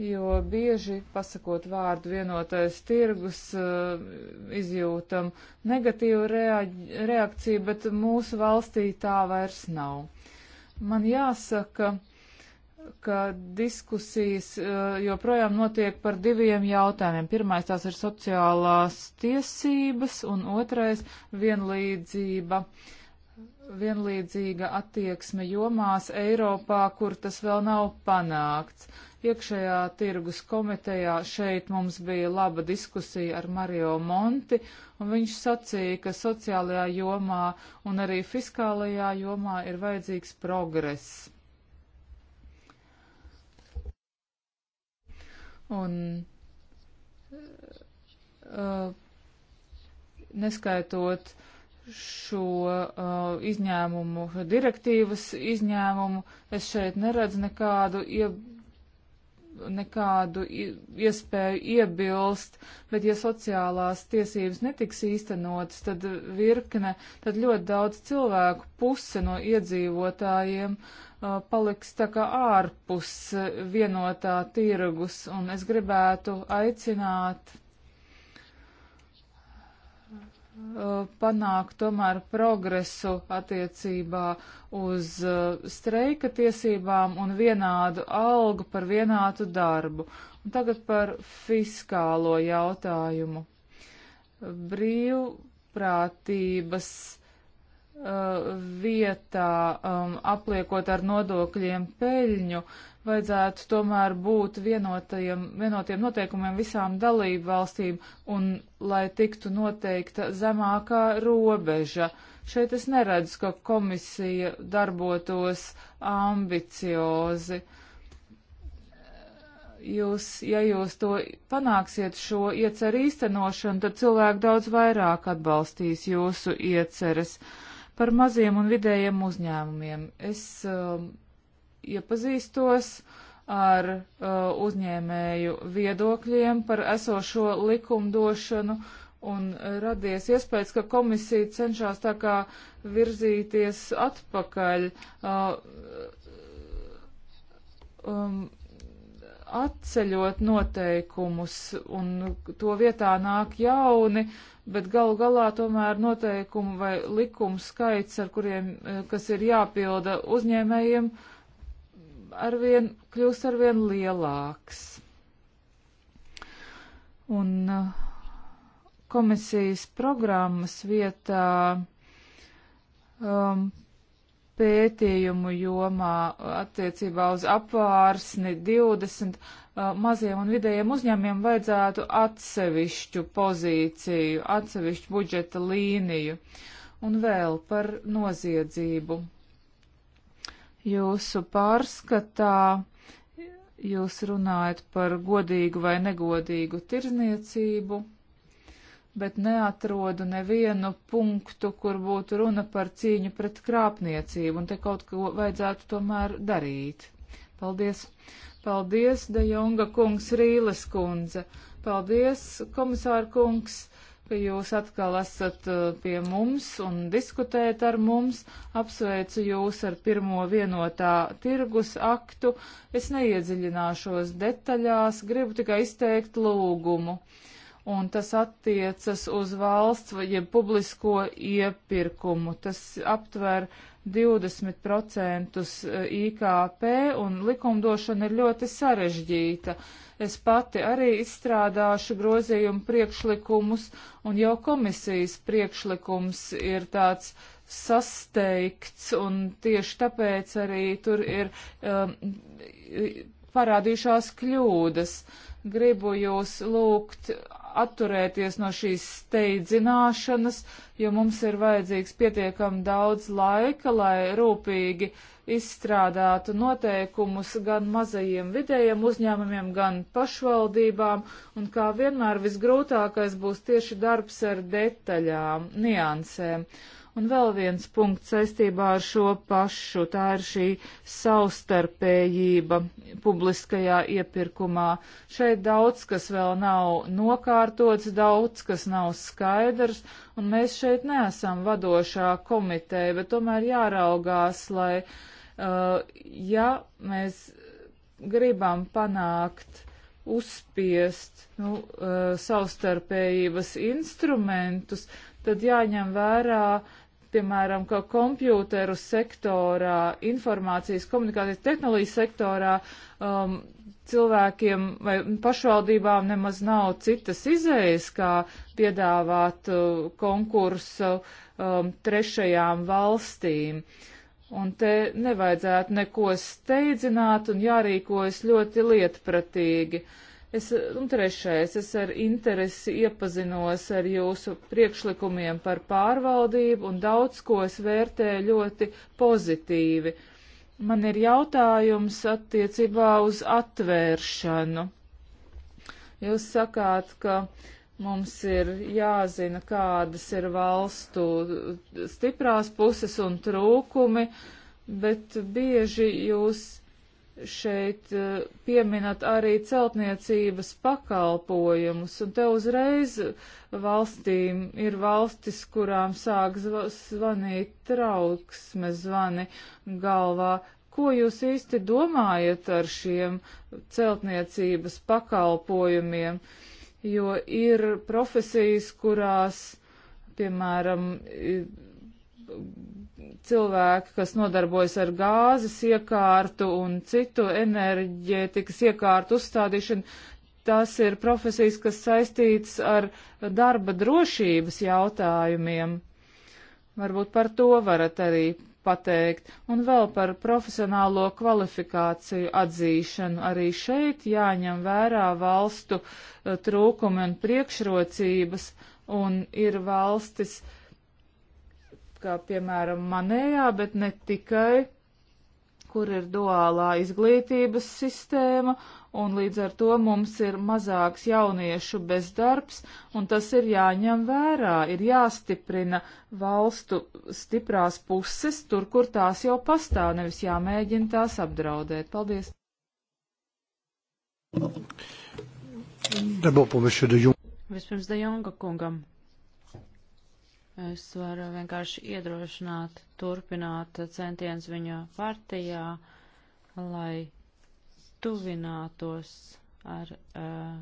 Speaker 2: jo bieži, pasakot vārdu vienotais tirgus, eh, izjūtam negatīvu reakciju, bet mūsu valstī tā vairs nav. Man jāsaka, ka diskusijas eh, joprojām notiek par diviem jautājumiem. Pirmais tās ir sociālās tiesības un otrais vienlīdzība vienlīdzīga attieksme jomās Eiropā, kur tas vēl nav panākts. Iekšējā tirgus komitejā šeit mums bija laba diskusija ar Mario Monti, un viņš sacīja, ka sociālajā jomā un arī fiskālajā jomā ir vajadzīgs progress. Un uh, neskaitot šo uh, izņēmumu, direktīvas izņēmumu, es šeit neredzu nekādu ie, nekādu iespēju iebilst, bet ja sociālās tiesības netiks īstenotas, tad virkne, tad ļoti daudz cilvēku puse no iedzīvotājiem uh, paliks tā kā ārpus vienotā tirgus, un es gribētu aicināt Uh, panākt tomēr progresu attiecībā uz uh, streika tiesībām un vienādu algu par vienādu darbu. Un tagad par fiskālo jautājumu. Brīvprātības uh, vietā um, apliekot ar nodokļiem peļņu, uh, vajadzētu tomēr būt vienotajiem, vienotiem noteikumiem visām dalību valstīm un lai tiktu noteikta zemākā robeža. Šeit es neredzu, ka komisija darbotos ambiciozi. Jūs, ja jūs to panāksiet šo ieceru īstenošanu, tad cilvēki daudz vairāk atbalstīs jūsu ieceres par maziem un vidējiem uzņēmumiem. Es um, iepazīstos ar uh, uzņēmēju viedokļiem par esošo likumdošanu un radies iespējas, ka komisija cenšas tā kā virzīties atpakaļ. Uh, um, atceļot noteikumus, un to vietā nāk jauni, bet galu galā tomēr noteikumu vai likumu skaits, ar kuriem, eh, kas ir jāpilda uzņēmējiem, uh, arvien, kļūs arvien lielāks. Un uh, komisijas programmas vietā um, pētījumu jomā attiecībā uz apvārsni 20 uh, maziem un vidējiem uzņēmiem vajadzētu atsevišķu pozīciju, atsevišķu budžeta līniju un vēl par noziedzību. Jūsu pārskatā jūs runājat par godīgu vai negodīgu tirzniecību, bet neatrodu nevienu punktu, kur būtu runa par cīņu pret krāpniecību, un te kaut ko vajadzētu tomēr darīt. Paldies! Paldies, De Jonga kungs, Rīles kundze! Paldies, komisāra kungs! ka jūs atkal esat uh, pie mums un diskutējat ar mums. Apsveicu jūs ar pirmo vienotā tirgus aktu. Es neiedziļināšos detaļās, gribu tikai izteikt lūgumu. Un tas attiecas uz valsts vai ja publisko iepirkumu. Tas aptver uh, 20% eh, IKP un likumdošana ir ļoti sarežģīta. Es pati arī izstrādāšu grozījumu priekšlikumus un jau komisijas priekšlikums ir tāds sasteigts un tieši tāpēc arī tur ir um, parādījušās kļūdas. Gribu jūs lūgt atturēties no šīs steidzināšanas, jo mums ir vajadzīgs pietiekam daudz laika, lai rūpīgi izstrādātu noteikumus gan mazajiem vidējiem uzņēmumiem, gan pašvaldībām, un kā vienmēr visgrūtākais būs tieši darbs ar detaļām, niansēm. Uh, Un vēl viens punkts saistībā ar šo pašu, tā ir šī savstarpējība publiskajā iepirkumā. Šeit daudz, kas vēl nav nokārtots, daudz, kas nav skaidrs, un mēs šeit neesam vadošā komiteja, bet tomēr jāraugās, lai, uh, ja mēs gribam panākt uzspiest nu, uh, savstarpējības instrumentus, tad jāņem vērā uh, piemēram, ka kompjūteru sektorā, informācijas komunikācijas tehnoloģijas sektorā um, cilvēkiem vai pašvaldībām nemaz nav citas izējas, kā piedāvāt uh, konkursu um, trešajām valstīm. Un te nevajadzētu neko steidzināt un jārīkojas ļoti lietpratīgi. Uh, Es, un trešais, es ar interesi iepazinos ar jūsu priekšlikumiem par pārvaldību un daudz ko es vērtēju ļoti pozitīvi. Man ir jautājums attiecībā uz atvēršanu. Jūs sakāt, ka mums ir jāzina, kādas ir valstu stiprās puses un trūkumi, bet bieži jūs šeit eh, pieminat arī celtniecības pakalpojumus, un te uzreiz valstīm ir valstis, kurām sāk zvanīt trauksmes zvani galvā. Ko jūs īsti domājat ar šiem celtniecības pakalpojumiem? Jo ir profesijas, kurās, piemēram, cilvēki, kas nodarbojas ar gāzes iekārtu un citu enerģētikas iekārtu uzstādīšanu, tas ir profesijas, kas saistīts ar darba drošības jautājumiem. Varbūt par to varat arī pateikt. Un vēl par profesionālo kvalifikāciju atzīšanu. Arī šeit jāņem vērā valstu eh, trūkumi un priekšrocības, un ir valstis, uh, kā piemēram manējā, bet ne tikai, kur ir duālā izglītības sistēma, un līdz ar to mums ir mazāks jauniešu bezdarbs, un tas ir jāņem vērā, ir jāstiprina valstu stiprās puses tur, kur tās jau pastāv, nevis jāmēģina tās apdraudēt. Paldies!
Speaker 1: D'abord pour M. de Jong.
Speaker 4: Vispirms de Jonga kungam. Es varu vienkārši iedrošināt, turpināt centienus viņa partijā, lai tuvinātos ar uh,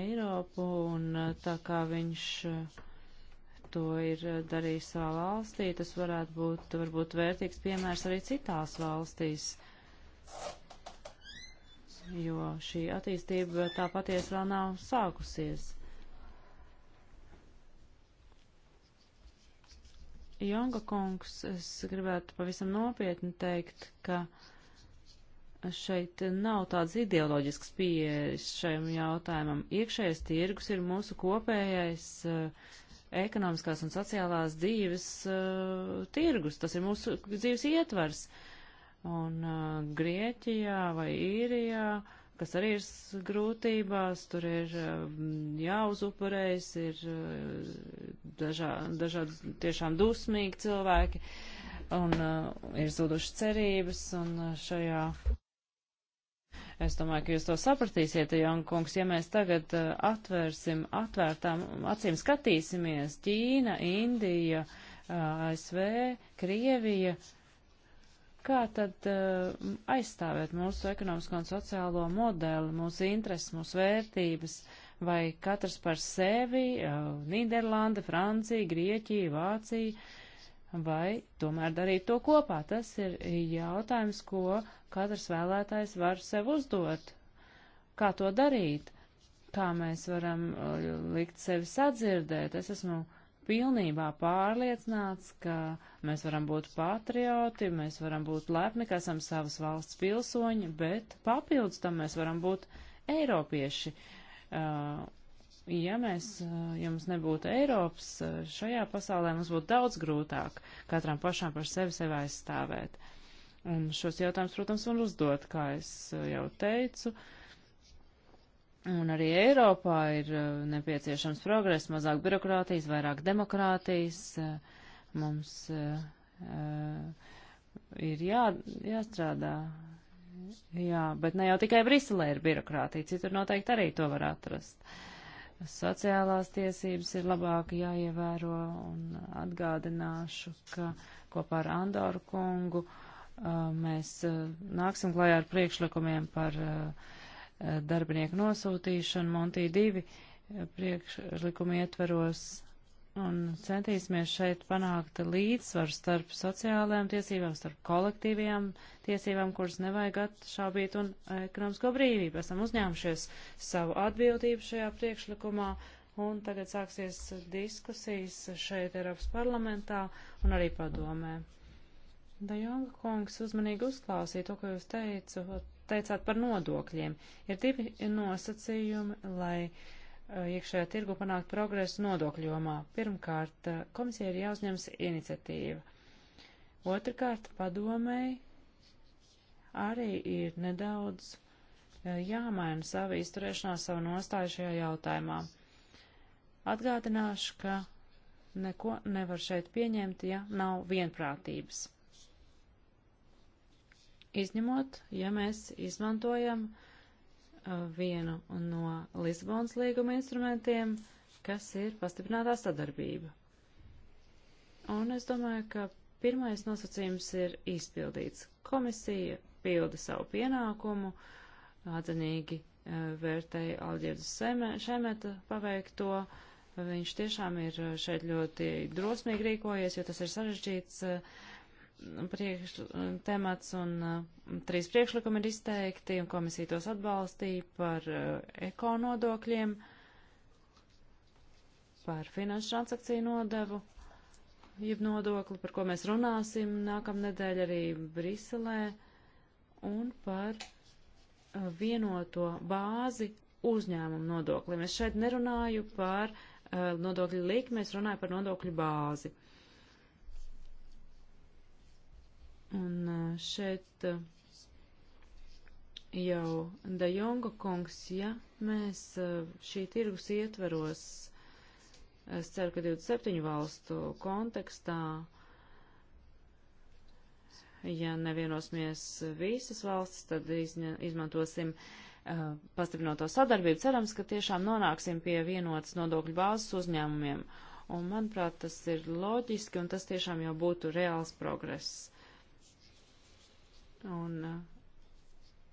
Speaker 4: Eiropu, un eh, tā kā viņš eh, to ir darījis savā valstī, tas varētu būt varbūt vērtīgs piemērs arī citās valstīs, jo šī attīstība tā patiesi vēl nav sākusies. Jonga kungs, es gribētu pavisam nopietni teikt, ka šeit nav tāds ideoloģisks pieejas šajam jautājumam. Iekšējais tirgus ir mūsu kopējais uh, ekonomiskās un sociālās dzīves uh, tirgus, tas ir mūsu dzīves ietvars. Un uh, Grieķijā vai Īrijā uh, kas arī ir grūtībās, tur ir um, jāuzupurējas, ir uh, dažā, dažādi tiešām dusmīgi cilvēki un uh, ir zuduši cerības un uh, šajā. Es domāju, ka jūs to sapratīsiet, Jankungs, ja mēs tagad uh, atvērsim, atvērtām acīm skatīsimies Ķīna, Indija, uh, ASV, Krievija. Uh, Kā tad uh, aizstāvēt mūsu ekonomisko un sociālo modeli, mūsu intereses, mūsu vērtības, vai katrs par sevi, uh, Nīderlanda, Francija, Grieķija, Vācija? vai tomēr darīt to kopā. Tas ir jautājums, ko katrs vēlētājs var sev uzdot. Kā to darīt? Kā mēs varam eh, likt sevi sadzirdēt? Es esmu pilnībā pārliecināts, ka mēs varam būt patrioti, mēs varam būt lepni, ka esam savas valsts pilsoņi, bet papildus tam mēs varam būt eiropieši. Uh, ja mēs, uh, ja mums nebūtu Eiropas, uh, šajā pasaulē mums būtu daudz grūtāk katram pašam par sevi sevi aizstāvēt. Un šos jautājumus, protams, var uzdot, kā es uh, jau teicu. Uh, Un arī Eiropā ir uh, nepieciešams progress, mazāk birokrātijas, vairāk demokrātijas. Uh, mums uh, ir jā, jāstrādā. Jā, bet ne jau tikai Briselē ir birokrātija, citur noteikti arī to var atrast. Sociālās tiesības ir labāk jāievēro un atgādināšu, ka kopā ar Andoru kungu mēs nāksim klajā ar priekšlikumiem par uh, Eh, darbinieku nosūtīšanu Montī 2 eh, priekšlikumu ietveros un centīsimies šeit panākt līdzsvaru starp sociālajām tiesībām, starp kolektīvajām tiesībām, kuras nevajag atšaubīt, un eh, ekonomisko brīvību. Esam uzņēmušies savu atbildību šajā priekšlikumā, un tagad sāksies diskusijas šeit Eiropas parlamentā un arī padomē. Dajonga kungs uzmanīgi uzklausīja to, ko jūs teicu, teicāt par nodokļiem. Ir divi nosacījumi, lai eh, iekšējā tirgu panākt progresu nodokļu jomā. Pirmkārt, eh, komisija ir jāuzņems iniciatīva. Otrakārt, padomēji arī ir nedaudz eh, jāmaina savu izturēšanās, savu nostāju šajā jautājumā. Atgādināšu, ka neko nevar šeit pieņemt, ja nav vienprātības izņemot, ja mēs izmantojam uh, vienu no Lisbonas līguma instrumentiem, kas ir pastiprinātā sadarbība. Un es domāju, ka pirmais nosacījums ir izpildīts. Komisija pilda savu pienākumu, atzinīgi uh, vērtēja Alģēdas Šemeta paveikto. Viņš tiešām ir uh, šeit ļoti drosmīgi rīkojies, jo tas ir sarežģīts uh, priekš, temats un uh, trīs priekšlikumi ir izteikti, un komisija tos atbalstīja par uh, ekonodokļiem, par finanšu transakciju nodevu, jeb nodokli, par ko mēs runāsim nākamnedēļ arī Briselē, un par uh, vienoto bāzi uzņēmumu nodoklim. Es šeit nerunāju par uh, nodokļu likmi, es runāju par nodokļu bāzi. Uh, Un šeit jau Dajonga kungs, ja mēs šī tirgus ietveros, es ceru, ka 27 valstu kontekstā, ja nevienosimies visas valstis, tad izņa, izmantosim uh, pastiprināto sadarbību. Cerams, ka tiešām nonāksim pie vienotas nodokļu bāzes uzņēmumiem. Un, manuprāt, tas ir loģiski un tas tiešām jau būtu reāls progress. Un eh,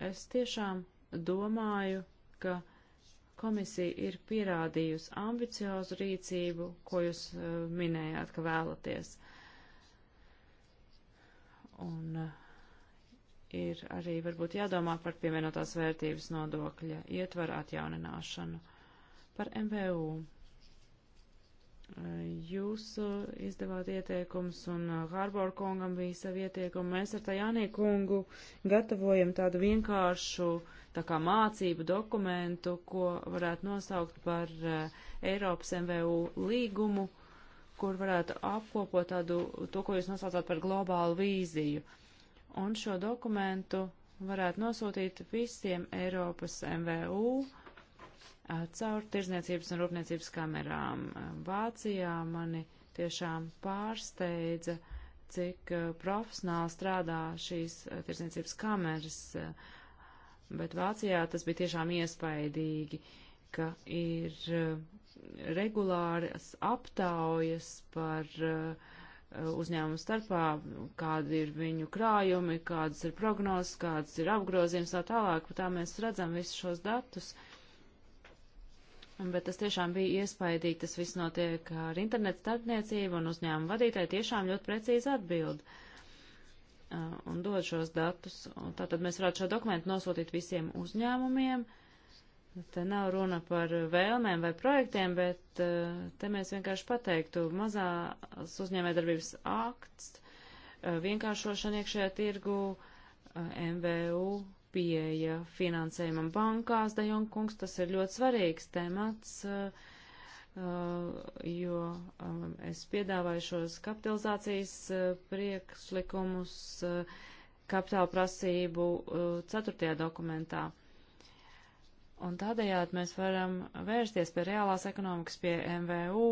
Speaker 4: es tiešām domāju, ka komisija ir pierādījusi ambiciozu rīcību, ko jūs eh, minējāt, ka vēlaties. Un eh, ir arī varbūt jādomā par pievienotās vērtības nodokļa ietvaru atjaunināšanu, par MVU Jūs uh, izdevāt ieteikumus, un Hārbor uh, kungam bija savi ieteikumi. Mēs ar Tajānī kungu gatavojam tādu vienkāršu tā kā mācību dokumentu, ko varētu nosaukt par uh, Eiropas MVU līgumu, kur varētu apkopot tādu, to, ko jūs nosaucāt par globālu vīziju. Un šo dokumentu varētu nosūtīt visiem Eiropas MVU caur tirzniecības un rūpniecības kamerām Vācijā mani tiešām pārsteidza, cik profesionāli strādā šīs tirzniecības kameras, bet Vācijā tas bija tiešām iespaidīgi, ka ir regulāras aptaujas par uzņēmumu starpā, kādi ir viņu krājumi, kādas ir prognozes, kādas ir apgrozījums tā tālāk, tā mēs redzam visus šos datus. Uh, Bet tas tiešām bija iespaidīgi, tas viss notiek ar internetu starpniecību un uzņēmumu vadītāji tiešām ļoti precīzi atbild uh, un dod šos datus. Un tātad mēs varētu šo dokumentu nosūtīt visiem uzņēmumiem. Te nav runa par vēlmēm vai projektiem, bet uh, te mēs vienkārši pateiktu mazās uzņēmējdarbības akts, uh, vienkāršošana iekšējā tirgu, uh, MVU pieeja finansējumam bankās, Dajon kungs, tas ir ļoti svarīgs temats, eh, eh, jo eh, es piedāvāju šos kapitalizācijas priekšlikumus kapitāla prasību ceturtajā dokumentā. Un tādējādi mēs varam vērsties pie reālās ekonomikas, pie MVU.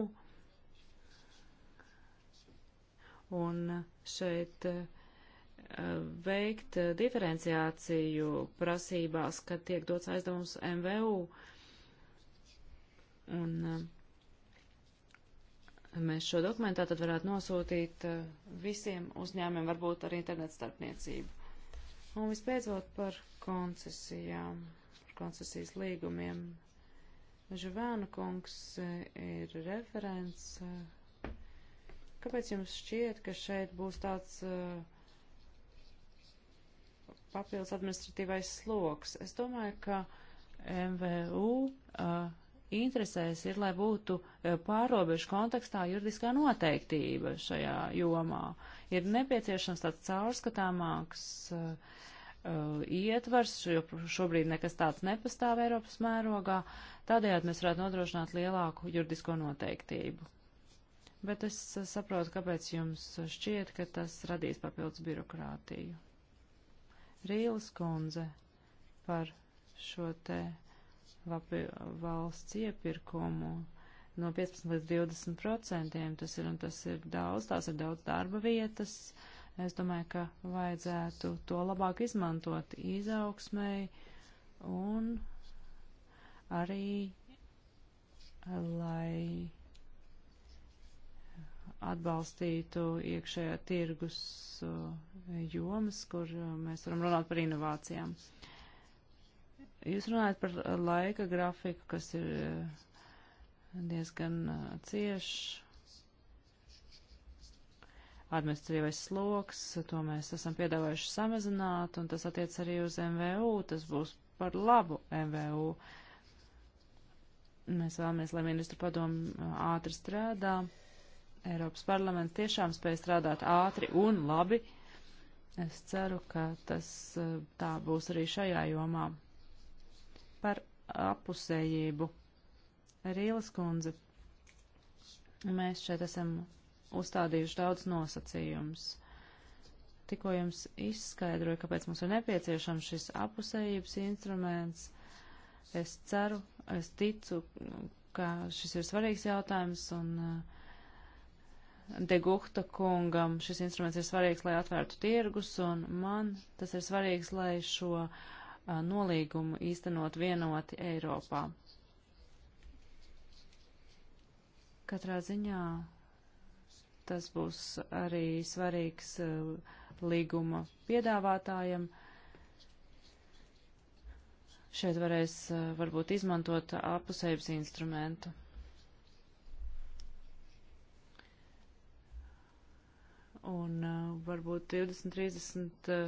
Speaker 4: Un šeit uh, veikt eh, diferenciāciju prasībās, kad tiek dots aizdevums MVU. Un eh, mēs šo dokumentā tad varētu nosūtīt eh, visiem uzņēmiem, varbūt ar internetu starpniecību. Un vispēcot par koncesijām, par koncesijas līgumiem. Žuvēna kungs ir referents. Kāpēc jums šķiet, ka šeit būs tāds uh, papildus administratīvais sloks. Es domāju, ka MVU uh, interesēs ir, lai būtu uh, pārobežu kontekstā juridiskā noteiktība šajā jomā. Ir nepieciešams tāds caurskatāmāks uh, ietvars, jo šobrīd nekas tāds nepastāv Eiropas mērogā, tādējādi mēs varētu nodrošināt lielāku juridisko noteiktību. Bet es saprotu, kāpēc jums šķiet, ka tas radīs papildus birokrātiju. Rīles kundze par šo te vapi, valsts iepirkumu no 15 līdz 20 procentiem. Tas ir, un tas ir daudz, tās ir daudz darba vietas. Es domāju, ka vajadzētu to labāk izmantot izaugsmai un arī, lai atbalstītu iekšējā tirgus uh, jomas, kur uh, mēs varam runāt par inovācijām. Jūs runājat par laika grafiku, kas ir uh, diezgan ciešs. Administratīvais sloks, to mēs esam piedāvājuši samazināt, un tas attiec arī uz MVU, tas būs par labu MVU. Mēs vēlamies, lai ministru padomu ātri strādā. Eiropas parlaments tiešām spēj strādāt ātri un labi. Es ceru, ka tas eh, tā būs arī šajā jomā. Par apusējību. Rīles kundze, mēs šeit esam uzstādījuši daudz nosacījumus tikko jums izskaidroju, kāpēc mums ir nepieciešams šis apusējības instruments. Es ceru, es ticu, ka šis ir svarīgs jautājums un uh, Degukta kungam šis instruments ir svarīgs, lai atvērtu tirgus, un man tas ir svarīgs, lai šo a, nolīgumu īstenot vienoti Eiropā. Katrā ziņā tas būs arī svarīgs a, līguma piedāvātājam. Šeit varēs a, varbūt izmantot apusējums instrumentu. un uh, varbūt 20-30 uh,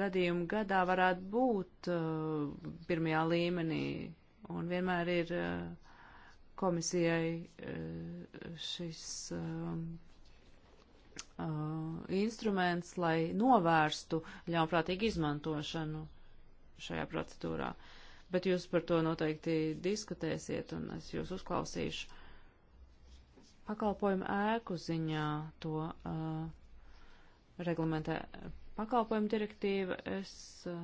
Speaker 4: gadījumu gadā varētu būt uh, pirmajā līmenī, un vienmēr ir komisijai šis um, instruments, lai novērstu ļaunprātīgu izmantošanu šajā procedūrā. Bet jūs par to noteikti diskutēsiet, un es jūs uzklausīšu pakalpojumu ēku ziņā to uh, reglamentē pakalpojumu direktīva. Es uh,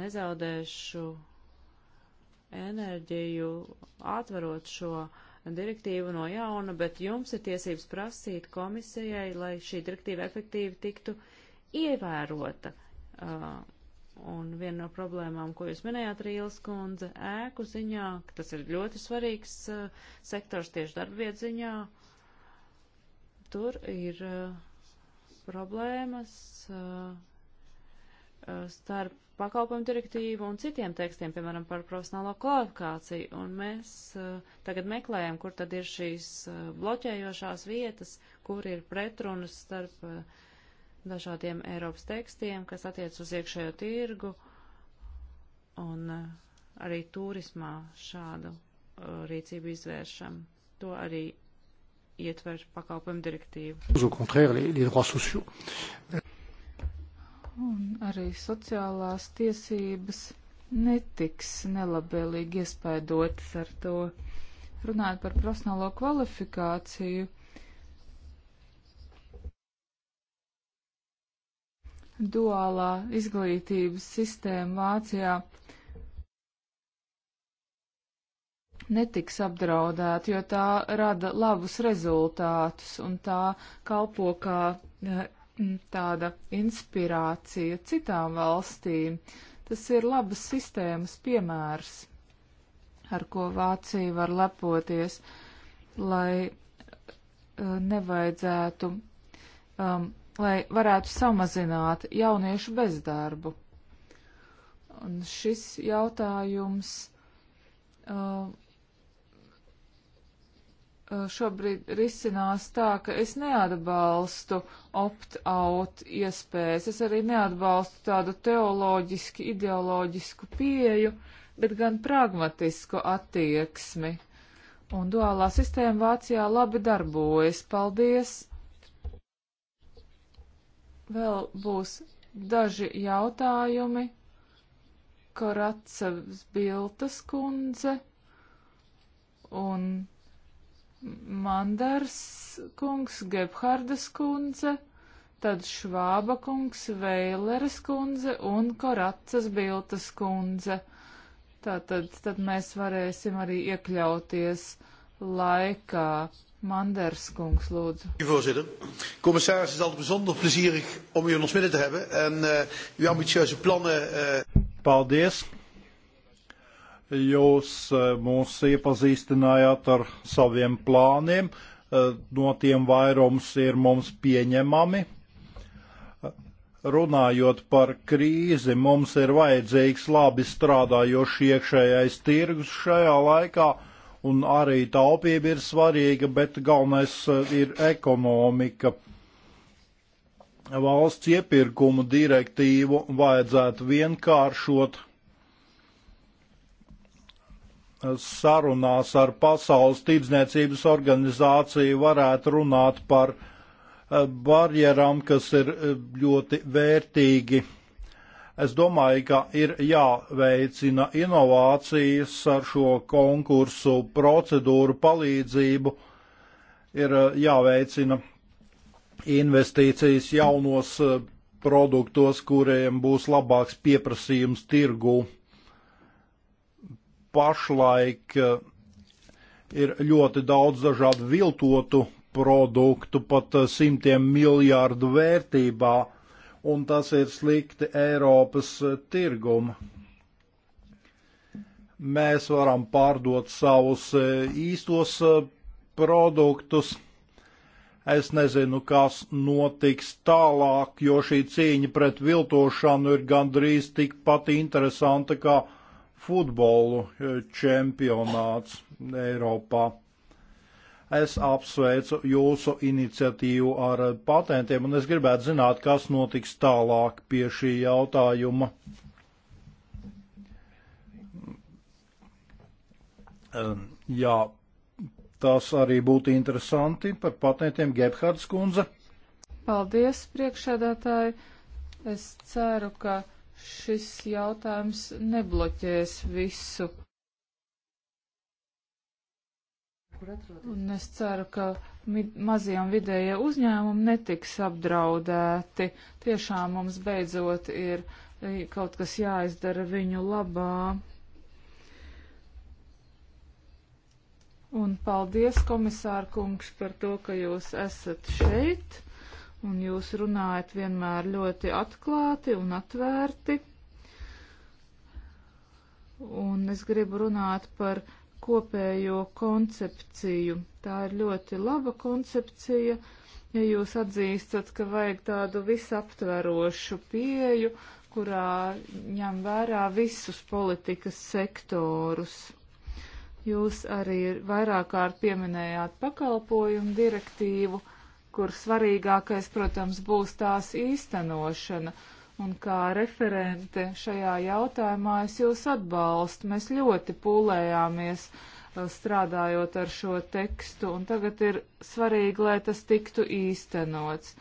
Speaker 4: nezaudēšu enerģiju atverot šo direktīvu no jauna, bet jums ir tiesības prasīt komisijai, lai šī direktīva efektīvi tiktu ievērota. Uh, Un viena no problēmām, ko jūs minējāt, Rīles kundze, ēku ziņā, tas ir ļoti svarīgs uh, sektors tieši darbvietu ziņā, tur ir uh, problēmas uh, uh, starp pakalpojumu direktīvu un citiem tekstiem, piemēram, par profesionālo kvalifikāciju. Un mēs uh, tagad meklējam, kur tad ir šīs uh, bloķējošās vietas, kur ir pretrunas starp uh, dažādiem Eiropas tekstiem, kas attiec uz iekšējo tirgu un eh, arī turismā šādu eh, rīcību izvēršam. To arī ietver pakalpojumu direktīvu.
Speaker 2: Un arī sociālās tiesības netiks nelabēlīgi iespaidotas ar to. Runājot par profesionālo kvalifikāciju, uh, duālā izglītības sistēma Vācijā netiks apdraudēta, jo tā rada labus rezultātus un tā kalpo kā e, tāda inspirācija citām valstīm. Tas ir labas sistēmas piemērs, ar ko Vācija var lepoties, lai e, nevajadzētu um, lai varētu samazināt jauniešu bezdarbu. Un šis jautājums uh, uh, šobrīd risinās tā, ka es neatbalstu opt-out iespējas, es arī neatbalstu tādu teoloģiski, ideoloģisku pieju, bet gan pragmatisku attieksmi. Un duālā sistēma Vācijā labi darbojas, paldies! Vēl būs daži jautājumi. Koracevs Biltas kundze un Mandars kungs, Gebhardas kundze, tad Švāba kungs, Veileres kundze un Koracevs Biltas kundze. Tātad tad mēs varēsim arī iekļauties laikā. Manders kungs, lūdzu.
Speaker 1: Voorzitter. Commissaris, het is altijd bijzonder plezierig om u in ons midden te hebben en uh, uw ambitieuze plannen. Uh... Paldies. Jūs eh, mūs iepazīstinājāt ar saviem plāniem, no tiem vairums ir mums pieņemami. Runājot par krīzi, mums ir vajadzīgs labi strādājošs iekšējais tirgus šajā laikā un arī taupība ir svarīga, bet galvenais uh, ir ekonomika. Valsts iepirkumu direktīvu vajadzētu vienkāršot sarunās ar Pasaules tirdzniecības organizāciju varētu runāt par uh, barjerām, kas ir uh, ļoti vērtīgi Es domāju, ka ir jāveicina inovācijas ar šo konkursu procedūru palīdzību, ir eh, jāveicina investīcijas jaunos eh, produktos, kuriem būs labāks pieprasījums tirgu. Pašlaik eh, ir ļoti daudz dažādu viltotu produktu, pat simtiem miljārdu vērtībā un tas ir slikti Eiropas eh, tirgumu. Mēs varam pārdot savus eh, īstos eh, produktus. Es nezinu, kas notiks tālāk, jo šī cīņa pret viltošanu ir gandrīz tikpat interesanta kā futbolu čempionāts Eiropā. Es apsveicu jūsu iniciatīvu ar patentiem, un es gribētu zināt, kas notiks tālāk pie šī jautājuma. Ehm, jā, tas arī būtu interesanti par patentiem Gebhards kundze.
Speaker 2: Paldies, priekšsēdētāji. Es ceru, ka šis jautājums nebloķēs visu Un es ceru, ka mazie un vidējie uzņēmumi netiks apdraudēti. Tiešām mums beidzot ir kaut kas jāizdara viņu labā. Un paldies, komisārkungs, par to, ka jūs esat šeit un jūs runājat vienmēr ļoti atklāti un atvērti. Un es gribu runāt par kopējo koncepciju. Tā ir ļoti laba koncepcija, ja jūs atzīstat, ka vajag tādu visaptverošu pieju, kurā ņem vērā visus politikas sektorus. Jūs arī vairāk kārt pieminējāt pakalpojumu direktīvu, kur svarīgākais, protams, būs tās īstenošana Un kā referente šajā jautājumā es jūs atbalstu. Mēs ļoti pūlējāmies uh, strādājot ar šo tekstu, un tagad ir svarīgi, lai tas tiktu īstenots.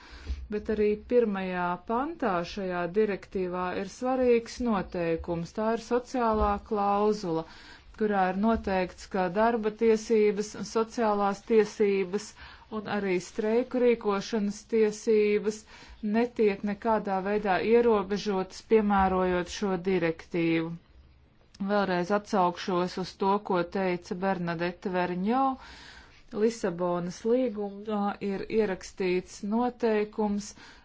Speaker 2: Bet arī pirmajā pantā šajā direktīvā ir svarīgs noteikums. Tā ir sociālā klauzula, kurā ir noteikts, ka darba tiesības un sociālās tiesības uh, un arī streiku rīkošanas tiesības netiek nekādā veidā ierobežotas, piemērojot šo direktīvu. Vēlreiz atsaukšos uz to, ko teica Bernadette Verņo. Lisabonas līgumā ir ierakstīts noteikums uh,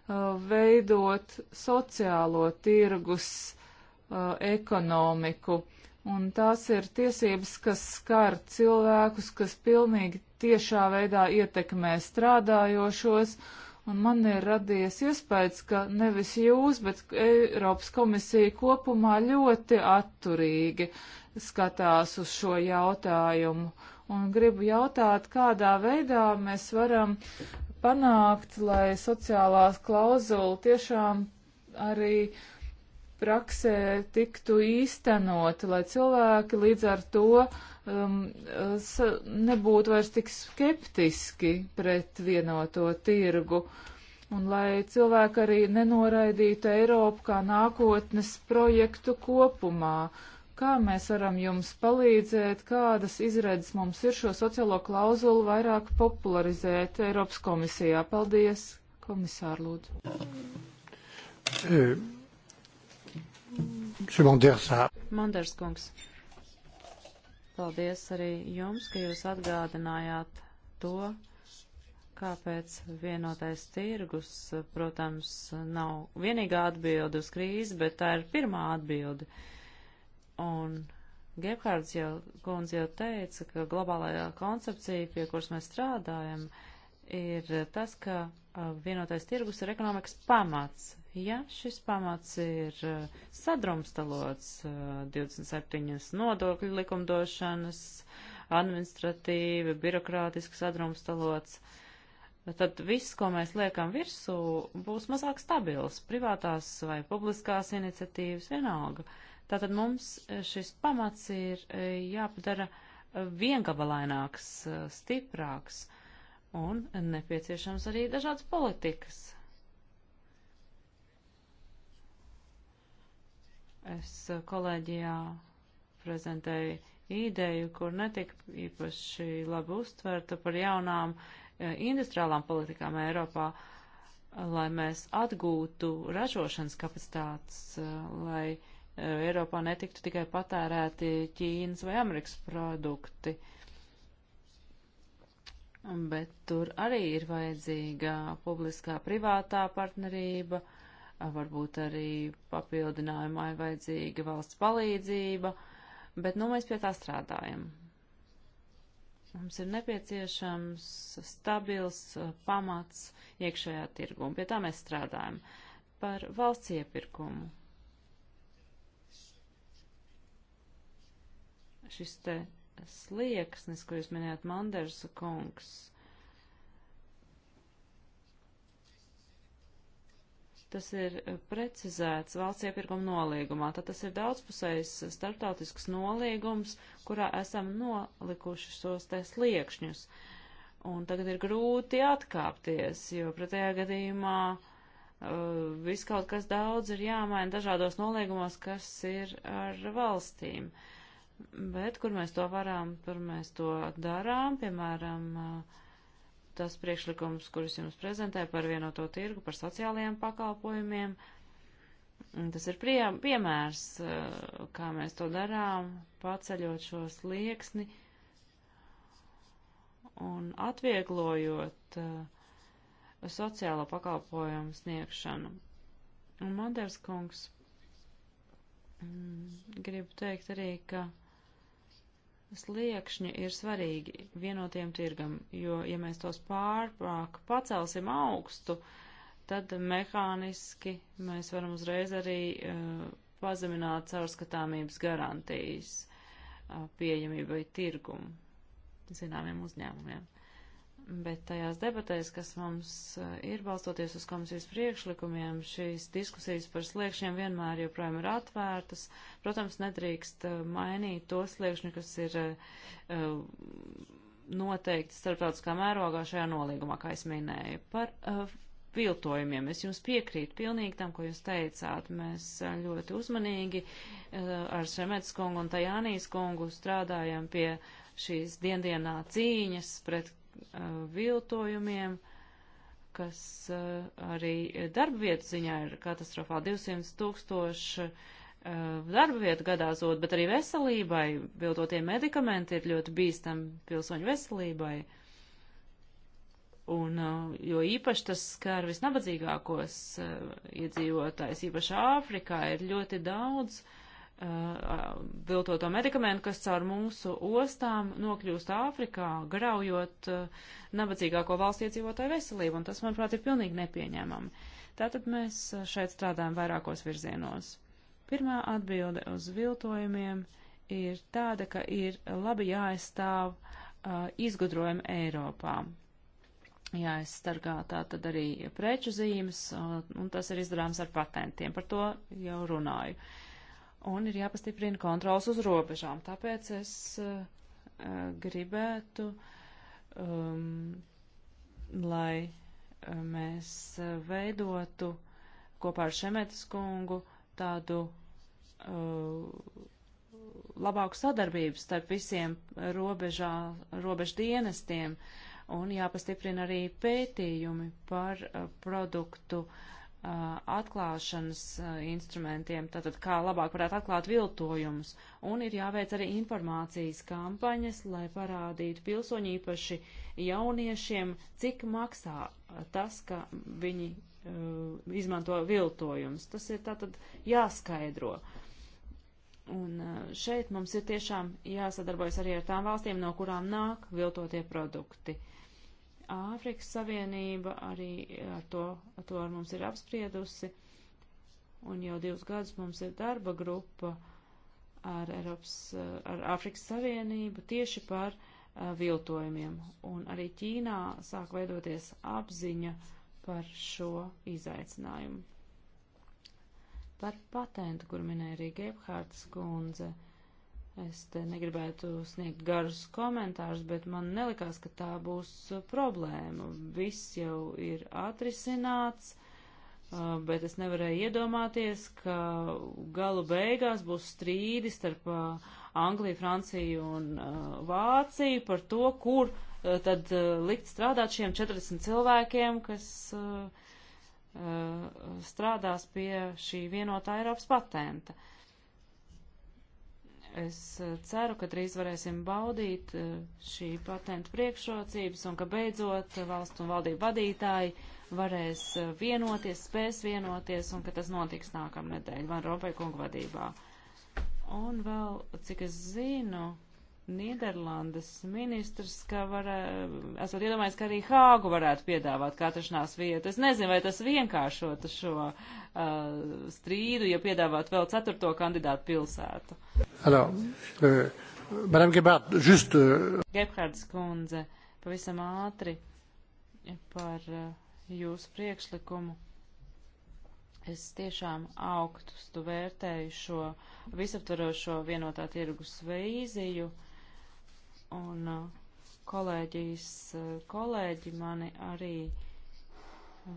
Speaker 2: veidot sociālo tirgus uh, ekonomiku. Un tās ir tiesības, kas skar cilvēkus, kas pilnīgi tiešā veidā ietekmē strādājošos. Un man ir radies iespējas, ka nevis jūs, bet Eiropas komisija kopumā ļoti atturīgi skatās uz šo jautājumu. Un gribu jautāt, kādā veidā mēs varam panākt, lai sociālās klauzula tiešām arī praksē tiktu īstenot, lai cilvēki līdz ar to um, nebūtu vairs tik skeptiski pret vienoto tirgu. Un lai cilvēki arī nenoraidītu Eiropu kā nākotnes projektu kopumā, kā mēs varam jums palīdzēt, kādas izredzes mums ir šo sociālo klauzulu vairāk popularizēt Eiropas komisijā. Paldies, komisāru lūdzu.
Speaker 1: Eh,
Speaker 4: Manders kungs. Paldies arī jums, ka jūs atgādinājāt to, kāpēc vienotais tirgus, protams, nav vienīgā atbilde uz krīzi, bet tā ir pirmā atbilde. Un Gebhards jau, kundze jau teica, ka globālajā koncepcija, pie kuras mēs strādājam, ir tas, ka vienotais tirgus ir ekonomikas pamats. Ja šis pamats ir eh, sadrumstalots 27 eh, nodokļu likumdošanas, administratīvi, birokrātiski sadrumstalots, tad viss, ko mēs liekam virsū, būs mazāk stabils, privātās vai publiskās iniciatīvas vienalga. Tātad mums eh, šis pamats ir jāpadara viengabalaināks, stiprāks un nepieciešams arī dažādas politikas Es eh, kolēģijā prezentēju ideju, kur netika īpaši labi uztverta par jaunām eh, industriālām politikām Eiropā, lai mēs atgūtu ražošanas kapacitātes, eh, lai Eiropā netiktu tikai patērēti Ķīnas vai Amerikas produkti. Bet tur arī ir vajadzīga publiskā privātā partnerība. Uh, varbūt arī papildinājumā ir vajadzīga valsts palīdzība, bet nu mēs pie tā strādājam. Mums ir nepieciešams stabils uh, pamats iekšējā tirgu, un pie tā mēs strādājam. Par valsts iepirkumu. Šis te slieksnis, ko jūs minējāt, Manders kungs, Tas ir eh, precizēts valsts iepirkuma nolīgumā. Tad tas ir daudzpusējs eh, starptautisks nolīgums, kurā esam nolikuši šos te sliekšņus. Un tagad ir grūti atkāpties, jo pretējā gadījumā uh, viss kaut kas daudz ir jāmaina dažādos nolīgumos, kas ir ar valstīm. Bet kur mēs to varam, tur mēs to darām, piemēram, uh, tas priekšlikums, kurus jums prezentēju par vienoto tirgu, par sociālajiem pakalpojumiem. Tas ir prie, piemērs, eh, kā mēs to darām, paceļot šo slieksni un atvieglojot eh, sociālo pakalpojumu sniegšanu. Un Manders kungs, mm, gribu teikt arī, ka sliekšņi ir svarīgi vienotiem tirgam, jo, ja mēs tos pārpāk pacelsim augstu, tad mehāniski mēs varam uzreiz arī uh, pazemināt caurskatāmības garantijas uh, pieejamībai tirgumu zināmiem uzņēmumiem. Bet tajās debatēs, kas mums eh, ir balstoties uz komisijas priekšlikumiem, šīs diskusijas par sliekšņiem vienmēr joprojām ir atvērtas. Protams, nedrīkst eh, mainīt to sliekšņu, kas ir uh, noteikti starptautiskā mērogā šajā nolīgumā, kā es minēju. Par uh, viltojumiem es jums piekrītu pilnīgi tam, ko jūs teicāt. Mēs ļoti uzmanīgi uh, ar Šemets kungu un Tajānijas kungu strādājam pie šīs diendienā cīņas pret Uh, viltojumiem, kas uh, arī darba vietu ziņā ir katastrofāli 200 tūkstoši uh, darba vietu gadā zod, bet arī veselībai, viltotie medikamenti ir ļoti bīstami pilsoņu veselībai. Un, jo īpaši tas skar visnabadzīgākos iedzīvotājs, īpaši Āfrikā, ir ļoti daudz uh, viltoto medikamentu, kas caur mūsu ostām nokļūst Āfrikā, graujot uh, nabadzīgāko valsts iedzīvotāju veselību, un tas, manuprāt, ir pilnīgi nepieņēmami. Tātad mēs šeit strādājam vairākos virzienos. Pirmā atbilde uz viltojumiem ir tāda, ka ir labi jāaizstāv uh, izgudrojumi Eiropā. Jāaizstargā tā tad arī preču zīmes, uh, un tas ir izdarāms ar patentiem. Par to jau runāju. Uh, un ir jāpastiprina kontrols uz robežām. Tāpēc es uh, gribētu, um, lai eh, mēs eh, veidotu kopā ar Šemetas kungu tādu uh, labāku sadarbību starp visiem robežā, robežu dienestiem un jāpastiprina arī pētījumi par uh, produktu uh, atklāšanas instrumentiem, tātad kā labāk varētu atklāt viltojumus. Un ir jāveic arī informācijas kampaņas, lai parādītu pilsoņi īpaši jauniešiem, cik maksā tas, ka viņi uh, izmanto viltojumus. Tas ir tātad jāskaidro. Un uh, šeit mums ir tiešām jāsadarbojas arī ar tām valstīm, no kurām nāk viltotie produkti. Uh, Āfrikas Savienība arī eh, ar to, ar to ar mums ir apspriedusi, un jau divus gadus mums ir darba grupa ar, Eiropas, eh, ar Āfrikas Savienību tieši par uh, viltojumiem, un arī Ķīnā sāk veidoties apziņa par šo izaicinājumu. Par patentu, kur minēja arī Gebhārds kundze. Uh, Es te negribētu sniegt garus komentārus, bet man nelikās, ka tā būs uh, problēma. Viss jau ir atrisināts, uh, bet es nevarēju iedomāties, ka galu beigās būs strīdi starp uh, Angliju, Franciju un Vāciju par to, kur tad likt strādāt šiem 40 cilvēkiem, kas strādās pie šī vienotā Eiropas patenta. Uh, Es eh, ceru, ka drīz varēsim baudīt eh, šī patenta priekšrocības un ka beidzot eh, valstu un valdību vadītāji varēs vienoties, spēs vienoties un ka tas notiks nākamnedēļ Van Rompēkunga vadībā. Un vēl, cik es zinu, Nīderlandes ministrs, ka var, esat iedomājies, ka arī Hāgu varētu piedāvāt kā atrašanās vietu. Es nezinu, vai tas vienkāršotu šo uh, strīdu, ja piedāvāt vēl ceturto kandidātu pilsētu.
Speaker 1: Alors, uh, Madame Gebhardt, just... Uh...
Speaker 4: Gebhards kundze, pavisam ātri par uh, jūsu priekšlikumu. Es tiešām augstu vērtēju šo visaptvarošo vienotā tirgus vīziju. Uh, un uh, kolēģijas uh, kolēģi mani arī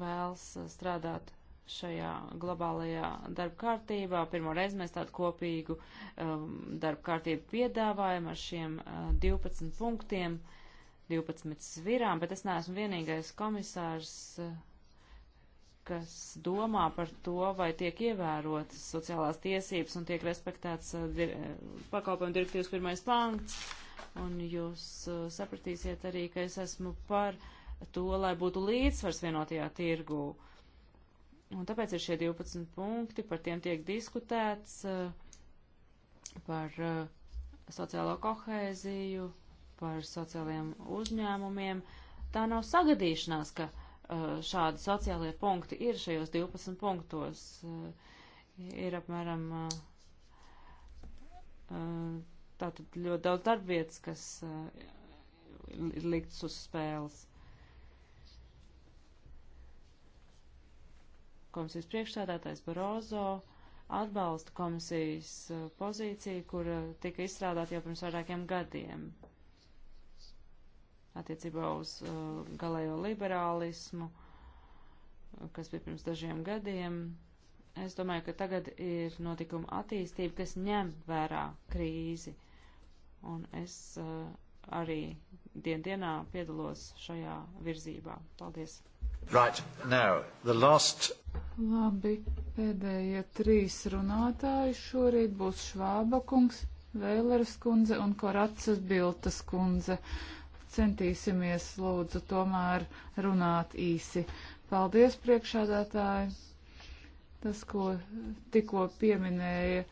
Speaker 4: vēls uh, strādāt šajā globālajā darba kārtībā. Pirmo reizi mēs tādu kopīgu um, darba kārtību piedāvājam ar šiem uh, 12 punktiem, 12 svirām, bet es neesmu vienīgais komisārs, uh, kas domā par to, vai tiek ievērotas sociālās tiesības un tiek respektēts uh, dir pakalpojumu direktīvas pirmais punkts un jūs uh, sapratīsiet arī, ka es esmu par to, lai būtu līdzsvars vienotajā tirgū. Un tāpēc ir šie 12 punkti, par tiem tiek diskutēts, uh, par uh, sociālo kohēziju, par sociālajiem uzņēmumiem. Tā nav sagadīšanās, ka uh, šādi sociālie punkti ir šajos 12 punktos. Uh, ir apmēram uh, Tātad ļoti daudz darbvietas, kas eh, ir liktas uz spēles. Komisijas priekšsēdētājs Barozo atbalsta komisijas eh, pozīciju, kur eh, tika izstrādāta jau pirms vairākiem gadiem attiecībā uz uh, galējo liberālismu, kas bija pirms dažiem gadiem. Es domāju, ka tagad ir notikuma attīstība, kas ņem vērā krīzi. Uh, un es uh, arī dien dienā piedalos šajā virzībā. Paldies!
Speaker 3: Right, now, the last...
Speaker 2: Labi, pēdējie trīs runātāji šorīt būs Švāba kungs, Vēleras kundze un Koracas Biltas kundze. Centīsimies, lūdzu, tomēr runāt īsi. Paldies, priekšādātāji! Tas, ko tikko pieminēja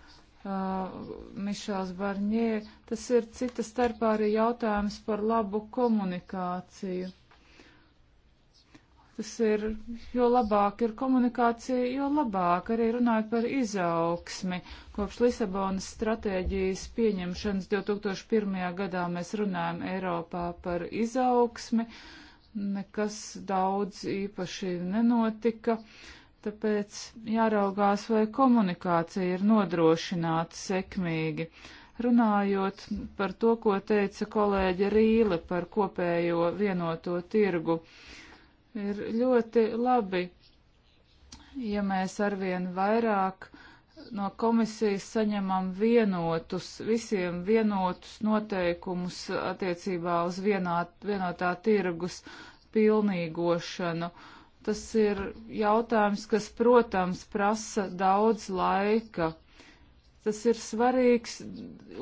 Speaker 2: Mišels Barņē, tas ir cita starpā arī jautājums par labu komunikāciju. Tas ir, jo labāk ir komunikācija, jo labāk arī runājot par izaugsmi. Kopš Lisabonas stratēģijas pieņemšanas 2001. gadā mēs runājam Eiropā par izaugsmi, nekas daudz īpaši nenotika. Uh, Tāpēc jāraugās, vai komunikācija ir nodrošināta sekmīgi. Runājot par to, ko teica kolēģa Rīle par kopējo vienoto tirgu, ir ļoti labi, ja mēs arvien vairāk no komisijas saņemam vienotus, visiem vienotus noteikumus attiecībā uz vienā, vienotā tirgus pilnīgošanu. Uh, Tas ir jautājums, kas, protams, prasa daudz laika. Tas ir svarīgs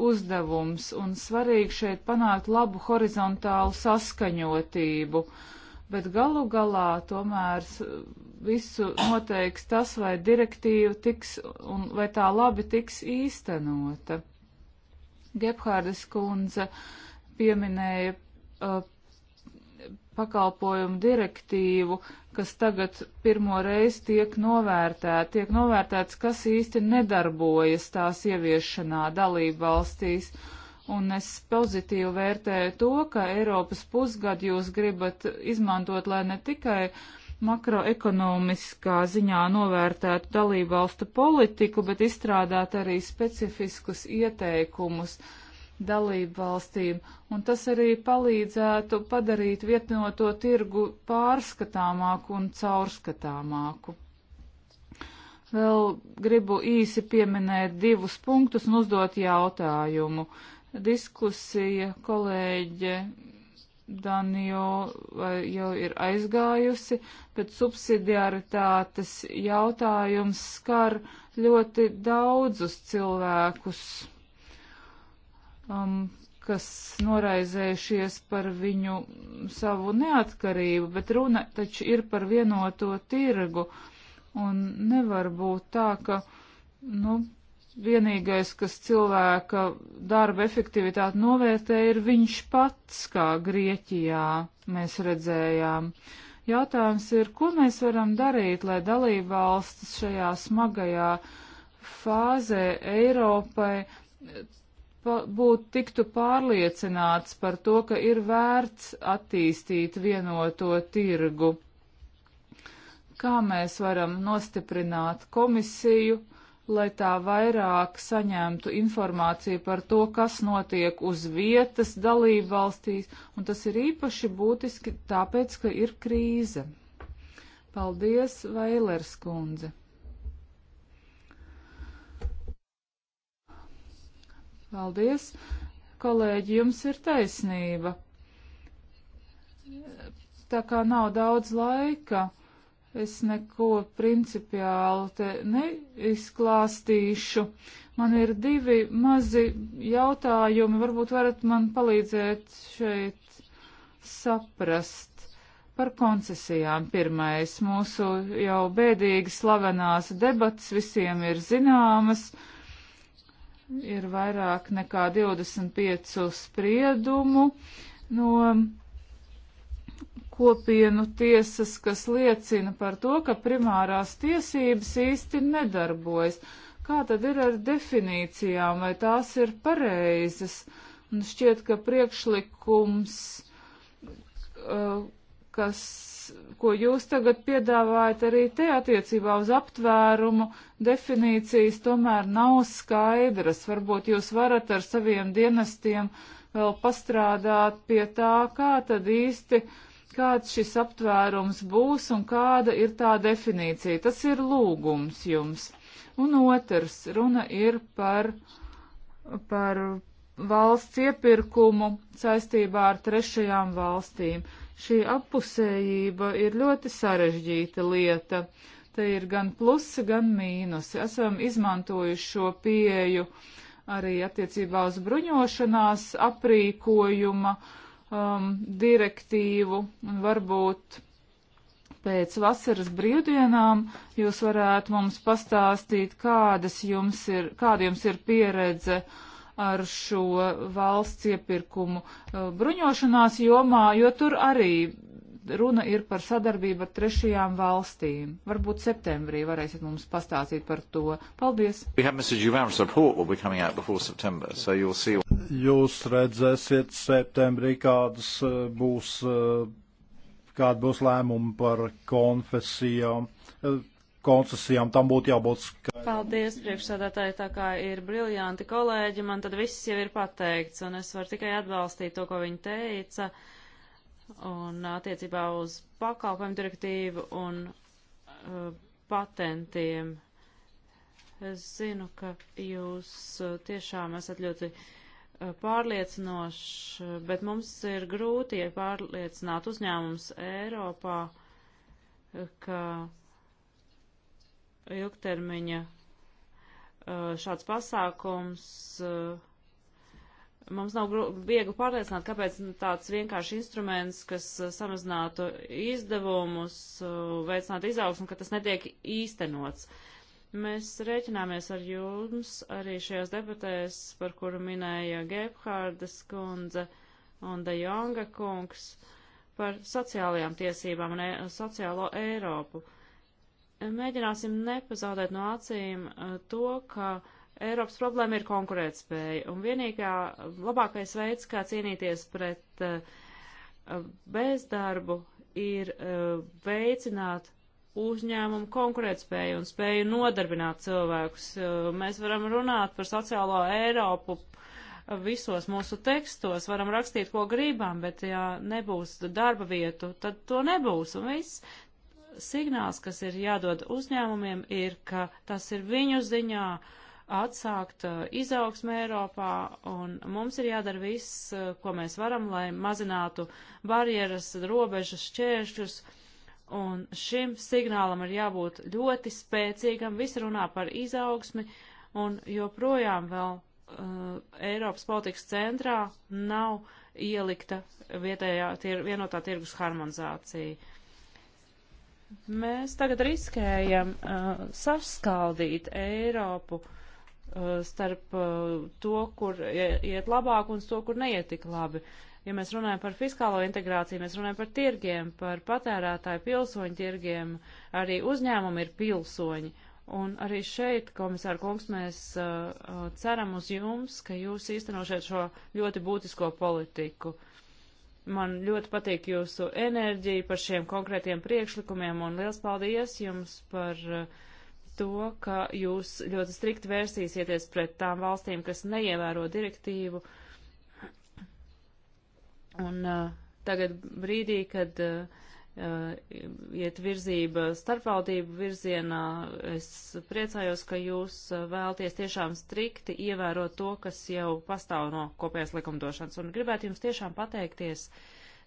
Speaker 2: uzdevums un svarīgi šeit panākt labu horizontālu saskaņotību, bet galu galā tomēr visu noteiks tas, vai direktīva tiks un vai tā labi tiks īstenota. Gebhārdas kundze pieminēja uh, pakalpojumu direktīvu, kas tagad pirmo reizi tiek novērtēta, tiek novērtēts, kas īsti nedarbojas tās ieviešanā dalību valstīs. Un es pozitīvi vērtēju to, ka Eiropas pusgadu jūs gribat izmantot, lai ne tikai makroekonomiskā ziņā novērtētu dalību valstu politiku, bet izstrādāt arī specifiskus ieteikumus dalību valstīm, un tas arī palīdzētu padarīt vietnoto tirgu pārskatāmāku un caurskatāmāku. Vēl gribu īsi pieminēt divus punktus un uzdot jautājumu. Diskusija kolēģe Danio jau ir aizgājusi, bet subsidiaritātes jautājums skar ļoti daudzus cilvēkus um, kas noraizējušies par viņu savu neatkarību, bet runa taču ir par vienoto tirgu. Un nevar būt tā, ka, nu, vienīgais, kas cilvēka darba efektivitāti novērtē, ir viņš pats, kā Grieķijā mēs redzējām. Jautājums ir, ko mēs varam darīt, lai dalībvalstis šajā smagajā fāzē Eiropai būt tiktu pārliecināts par to, ka ir vērts attīstīt vienoto tirgu. Kā mēs varam nostiprināt komisiju, lai tā vairāk saņemtu informāciju par to, kas notiek uz vietas dalību valstīs, un tas ir īpaši būtiski tāpēc, ka ir krīze. Paldies, Vailers kundze! Paldies. Kolēģi, jums ir taisnība. Tā kā nav daudz laika, es neko principiāli te neizklāstīšu. Man ir divi mazi jautājumi, varbūt varat man palīdzēt šeit saprast par koncesijām. Pirmais, mūsu jau bēdīgi slavenās debats visiem ir zināmas. Uh, ir vairāk nekā 25 spriedumu no kopienu tiesas, kas liecina par to, ka primārās tiesības īsti nedarbojas. Kā tad ir ar definīcijām, vai tās ir pareizas? Un šķiet, ka priekšlikums, uh, kas ko jūs tagad piedāvājat arī te attiecībā uz aptvērumu, definīcijas tomēr nav skaidras. Varbūt jūs varat ar saviem dienestiem vēl pastrādāt pie tā, kā tad īsti, kāds šis aptvērums būs un kāda ir tā definīcija. Tas ir lūgums jums. Un otrs, runa ir par, par valsts iepirkumu saistībā ar trešajām valstīm. Šī apusējība ir ļoti sarežģīta lieta. Te ir gan plusi, gan mīnusi. Esam izmantojuši šo pieju arī attiecībā uz bruņošanās aprīkojuma um, direktīvu un varbūt pēc vasaras brīvdienām jūs varētu mums pastāstīt, kādas jums ir, kāda jums ir pieredze uh, ar šo valsts iepirkumu uh, bruņošanās jomā, jo tur arī runa ir par sadarbību ar trešajām valstīm. Varbūt septembrī varēsiet mums pastāstīt par to. Paldies!
Speaker 3: So see...
Speaker 1: Jūs redzēsiet septembrī, kādas uh, būs, uh, kāda būs lēmuma par konfesijām, koncesijām tam būtu jābūt skaidrs.
Speaker 4: Paldies, priekšsēdētāji, tā kā ir briljanti kolēģi, man tad viss jau ir pateikts, un es varu tikai atbalstīt to, ko viņi teica, un attiecībā uz pakalpojumu direktīvu un uh, patentiem. Es zinu, ka jūs uh, tiešām esat ļoti uh, pārliecinošs, bet mums ir grūti pārliecināt uzņēmums Eiropā, ka ilgtermiņa šāds pasākums. Mums nav viegli pārliecināt, kāpēc tāds vienkārši instruments, kas samazinātu izdevumus, veicinātu izaugsmu, ka tas netiek īstenots. Mēs rēķināmies ar jums arī šajās debatēs, par kuru minēja Gebhārdas kundze un De Jonga kungs, par sociālajām tiesībām un e sociālo Eiropu. Uh, mēģināsim nepazaudēt no acīm eh, to, ka Eiropas problēma ir konkurētspēja, un vienīgā labākais veids, kā cīnīties pret eh, bezdarbu, ir eh, veicināt uzņēmumu konkurētspēju un spēju nodarbināt cilvēkus. Mēs varam runāt par sociālo Eiropu visos mūsu tekstos, varam rakstīt, ko gribam, bet ja nebūs darba vietu, tad to nebūs un viss signāls, kas ir jādod uzņēmumiem, ir, ka tas ir viņu ziņā atsākt uh, izaugsmē Eiropā, un mums ir jādara viss, uh, ko mēs varam, lai mazinātu barjeras, robežas, šķēršļus, un šim signālam ir jābūt ļoti spēcīgam, viss runā par izaugsmi, un joprojām vēl uh, Eiropas politikas centrā nav ielikta vietējā, tie, vienotā tirgus harmonizācija. Mēs tagad riskējam uh, saskaldīt Eiropu uh, starp uh, to, kur iet labāk un to, kur neiet tik labi. Ja mēs runājam par fiskālo integrāciju, mēs runājam par tirgiem, par patērētāju pilsoņu tirgiem, arī uzņēmumi ir pilsoņi. Un arī šeit, komisāra kungs, mēs uh, ceram uz jums, ka jūs īstenošiet šo ļoti būtisko politiku. Uh, Man ļoti patīk jūsu enerģija par šiem konkrētiem priekšlikumiem un liels paldies jums par uh, to, ka jūs ļoti strikt vērsīsieties pret tām valstīm, kas neievēro direktīvu. Un uh, tagad brīdī, kad uh, iet virzība starpvaldību virzienā. Es priecājos, ka jūs vēlties tiešām strikti ievērot to, kas jau pastāv no kopējās likumdošanas. Un gribētu jums tiešām pateikties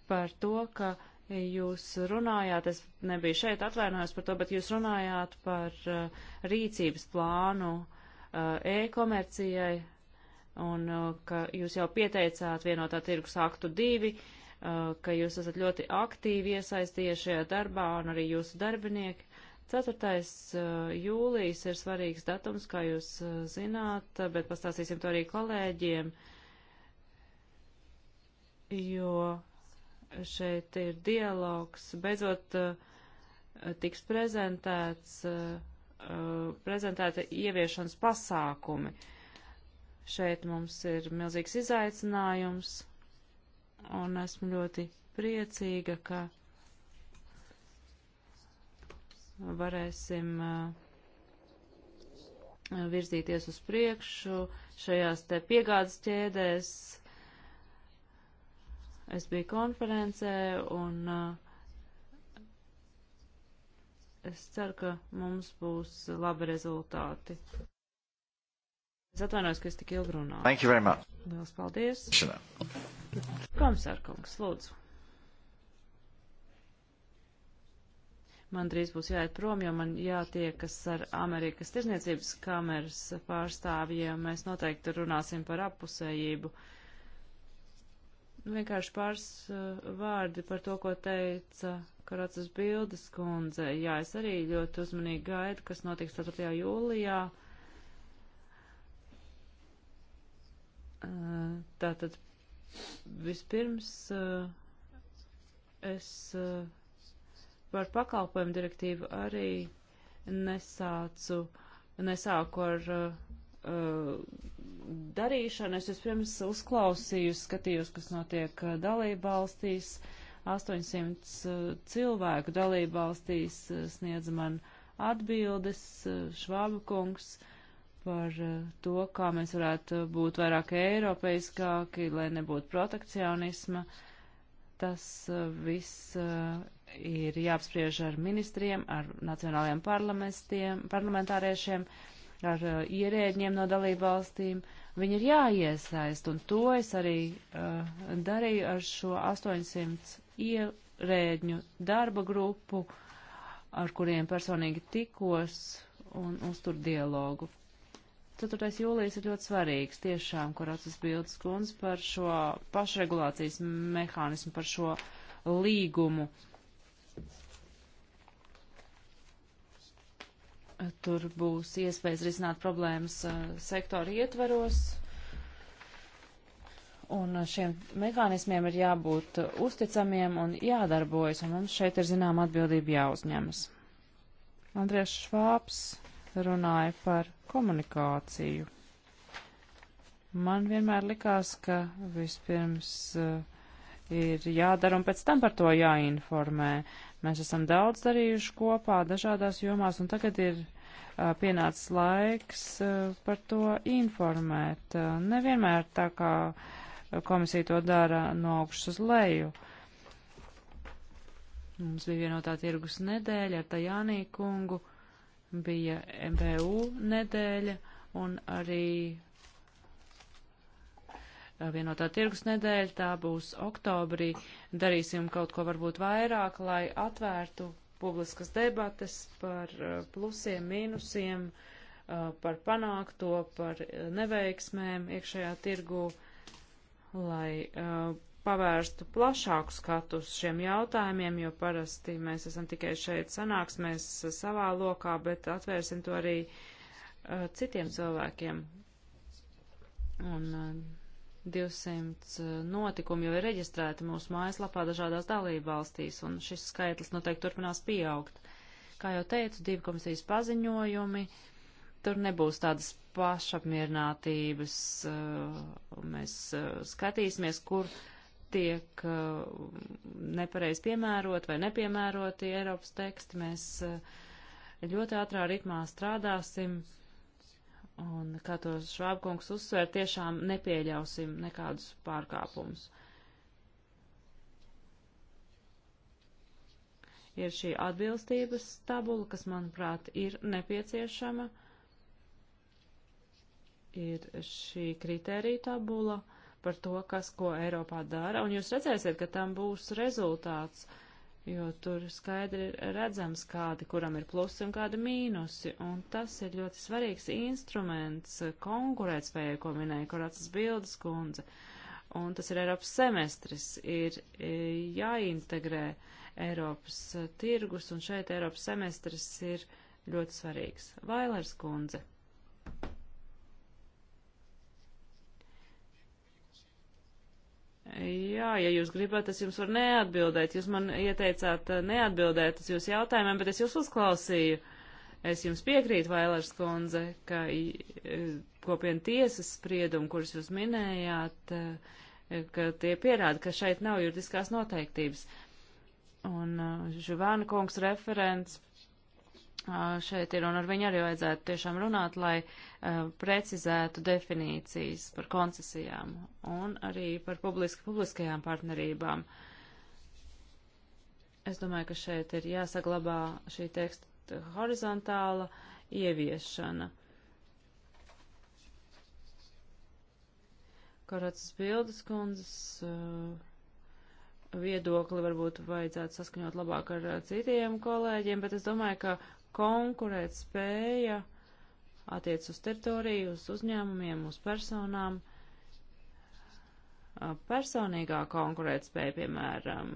Speaker 4: par to, ka jūs runājāt, es nebiju šeit atvainojos par to, bet jūs runājāt par uh, rīcības plānu uh, e-komercijai un uh, ka jūs jau pieteicāt vienotā tirgus aktu divi Uh, ka jūs esat ļoti aktīvi iesaistījies šajā darbā un arī jūsu darbinieki. 4. Uh, jūlijas ir svarīgs datums, kā jūs uh, zināt, bet pastāstīsim to arī kolēģiem, jo šeit ir dialogs. Beidzot, tiks prezentēts, prezentēta ieviešanas pasākumi. Šeit mums ir milzīgs izaicinājums un esmu ļoti priecīga, ka varēsim uh, virzīties uz priekšu šajās te piegādes ķēdēs. Es biju konferencē un uh, es ceru, ka mums būs labi rezultāti. Es atvainojos, ka es tik ilgi runāju. Thank you very much. Lielas paldies. Šanā. Komisārkungs, lūdzu. Man drīz būs jāiet prom, jo man jātiekas ar Amerikas tirzniecības kameras pārstāvjiem. Mēs noteikti runāsim par appusējību. Vienkārši pāris uh, vārdi par to, ko teica Karacas Bildes kundze. Jā, es arī ļoti uzmanīgi gaidu, kas notiks 4. jūlijā. Uh, tātad Vispirms eh, es eh, par pakalpojumu direktīvu arī nesācu, nesāku ar eh, darīšanu. Es vispirms uzklausīju, skatījos, kas notiek dalība valstīs. 800 cilvēku dalība valstīs sniedz man atbildes, Švāba kungs par eh, to, kā mēs varētu būt vairāk eiropeiskāki, lai nebūtu protekcionisma. Tas eh, viss eh, ir jāapspriež ar ministriem, ar nacionālajiem parlamentāriešiem, ar ierēģiem no dalībvalstīm. Viņi ir jāiesaist, un to es arī uh, darīju ar šo 800 ierēģņu darba grupu, ar kuriem personīgi tikos un uztur dialogu. 4. jūlijas ir ļoti svarīgs tiešām, kur atsas bildes kundz par šo pašregulācijas mehānismu, par šo līgumu. Tur būs iespējas risināt problēmas uh, sektora ietvaros, un uh, šiem mehānismiem ir jābūt uh, uzticamiem un jādarbojas, un mums šeit ir zinām atbildība jāuzņemas. Andrēs Švāps runāja par komunikāciju. Man vienmēr likās, ka vispirms eh, ir jādara un pēc tam par to jāinformē. Mēs esam daudz darījuši kopā dažādās jomās un tagad ir eh, pienācis laiks eh, par to informēt. Nevienmēr tā kā komisija to dara no augšas uz leju. Mums bija vienotā tirgus nedēļa ar Tajānī kungu bija MVU nedēļa un arī vienotā tirgus nedēļa, tā būs oktobrī. Darīsim kaut ko varbūt vairāk, lai atvērtu publiskas debates par plusiem, mīnusiem, par panākto, par neveiksmēm iekšējā tirgu, lai pavērstu plašāku skatu uz šiem jautājumiem, jo parasti mēs esam tikai šeit sanāksmēs savā lokā, bet atvērsim to arī uh, citiem cilvēkiem. Un uh, 200 notikumi jau ir reģistrēti mūsu mājaslapā dažādās dalību valstīs, un šis skaitlis noteikti turpinās pieaugt. Kā jau teicu, divi komisijas paziņojumi, tur nebūs tādas pašapmierinātības. Mēs skatīsimies, kur tiek uh, nepareiz piemērot vai nepiemēroti Eiropas teksti. Mēs uh, ļoti ātrā ritmā strādāsim un, kā to Švābkungs uzsver, tiešām nepieļausim nekādus pārkāpumus. Ir šī atbilstības tabula, kas, manuprāt, ir nepieciešama. Ir šī kritērija tabula par to, kas ko Eiropā dara, un jūs redzēsiet, ka tam būs rezultāts, jo tur skaidri ir redzams, kādi, kuram ir plusi un kādi mīnusi, un tas ir ļoti svarīgs instruments konkurētspējai, ko minēja Korācas Bildes kundze, un tas ir Eiropas semestris, ir jāintegrē Eiropas tirgus, un šeit Eiropas semestris ir ļoti svarīgs. Vailers kundze. Jā, ja jūs gribat, es jums varu neatbildēt. Jūs man ieteicāt eh, neatbildēt uz jūsu jautājumiem, bet es jūs uzklausīju. Es jums piekrītu, Vailers kundze, ka e, kopienu tiesas spriedumu, kurus jūs minējāt, e, ka tie pierāda, ka šeit nav juridiskās noteiktības. Un e, Žuvāna kungs referents šeit ir, un ar viņu arī vajadzētu tiešām runāt, lai uh, precizētu definīcijas par koncesijām un arī par publiski, publiskajām partnerībām. Es domāju, ka šeit ir jāsaglabā šī teksta horizontāla ieviešana. Karats bildes kundzes uh, viedokli varbūt vajadzētu saskaņot labāk ar citiem kolēģiem, bet es domāju, ka konkurēt spēja attiec uz teritoriju, uz uzņēmumiem, uz personām. Personīgā konkurētspēja, piemēram,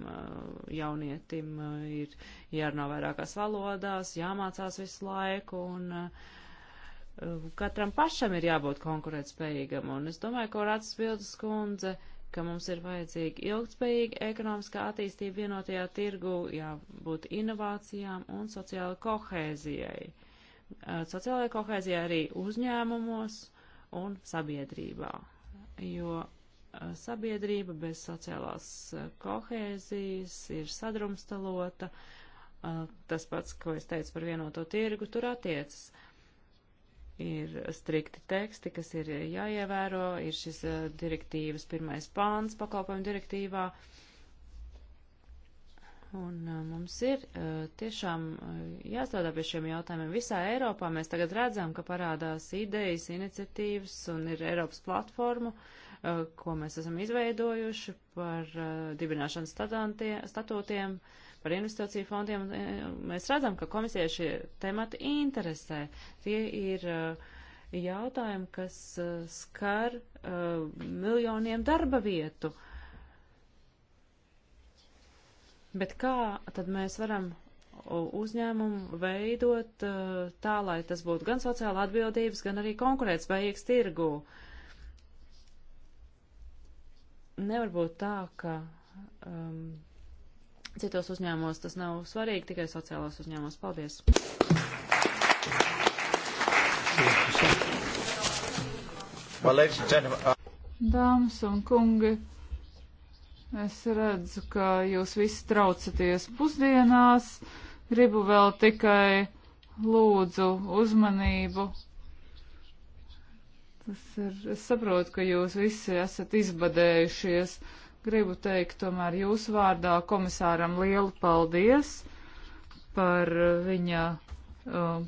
Speaker 4: jaunietim ir jārunā vairākās valodās, jāmācās visu laiku, un katram pašam ir jābūt konkurētspējīgam. Un es domāju, ka Rācis Bildes kundze ka mums ir vajadzīga ilgtspējīga ekonomiskā attīstība vienotajā tirgu, jābūt inovācijām un sociāla kohēzijai. Sociālajā kohēzijā arī uzņēmumos un sabiedrībā, jo sabiedrība bez sociālās kohēzijas ir sadrumstalota. Tas pats, ko es teicu par vienoto tirgu, tur attiecas ir strikti teksti, kas ir jāievēro, ir šis eh, direktīvas pirmais pāns pakalpojumu direktīvā. Un eh, mums ir eh, tiešām jāstrādā pie šiem jautājumiem. Visā Eiropā mēs tagad redzam, ka parādās idejas, iniciatīvas un ir Eiropas platformu, ko mēs esam izveidojuši par dibināšanas statūtiem. Statūtiem par investīciju fondiem. E, mēs redzam, ka komisijai šie temati interesē. Tie ir e, jautājumi, kas e, skar miljoniem darba vietu. Bet kā tad mēs varam uzņēmumu veidot tā, lai tas būtu gan sociāla atbildības, gan arī konkurētspējīgs tirgū? Nevar būt tā, ka um, Citos uzņēmumos tas nav svarīgi, tikai sociālos uzņēmumos. Paldies!
Speaker 2: Uh, Dāmas un kungi, es redzu, ka jūs visi traucaties pusdienās. Gribu vēl tikai lūdzu uzmanību. Tas ir, es saprotu, ka jūs visi esat izbadējušies. Gribu teikt tomēr jūsu vārdā komisāram lielu paldies par uh, viņa uh,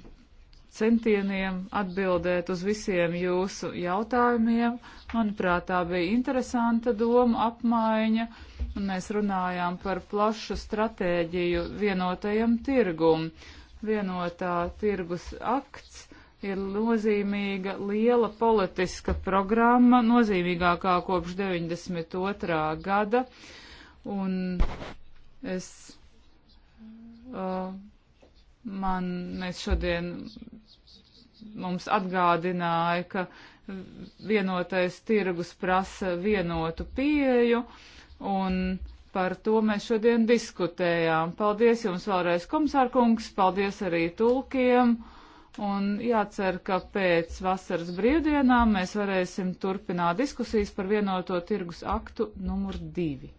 Speaker 2: centieniem atbildēt uz visiem jūsu jautājumiem. Manuprāt, tā bija interesanta doma apmaiņa, un mēs runājām par plašu stratēģiju vienotajam tirgum. Vienotā tirgus akts ir nozīmīga liela politiska programma, nozīmīgākā kopš 92. gada, un es, uh, man, mēs šodien mums atgādināja, ka vienotais tirgus prasa vienotu pieeju, un par to mēs šodien diskutējām. Paldies jums vēlreiz, komisārkungs, paldies arī tulkiem. Un jācer, ka pēc vasaras brīvdienām mēs varēsim turpināt diskusijas par vienoto tirgus aktu numur divi.